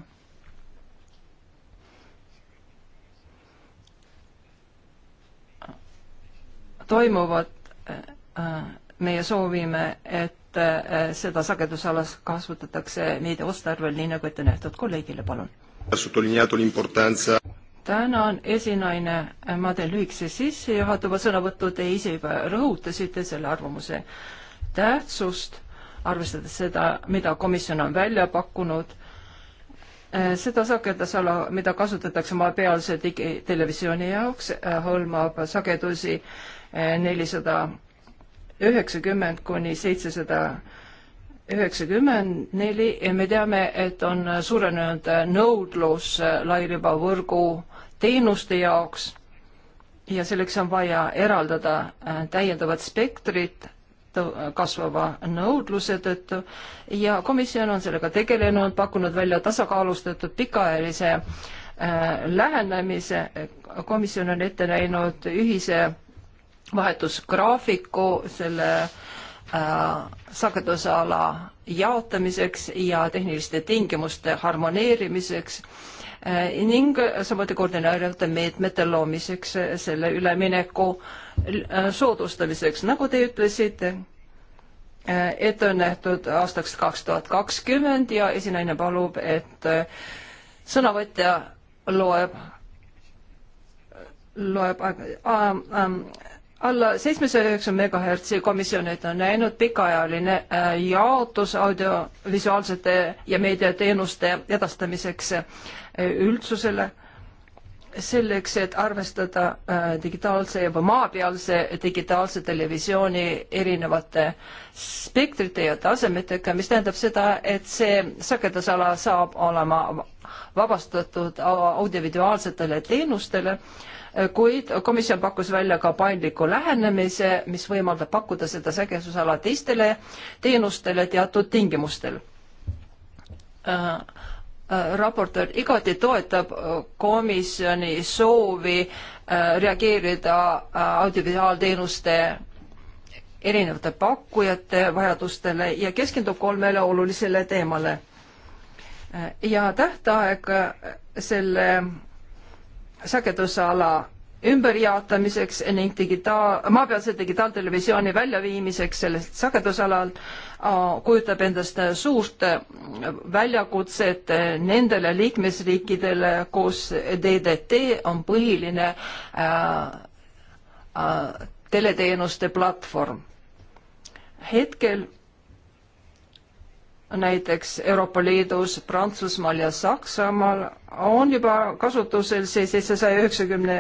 toimuvad, äh, äh, meie soovime, et et eh, seda sagedusalas kasutatakse meediaotstarvel, nii nagu ette nähtud. kolleegile palun. tänan, esinaine, ma teen lühikese sissejuhatava sõnavõtu, te ise juba rõhutasite selle arvamuse tähtsust, arvestades seda, mida komisjon on välja pakkunud eh, seda sagedusala, mida kasutatakse maapealse digitelevisiooni jaoks, eh, hõlmab sagedusi nelisada üheksakümmend kuni seitsesada üheksakümmend neli ja me teame, et on suurenenud nõudlus lairibavõrgu teenuste jaoks ja selleks on vaja eraldada äh, täiendavat spektrit kasvava nõudluse tõttu ja komisjon on sellega tegelenud, pakkunud välja tasakaalustatud pikaajalise äh, lähenemise. komisjon on ette näinud ühise vahetusgraafiku selle äh, sagedusala jaotamiseks ja tehniliste tingimuste harmoneerimiseks äh, ning samuti koordineerivate meetmete loomiseks äh, selle ülemineku äh, soodustamiseks. nagu te ütlesite, äh, ette on nähtud aastaks kaks tuhat kakskümmend ja esinaine palub, et äh, sõnavõtja loeb, loeb aeg- ähm,, ähm, alla seitsmesaja üheksakümne megahertsi komisjonid on näinud pikaajaline äh, jaotus audiovisuaalsete ja meediateenuste edastamiseks äh, üldsusele, selleks, et arvestada äh, digitaalse ja maapealse digitaalse televisiooni erinevate spektrite ja tasemetega, mis tähendab seda, et see sagedusala saab olema vabastatud audiovisuaalsetele teenustele kuid komisjon pakkus välja ka paindliku lähenemise, mis võimaldab pakkuda seda sagedusala teistele teenustele teatud tingimustel äh,. Äh, raportöör igati toetab äh, komisjoni soovi äh, reageerida äh, audiovisuaalteenuste erinevate pakkujate vajadustele ja keskendub kolmele olulisele teemale. Äh, ja tähtaeg selle sagedusala ümberjaotamiseks ning digitaal, maapealse digitaaltelevisiooni väljaviimiseks sellest sagedusalalt äh, kujutab endast suurt äh, väljakutset äh, nendele liikmesriikidele, kus DDT on põhiline äh, äh, teleteenuste platvorm. hetkel näiteks Euroopa Liidus, Prantsusmaal ja Saksamaal on juba kasutusel see seitsesaja üheksakümne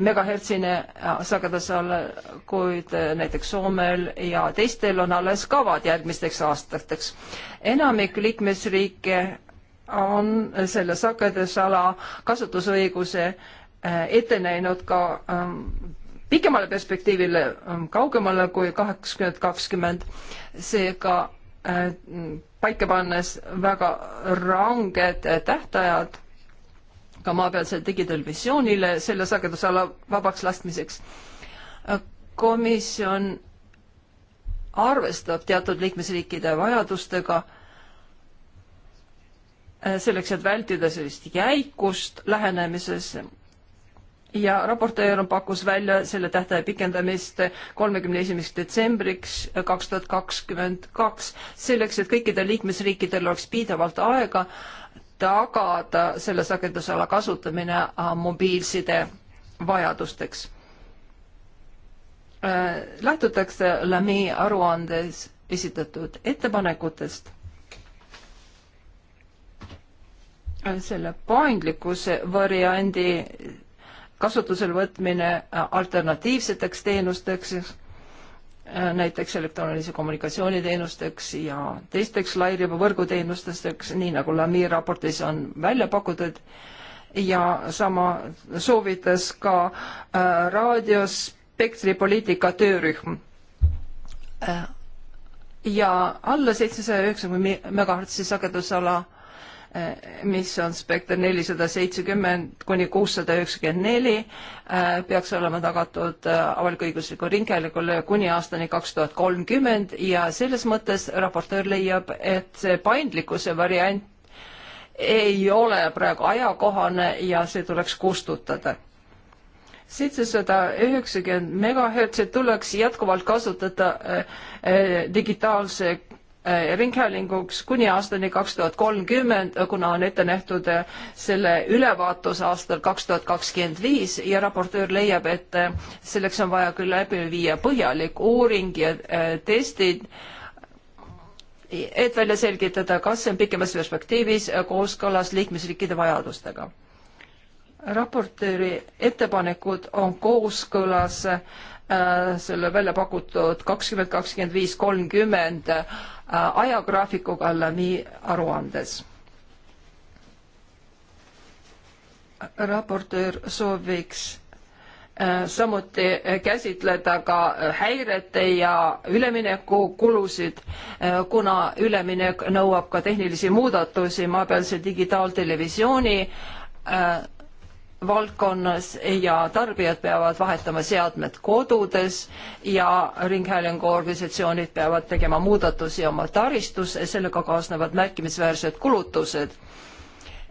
megahertsine äh, sagedusala, kuid äh, näiteks Soomel ja teistel on alles kavad järgmisteks aastateks. enamik liikmesriike on selle sagedusala kasutusõiguse äh, ette näinud ka ähm, pikemale perspektiivile, ähm, kaugemale kui kaheksakümmend kakskümmend, seega Äh, paika pannes väga ranged äh, tähtajad ka maapealsele digitelevisioonile selle sagedusala vabaks laskmiseks. Äh, komisjon arvestab teatud liikmesriikide vajadustega selleks, et vältida sellist jäikust lähenemises ja raportöör pakkus välja selle tähtaja pikendamist kolmekümne esimeseks detsembriks kaks tuhat kakskümmend kaks, selleks et kõikidel liikmesriikidel oleks piisavalt aega tagada selle sagedusala kasutamine äh, mobiilside vajadusteks. Äh, lähtutakse LAMI aruandes esitatud ettepanekutest äh, selle paindlikkuse variandi kasutusele võtmine äh, alternatiivseteks teenusteks, äh, näiteks elektroonilise kommunikatsiooni teenusteks ja teisteks lairibavõrgu teenusteks, nii nagu Lami raportis on välja pakutud ja sama soovitas ka äh, raadiospektripoliitika töörühm äh,. ja alla seitsesaja üheksakümne megahertsi sagedusala äh, mis on spekter nelisada seitsekümmend kuni kuussada üheksakümmend neli, äh, peaks olema tagatud äh, avalik-õiguslikul ringhäälingul kuni aastani kaks tuhat kolmkümmend ja selles mõttes raportöör leiab, et see paindlikkuse variant ei ole praegu ajakohane ja see tuleks kustutada seitsesada üheksakümmend megahertsi tuleks jätkuvalt kasutada äh, digitaalse Äh, ringhäälinguks kuni aastani kaks tuhat kolmkümmend, kuna on ette nähtud äh, selle ülevaatus aastal kaks tuhat kakskümmend viis ja raportöör leiab, et äh, selleks on vaja küll läbi viia põhjalik uuring ja testid, et välja selgitada, kas see on pikemas perspektiivis kooskõlas liikmesriikide vajadustega. raportööri ettepanekud on kooskõlas äh, Äh, selle välja pakutud kakskümmend, kakskümmend viis, kolmkümmend äh, ajagraafikuga Lami aruandes. raportöör sooviks äh, samuti käsitleda ka häirete ja üleminekukulusid, kuna üleminek nõuab ka tehnilisi muudatusi maapealse digitaaltelevisiooni valdkonnas ja tarbijad peavad vahetama seadmed kodudes ja Ringhäälingu organisatsioonid peavad tegema muudatusi oma taristus, sellega kaasnevad märkimisväärsed kulutused.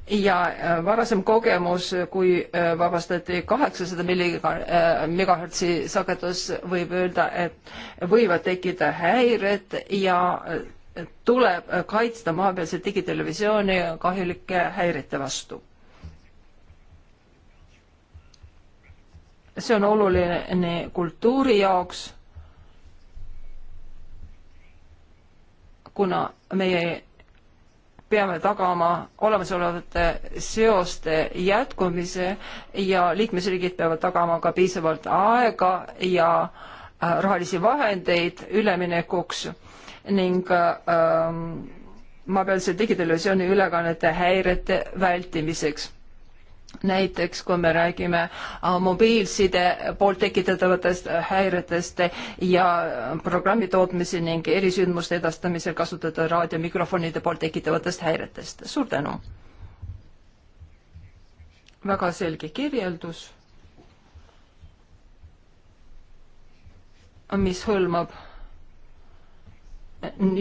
ja äh, varasem kogemus, kui äh, vabastati kaheksasada äh, megahertsi sagedus, võib öelda, et võivad tekkida häired ja tuleb kaitsta maapealset digitelevisiooni kahjulike häirete vastu see on oluline kultuuri jaoks, kuna meie peame tagama olemasolevate seoste jätkumise ja liikmesriigid peavad tagama ka piisavalt aega ja äh, rahalisi vahendeid üleminekuks ning äh, ähm, ma pean selle digitalisatsiooni ülekannete häirete vältimiseks näiteks kui me räägime äh, mobiilside poolt tekitatavatest äh, häiretest ja äh, programmi tootmise ning erisündmuste edastamisel kasutada raadiomikrofonide poolt tekitavatest häiretest. suur tänu! väga selge kirjeldus, mis hõlmab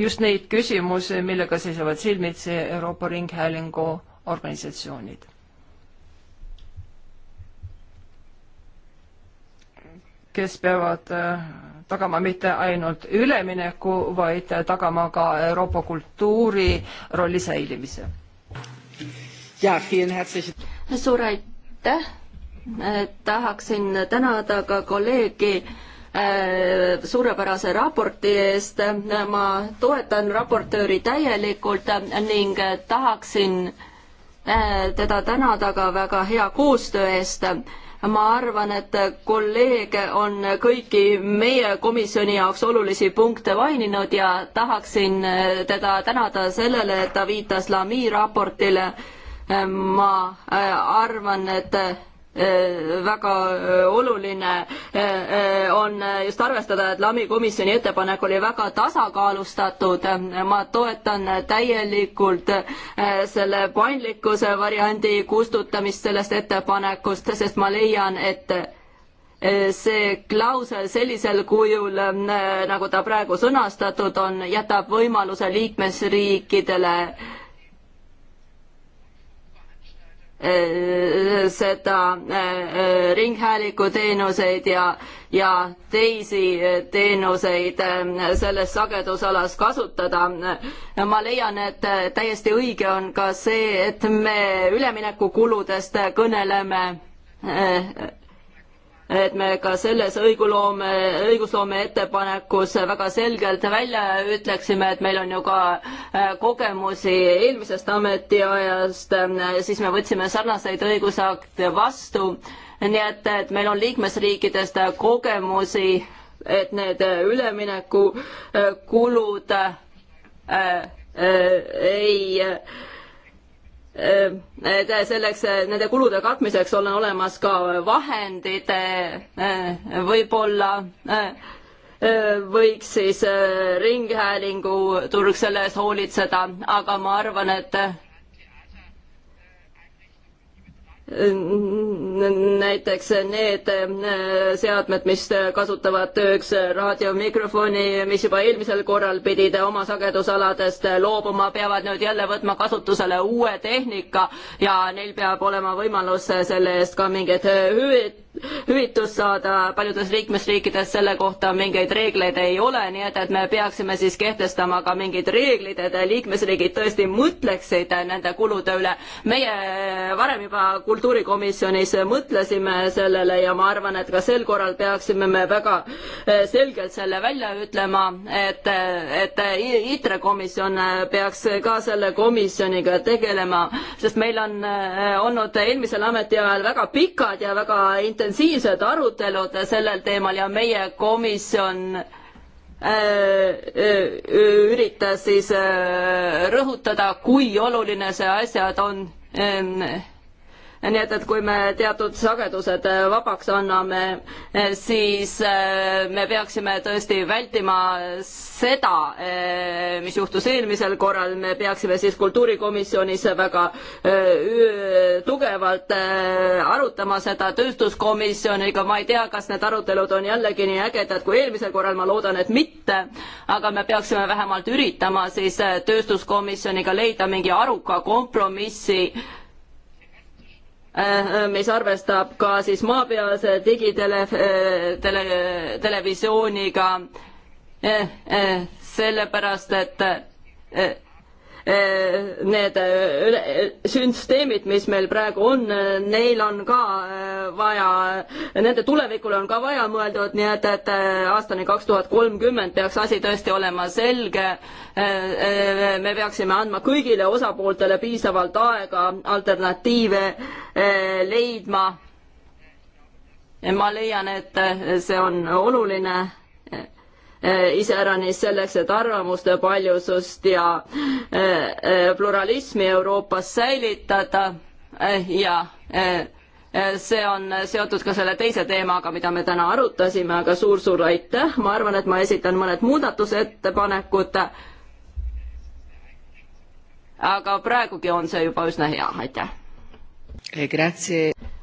just neid küsimusi, millega seisavad silmitsi Euroopa Ringhäälingu organisatsioonid kes peavad äh, tagama mitte ainult ülemineku, vaid tagama ka Euroopa kultuuri rolli säilimise. suur aitäh, äh, tahaksin tänada ka kolleegi äh, suurepärase raporti eest, ma toetan raportööri täielikult ning tahaksin teda tänada ka väga hea koostöö eest ma arvan, et kolleeg on kõiki meie komisjoni jaoks olulisi punkte maininud ja tahaksin teda tänada sellele, et ta viitas Lami raportile. ma arvan, et Äh, väga äh, oluline äh, on just arvestada, et LAMi komisjoni ettepanek oli väga tasakaalustatud. ma toetan täielikult selle paindlikkuse variandi kustutamist sellest ettepanekust, sest ma leian, et see klausel sellisel kujul, nagu ta praegu sõnastatud on, jätab võimaluse liikmesriikidele Eh, seda eh, eh, ringhäälinguteenuseid ja, ja teisi teenuseid selles sagedusalas kasutada. ma leian, et täiesti õige on ka see, et me üleminekukuludest kõneleme et me ka selles õiguloome, õigusloome ettepanekus väga selgelt välja ütleksime, et meil on ju ka äh, kogemusi eelmisest ametiajast, äh, siis me võtsime sarnaseid õigusakte vastu, nii et, et meil on liikmesriikidest kogemusi, et need äh, üleminekukulud äh, äh, ei äh, selleks, nende kulude katmiseks on olemas ka vahendid, eh, võib-olla eh, võiks siis eh, Ringhäälingu turg selle eest hoolitseda, aga ma arvan, et näiteks need äh, seadmed, mis kasutavad tööks raadiomikrofoni, mis juba eelmisel korral pidid oma sagedusaladest loobuma, peavad nüüd jälle võtma kasutusele uue tehnika ja neil peab olema võimalus selle eest ka mingeid hüvitust saada, paljudes liikmesriikides selle kohta mingeid reegleid ei ole, nii et, et me peaksime siis kehtestama ka mingid reeglid, et liikmesriigid tõesti mõtleksid nende kulude üle. meie varem juba kul-, kultuurikomisjonis mõtlesime sellele ja ma arvan, et ka sel korral peaksime me väga eh, selgelt selle välja ütlema, et, et ITRE komisjon eh, peaks ka selle komisjoniga tegelema, sest meil on eh, olnud eelmisel ametiajal väga pikad ja väga intensiivsed arutelud sellel teemal ja meie komisjon üritas siis rõhutada, kui oluline see asjad on nii et, et kui me teatud sagedused äh, vabaks anname, äh, siis äh, me peaksime tõesti vältima seda, mis juhtus eelmisel korral, me peaksime siis kultuurikomisjonis väga tugevalt arutama seda tööstuskomisjoniga, ma ei tea, kas need arutelud on jällegi nii ägedad kui eelmisel korral, ma loodan, et mitte, aga me peaksime vähemalt üritama siis tööstuskomisjoniga leida mingi aruka kompromissi, Äh, äh, mis arvestab ka siis maapealse digitele-, äh, tele, televisiooniga, sellepärast et Äh, need äh, süsteemid, mis meil praegu on, äh, neil on ka vaja, nende tulevikule on ka vaja mõeldud, nii et, et aastani kaks tuhat kolmkümmend peaks asi tõesti olema selge. me peaksime andma kõigile osapooltele piisavalt aega alternatiive leidma. ma leian, et see on oluline Eh, iseäranis selleks, et arvamuste paljusust ja eh, eh, pluralismi Euroopas säilitada ja see on seotud ka selle teise teemaga, mida me täna arutasime, aga suur-suur aitäh, ma arvan, et ma esitan mõned muudatusettepanekud. aga praegugi on see juba üsna hea, aitäh.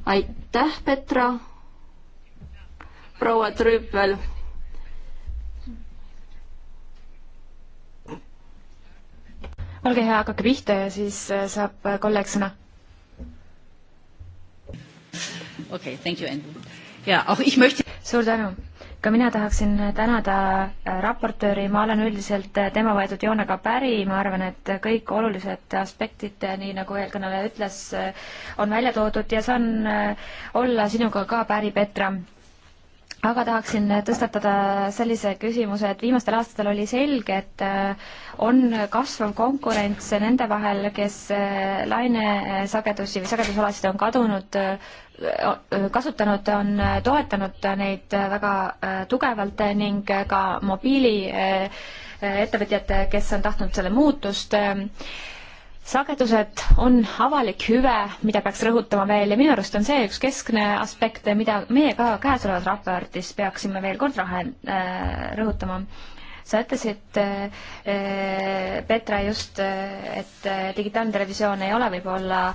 aitäh, Petra. proua Trüppel olge hea, hakake pihta ja siis äh, saab äh, kolleeg sõna. okei okay,, thank you, Enn. ja oh, ich möchte suur tänu! ka mina tahaksin äh, tänada raportööri, ma olen üldiselt tema võetud joonega päri, ma arvan, et kõik olulised aspektid, nii nagu eelkõneleja ütles, on välja toodud ja saan olla sinuga ka päri, Petra aga tahaksin tõstatada sellise küsimuse, et viimastel aastatel oli selge, et äh, on kasvav konkurents nende vahel, kes äh, lainesagedusi või sagedusalasid on kadunud, äh, kasutanud, on toetanud neid väga tugevalt ning ka mobiiliettevõtjad, kes on tahtnud selle muutust sagedused on avalik hüve, mida peaks rõhutama veel ja minu arust on see üks keskne aspekt, mida meie ka käesolevas raportis peaksime veel kord rahe, äh, rõhutama sa ütlesid, eh, eh, Petra, just, eh, et digitaalne televisioon ei ole võib-olla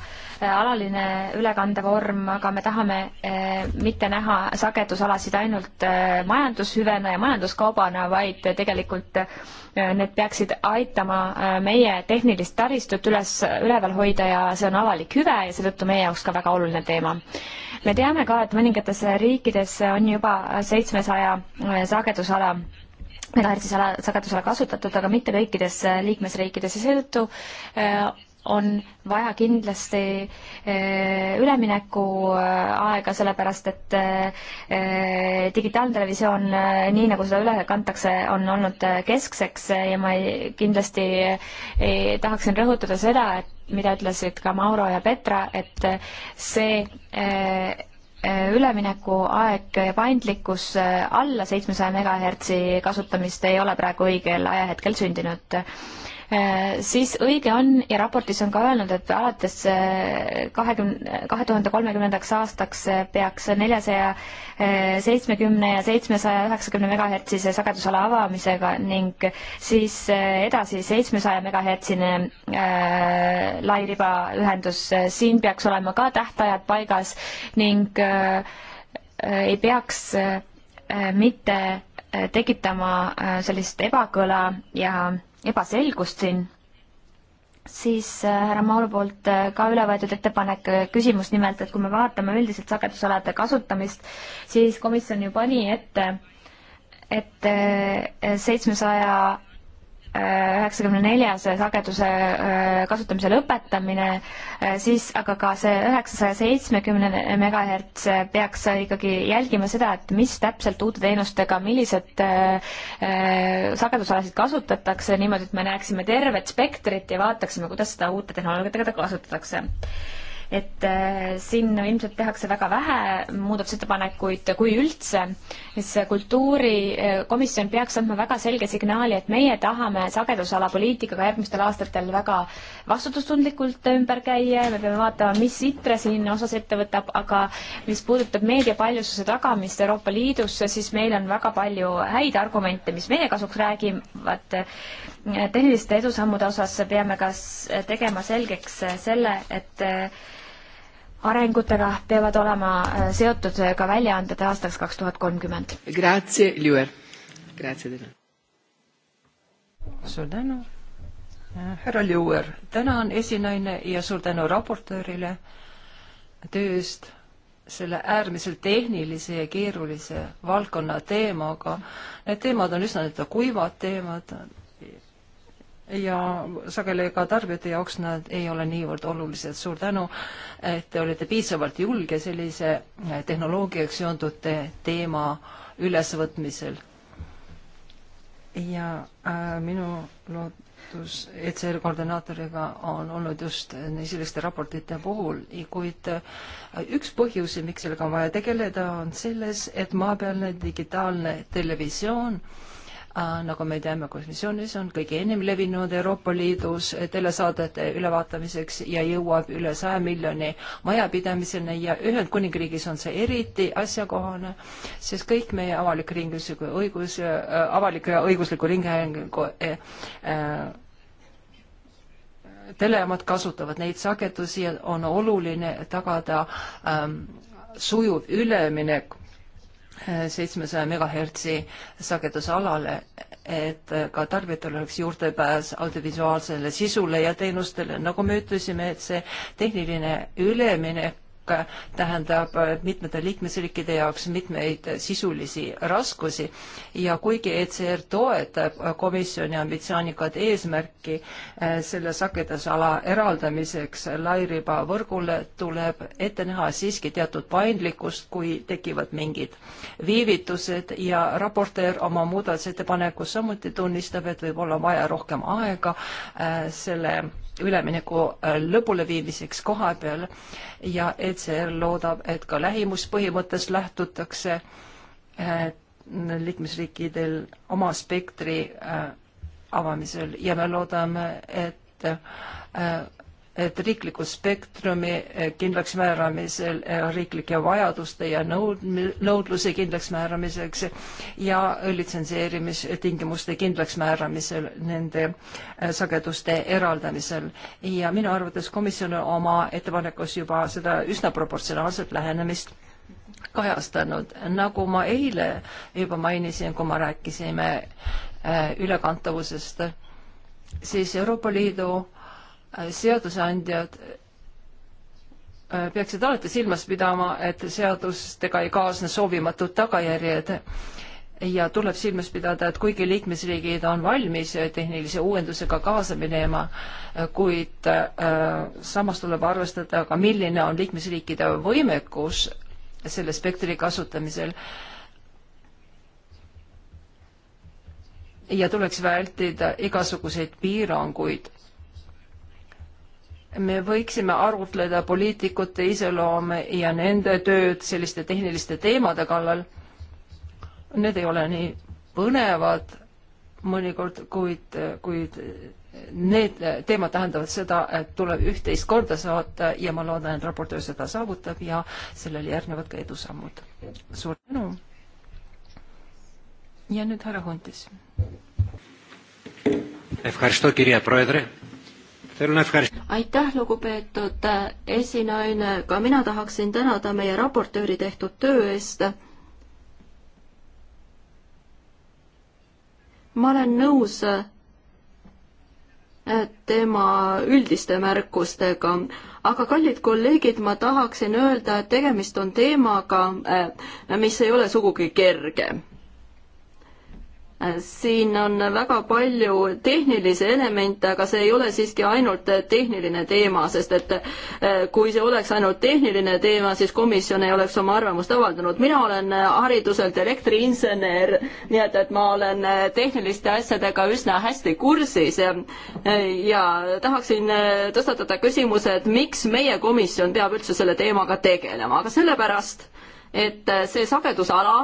alaline ülekandevorm, aga me tahame mitte näha sagedusalasid ainult majandushüvena ja majanduskaubana, vaid tegelikult need peaksid aitama meie tehnilist taristut üles, üleval hoida ja see on avalik hüve ja seetõttu meie jaoks ka väga oluline teema. me teame ka, et mõningates riikides on juba seitsmesaja sagedusala megahertsi sagedusala kasutatud, aga mitte kõikides äh, liikmesriikides ja seetõttu äh, on vaja kindlasti äh, üleminekuaega, sellepärast et digitaalne televisioon, nii nagu seda üle kantakse, on olnud keskseks ja ma ei, kindlasti ei, tahaksin rõhutada seda, et mida ütlesid ka Mauro ja Petra, et see Äh, üleminekuaeg ja paindlikkus äh, alla seitsmesaja megahertsi kasutamist ei ole praegu õigel ajahetkel sündinud. Äh, siis õige on ja raportis on ka öelnud, et alates äh, kahekümne, kahe tuhande kolmekümnendaks aastaks äh, peaks neljasaja seitsmekümne ja seitsmesaja üheksakümne megahertsise sagedusala avamisega ning siis edasi seitsmesaja megahertsine äh, lairibaühendus, siin peaks olema ka tähtajad paigas ning äh, ei peaks äh, mitte tekitama sellist ebakõla ja ebaselgust siin, siis äh, härra Maul poolt äh, ka üle võetud ettepanek, äh, küsimus nimelt, et kui me vaatame üldiselt sagedusalade kasutamist, siis komisjon ju pani ette, et seitsmesaja üheksakümne neljase sageduse äh, kasutamise lõpetamine, äh, siis aga ka see üheksasaja seitsmekümne megahertz äh, peaks ikkagi jälgima seda, et mis täpselt uute teenustega, millised sagedusalasid kasutatakse, niimoodi, et me näeksime tervet spektrit ja vaataksime, kuidas seda uute tehnoloogiatega kasutatakse et äh, siin ilmselt tehakse väga vähe muudatusettepanekuid, kui üldse, siis äh, kultuurikomisjon äh, peaks andma väga selge signaali, et meie tahame sagedusala poliitikaga järgmistel aastatel väga vastutustundlikult ümber käia ja me peame vaatama, mis ITRE siin osas ette võtab, aga mis puudutab meediapaljususe tagamist Euroopa Liidus, siis meil on väga palju häid argumente, mis meie kasuks räägivad. tehniliste edusammude osas peame kas tegema selgeks selle, et arengutega peavad olema äh, seotud äh, ka väljaanded aastaks kaks tuhat kolmkümmend. Grazie, Liuer. Grazie teile. suur tänu. Äh, härra Liuer, tänan esinaine ja suur tänu raportöörile töö eest selle äärmiselt tehnilise ja keerulise valdkonna teemaga. Need teemad on üsna nii-öelda kuivad teemad, ja sageli ka tarbijate jaoks nad ei ole niivõrd olulised. suur tänu, et te olete piisavalt julge sellise eh, tehnoloogiaga seonduvate teema ülesvõtmisel. ja äh, minu lootus ECR koordinaatoriga on olnud just selliste raportite puhul, kuid äh, üks põhjusi, miks sellega on vaja tegeleda, on selles, et maapealne digitaalne televisioon äh, Äh, nagu me teame, kosmissioonis on kõige enim levinud Euroopa Liidus telesaadete ülevaatamiseks ja jõuab üle saja miljoni majapidamiseni ja Ühendkuningriigis on see eriti asjakohane, sest kõik meie avalik ringhäälingu õigus, äh, avalik ja õigusliku ringhäälingu äh, telejaamad kasutavad neid sagedusi ja on oluline tagada ähm, sujuv üleminek seitsmesaja megahertsi sagedusalale, et ka tarbijatel oleks juurdepääs audiovisuaalsele sisule ja teenustele. nagu me ütlesime, et see tehniline üleminek turg tähendab mitmete liikmesriikide jaoks mitmeid sisulisi raskusi ja kuigi ECR toetab komisjoni ambitsioonikat eesmärki eh, selle sagedusala eraldamiseks lairiba võrgule, tuleb ette näha siiski teatud paindlikkust, kui tekivad mingid viivitused ja raportöör oma muudatusettepanekus samuti tunnistab, et võib-olla on vaja rohkem aega eh, selle ülemineku äh, lõpuleviimiseks koha peal ja ECR loodab, et ka lähimuspõhimõttest lähtutakse äh, liikmesriikidel oma spektri äh, avamisel ja me loodame, et et riikliku spektrumi eh, kindlaksmääramisel eh, riiklike vajaduste ja nõud-, nõudluse kindlaksmääramiseks ja litsenseerimistingimuste kindlaksmääramisel nende eh, sageduste eraldamisel. ja minu arvates komisjon oma ettepanekus juba seda üsna proportsionaalset lähenemist kajastanud, nagu ma eile juba mainisin, kui ma rääkisime ülekantavusest, siis Euroopa Liidu äh, Äh, seadusandjad äh, peaksid alati silmas pidama, et seadustega ei kaasne soovimatud tagajärjed ja tuleb silmas pidada, et kuigi liikmesriigid on valmis tehnilise uuendusega kaasa minema, äh, kuid äh, samas tuleb arvestada ka, milline on liikmesriikide võimekus selle spektri kasutamisel. ja tuleks vältida igasuguseid piiranguid me võiksime arutleda poliitikute iseloome ja nende tööd selliste tehniliste teemade kallal. Need ei ole nii põnevad mõnikord, kuid, kuid need teemad tähendavad seda, et tuleb üht-teist korda saata ja ma loodan, et raportöör seda saavutab ja sellele järgnevad ka edusammud. suur tänu. ja nüüd härra Huntis. Ευχαριστώ κυρία Πρόεδρε aitäh, lugupeetud äh, esinaine, ka mina tahaksin tänada meie raportööri tehtud töö eest. ma olen nõus äh, tema üldiste märkustega, aga kallid kolleegid, ma tahaksin öelda, et tegemist on teemaga, äh, mis ei ole sugugi kerge siin on väga palju tehnilisi elemente, aga see ei ole siiski ainult tehniline teema, sest et äh, kui see oleks ainult tehniline teema, siis komisjon ei oleks oma arvamust avaldanud. mina olen äh, hariduselt elektriinsener, nii et, et ma olen äh, tehniliste asjadega üsna hästi kursis ja, ja tahaksin tõstatada küsimuse, et miks meie komisjon peab üldse selle teemaga tegelema, aga sellepärast, et see sagedusala,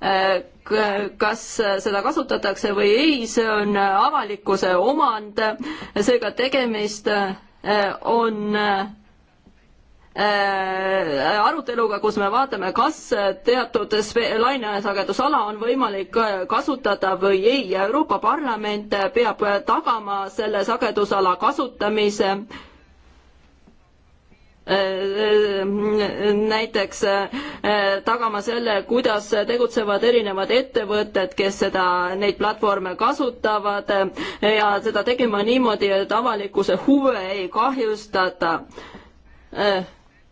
kas seda kasutatakse või ei, see on avalikkuse omand, seega tegemist eh, on eh, aruteluga, kus me vaatame, kas teatud lainesagedusala on võimalik kasutada või ei ja Euroopa Parlament peab tagama selle sagedusala kasutamise äh, näiteks äh, tagama selle, kuidas tegutsevad erinevad ettevõtted, kes seda, neid platvorme kasutavad äh, ja seda tegema niimoodi, et avalikkuse huve ei kahjustata äh,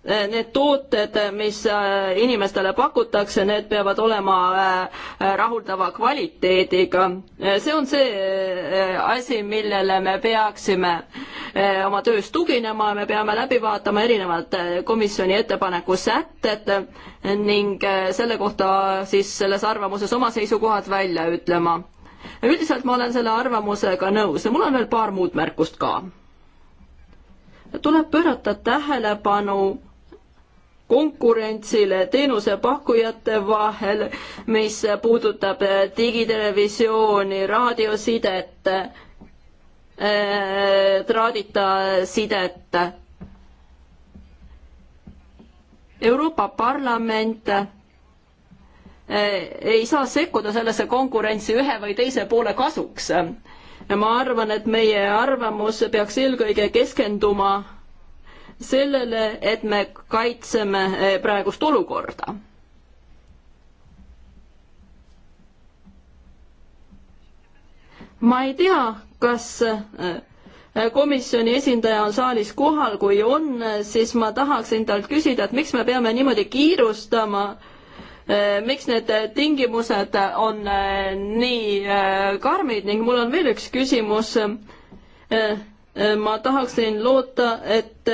need tooted, mis äh, inimestele pakutakse, need peavad olema äh, rahuldava kvaliteediga. Äh, see on see asi, millele me peaksime oma töös tuginema, me peame läbi vaatama erinevad komisjoni ettepaneku sätted ning selle kohta siis selles arvamuses oma seisukohad välja ütlema. üldiselt ma olen selle arvamusega nõus ja mul on veel paar muud märkust ka tuleb pöörata tähelepanu konkurentsile teenusepakkujate vahel, mis puudutab digitelevisiooni, raadiosidet, äh, traadita sidet. Euroopa Parlament äh, ei saa sekkuda sellesse konkurentsi ühe või teise poole kasuks. ma arvan, et meie arvamus peaks eelkõige keskenduma sellele, et me kaitseme eh, praegust olukorda. ma ei tea, kas eh, komisjoni esindaja on saalis kohal, kui on, siis ma tahaksin talt küsida, et miks me peame niimoodi kiirustama eh, miks need tingimused on nii karmid ning mul on veel üks küsimus. ma tahaksin loota, et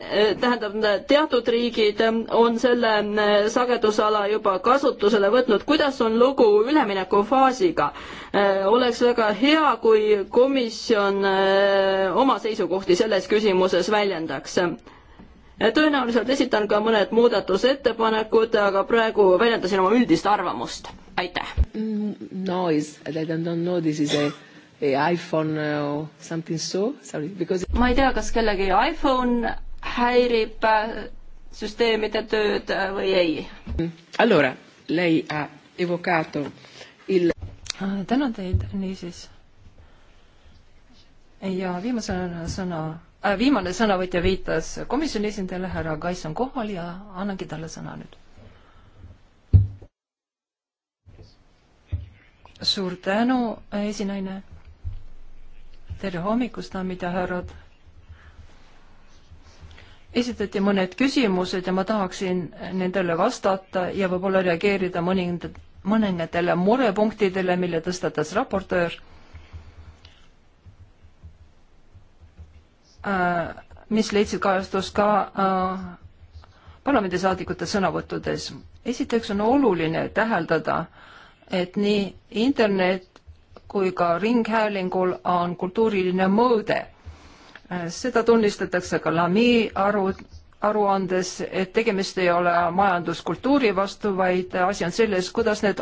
Äh, tähendab, teatud riigid on selle äh, sagedusala juba kasutusele võtnud, kuidas on lugu üleminekufaasiga? Äh, oleks väga hea, kui komisjon oma seisukohti selles küsimuses väljendaks. tõenäoliselt esitan ka mõned muudatusettepanekud, aga praegu väljendasin oma üldist arvamust, aitäh. Mm, noise, I don't know, this is a iPhone uh, or something so, sorry, because ma ei tea, kas kellegi iPhone häirib äh, süsteemide tööd äh, või ei? Allora, lei ha evocato il... tänan teid, niisiis. ja viimasena sõna äh,, viimane sõnavõtja viitas komisjoni esindajale, härra Kais on kohal ja annangi talle sõna nüüd. suur tänu, esinaine. tere hommikust, daamid ja härrad esitati mõned küsimused ja ma tahaksin nendele vastata ja võib-olla reageerida mõningad, mõningatele murepunktidele, mille tõstatas raportöör äh,, mis leidsid kajastust ka äh, parlamendisaadikute sõnavõttudes. esiteks on oluline täheldada, et nii internet kui ka ringhäälingul on kultuuriline mõõde seda tunnistatakse ka LAMI aru, aruandes, et tegemist ei ole majanduskultuuri vastu, vaid asi on selles, kuidas need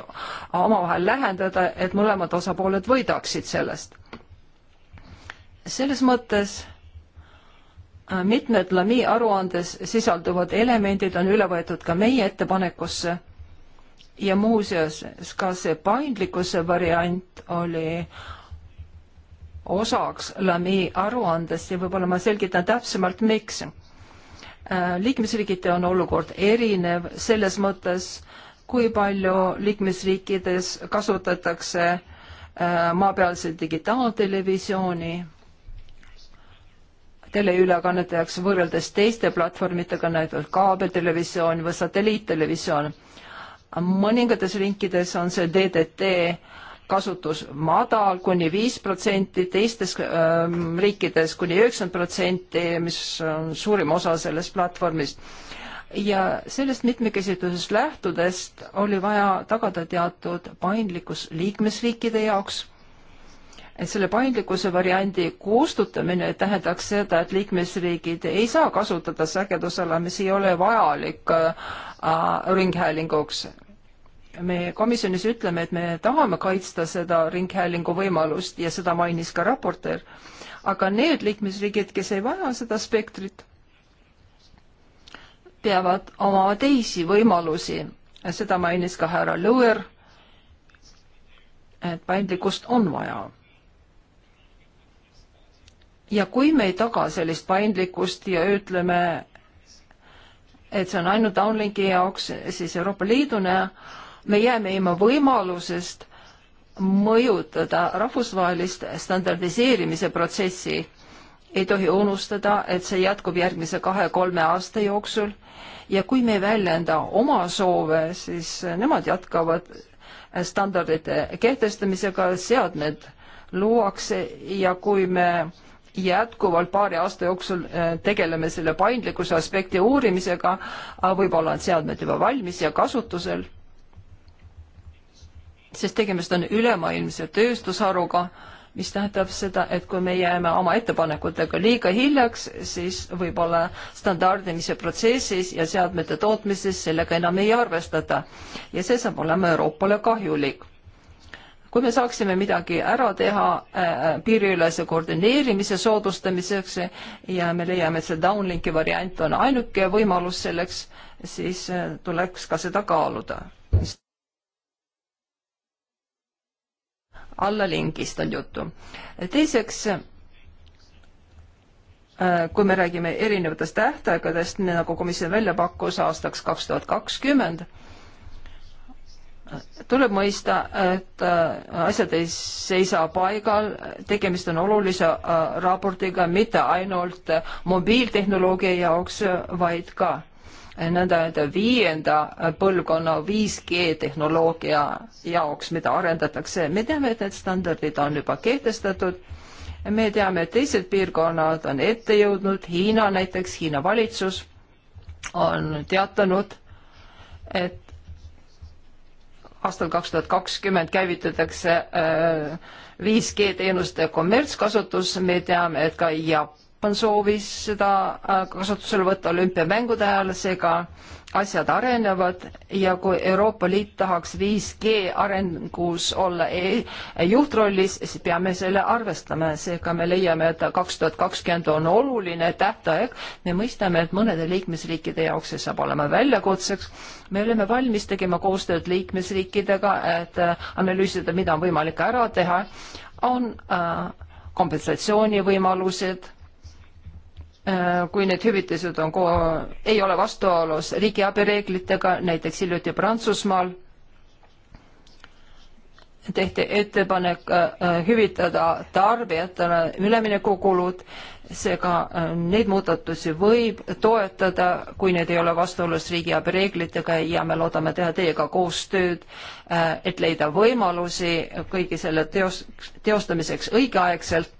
omavahel lähendada, et mõlemad osapooled võidaksid sellest. selles mõttes äh, mitmed LAMI aruandes sisalduvad elemendid on üle võetud ka meie ettepanekusse ja muuseas ka see paindlikkuse variant oli äh, osaks LAMI aruandest ja võib-olla ma selgitan täpsemalt, miks. Äh, liikmesriigiti on olukord erinev selles mõttes, kui palju liikmesriikides kasutatakse äh, maapealse digitaaltelevisiooni teleülekannete jaoks võrreldes teiste platvormidega, näiteks kaabeltelevisioon või satelliittelevisioon. mõningates riikides on see DDT kasutus madal kuni viis protsenti, teistes ähm, riikides kuni üheksakümmend protsenti, mis on suurim osa sellest platvormist. ja sellest mitmekesitusest lähtudes oli vaja tagada teatud paindlikkus liikmesriikide jaoks et selle paindlikkuse variandi kustutamine tähendaks seda, et liikmesriigid ei saa kasutada sagedusala, mis ei ole vajalik äh, äh ringhäälinguks me komisjonis ütleme, et me tahame kaitsta seda ringhäälingu võimalust ja seda mainis ka raportöör, aga need liikmesriigid, kes ei vaja seda spektrit, peavad omama teisi võimalusi. seda mainis ka härra Lõuer, et paindlikkust on vaja. ja kui me ei taga sellist paindlikkust ja ütleme, et see on ainult downlinki jaoks, siis Euroopa Liiduna me jääme ilma võimalusest mõjutada rahvusvahelist standardiseerimise protsessi. ei tohi unustada, et see jätkub järgmise kahe-kolme aasta jooksul ja kui me ei väljenda oma soove, siis nemad jätkavad standardite kehtestamisega, seadmed luuakse ja kui me jätkuvalt paari aasta jooksul äh, tegeleme selle paindlikkuse aspekti uurimisega, võib-olla on seadmed juba valmis ja kasutusel, sest tegemist on ülemaailmse tööstusharuga, mis tähendab seda, et kui me jääme oma ettepanekutega liiga hiljaks, siis võib-olla standardimise protsessis ja seadmete tootmises sellega enam ei arvestata ja see saab olema Euroopale kahjulik kui me saaksime midagi ära teha äh, piiriülese koordineerimise soodustamiseks ja me leiame, et see downlinki variant on ainuke võimalus selleks, siis äh, tuleks ka seda kaaluda. allalingist on juttu. teiseks, äh, kui me räägime erinevatest tähtaegadest, nagu komisjon välja pakkus aastaks kaks tuhat kakskümmend, tuleb mõista, et äh, asjad ei seisa paigal, tegemist on olulise äh, raportiga mitte ainult mobiiltehnoloogia jaoks, vaid ka nõnda-öelda viienda põlvkonna 5G tehnoloogia jaoks, mida arendatakse. me teame, et need standardid on juba kehtestatud. me teame, et teised piirkonnad on ette jõudnud, Hiina näiteks, Hiina valitsus on teatanud, et aastal kaks tuhat kakskümmend käivitatakse äh, 5G teenuste kommertskasutus, me teame, et ka Jaapan on soovis seda äh, kasutusele võtta olümpiamängude ajal, seega asjad arenevad ja kui Euroopa Liit tahaks 5G arengus olla e juhtrollis, siis peame selle arvestama, seega me leiame, et kaks tuhat kakskümmend on oluline tähtaeg. me mõistame, et mõnede liikmesriikide jaoks see saab olema väljakutseks. me oleme valmis tegema koostööd liikmesriikidega, et äh, analüüsida, mida on võimalik ära teha, on äh, kompensatsioonivõimalused Äh, kui need hüvitised on, ei ole vastuolus riigiabi reeglitega, näiteks hiljuti Prantsusmaal tehti ettepanek äh, hüvitada tarbijatele üleminekukulud, seega äh, neid muudatusi võib toetada, kui need ei ole vastuolus riigiabi reeglitega ja me loodame teha teiega koostööd, et leida võimalusi kõigi selle teos, teostamiseks õigeaegselt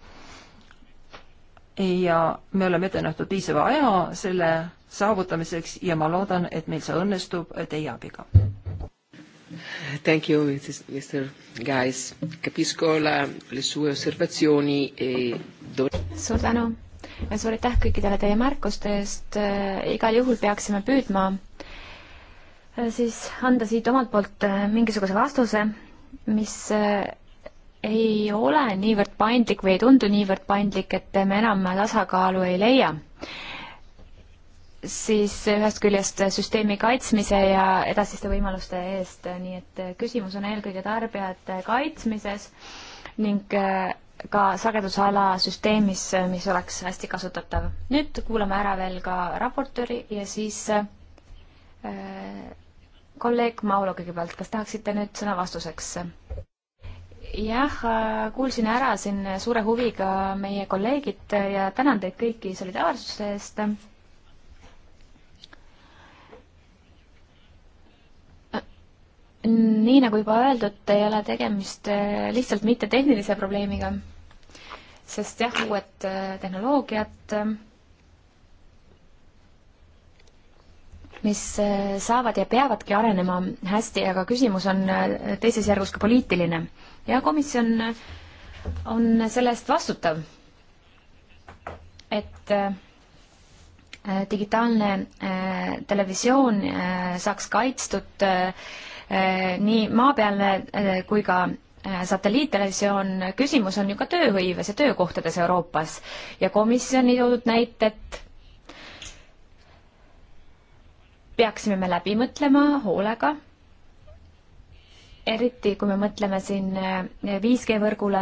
ja me oleme ette nähtud piisava aja selle saavutamiseks ja ma loodan, et meil see õnnestub teie abiga. Thank you, Mr Guys, capisco la, le sue osservatsiooni e.... suur tänu ja suur aitäh kõikidele teie märkuste eest, igal juhul peaksime püüdma äh, siis anda siit omalt poolt äh, mingisuguse vastuse, mis äh, ei ole niivõrd paindlik või ei tundu niivõrd paindlik, et me enam tasakaalu ei leia, siis ühest küljest süsteemi kaitsmise ja edasiste võimaluste eest, nii et küsimus on eelkõige tarbijate kaitsmises ning äh, ka sagedusala süsteemis, mis oleks hästi kasutatav. nüüd kuulame ära veel ka raportööri ja siis äh, kolleeg Maulo kõigepealt, kas tahaksite nüüd sõna vastuseks? jah, kuulsin ära siin suure huviga meie kolleegid ja tänan teid kõiki solidaarsuse eest. nii nagu juba öeldud, ei ole tegemist lihtsalt mitte tehnilise probleemiga, sest jah, uued tehnoloogiad, mis saavad ja peavadki arenema hästi, aga küsimus on teises järgus ka poliitiline ja komisjon on selle eest vastutav, et äh, digitaalne äh, televisioon äh, saaks kaitstud nii maapealne kui ka satelliittelevisioon, küsimus on ju ka tööhõives ja töökohtades Euroopas ja komisjoni toodud näited peaksime me läbi mõtlema hoolega eriti kui me mõtleme siin 5G eh, võrgule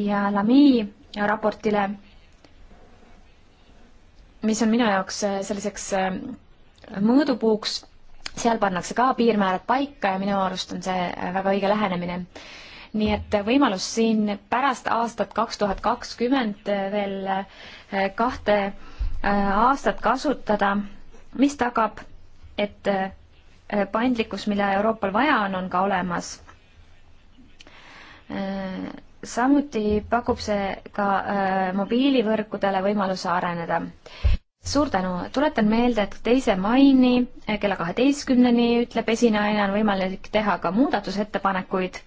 ja LAMI raportile, mis on minu jaoks eh, selliseks eh, mõõdupuuks, seal pannakse ka piirmäärad paika ja minu arust on see väga õige lähenemine. nii et võimalus siin pärast aastat kaks tuhat kakskümmend veel kahte aastat kasutada, mis tagab, et Äh, paindlikkus, mida Euroopal vaja on, on ka olemas. Äh, samuti pakub see ka äh, mobiilivõrkudele võimaluse areneda. suur tänu, tuletan meelde, et teise maini kella kaheteistkümneni, ütleb esinaine, on võimalik teha ka muudatusettepanekuid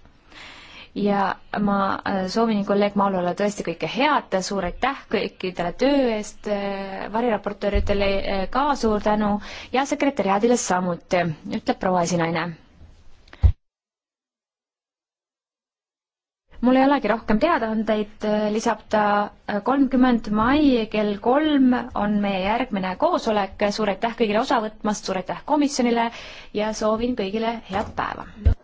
ja ma äh, soovin kolleeg Maalule tõesti kõike head, suur aitäh kõikidele töö eest, äh, variraportööridele äh, ka suur tänu ja sekretäriaadile samuti, ütleb proua esinaine. mul ei olegi rohkem teadaandeid, lisab ta kolmkümmend mai kell kolm on meie järgmine koosolek, suur aitäh kõigile osa võtmast, suur aitäh komisjonile ja soovin kõigile head päeva!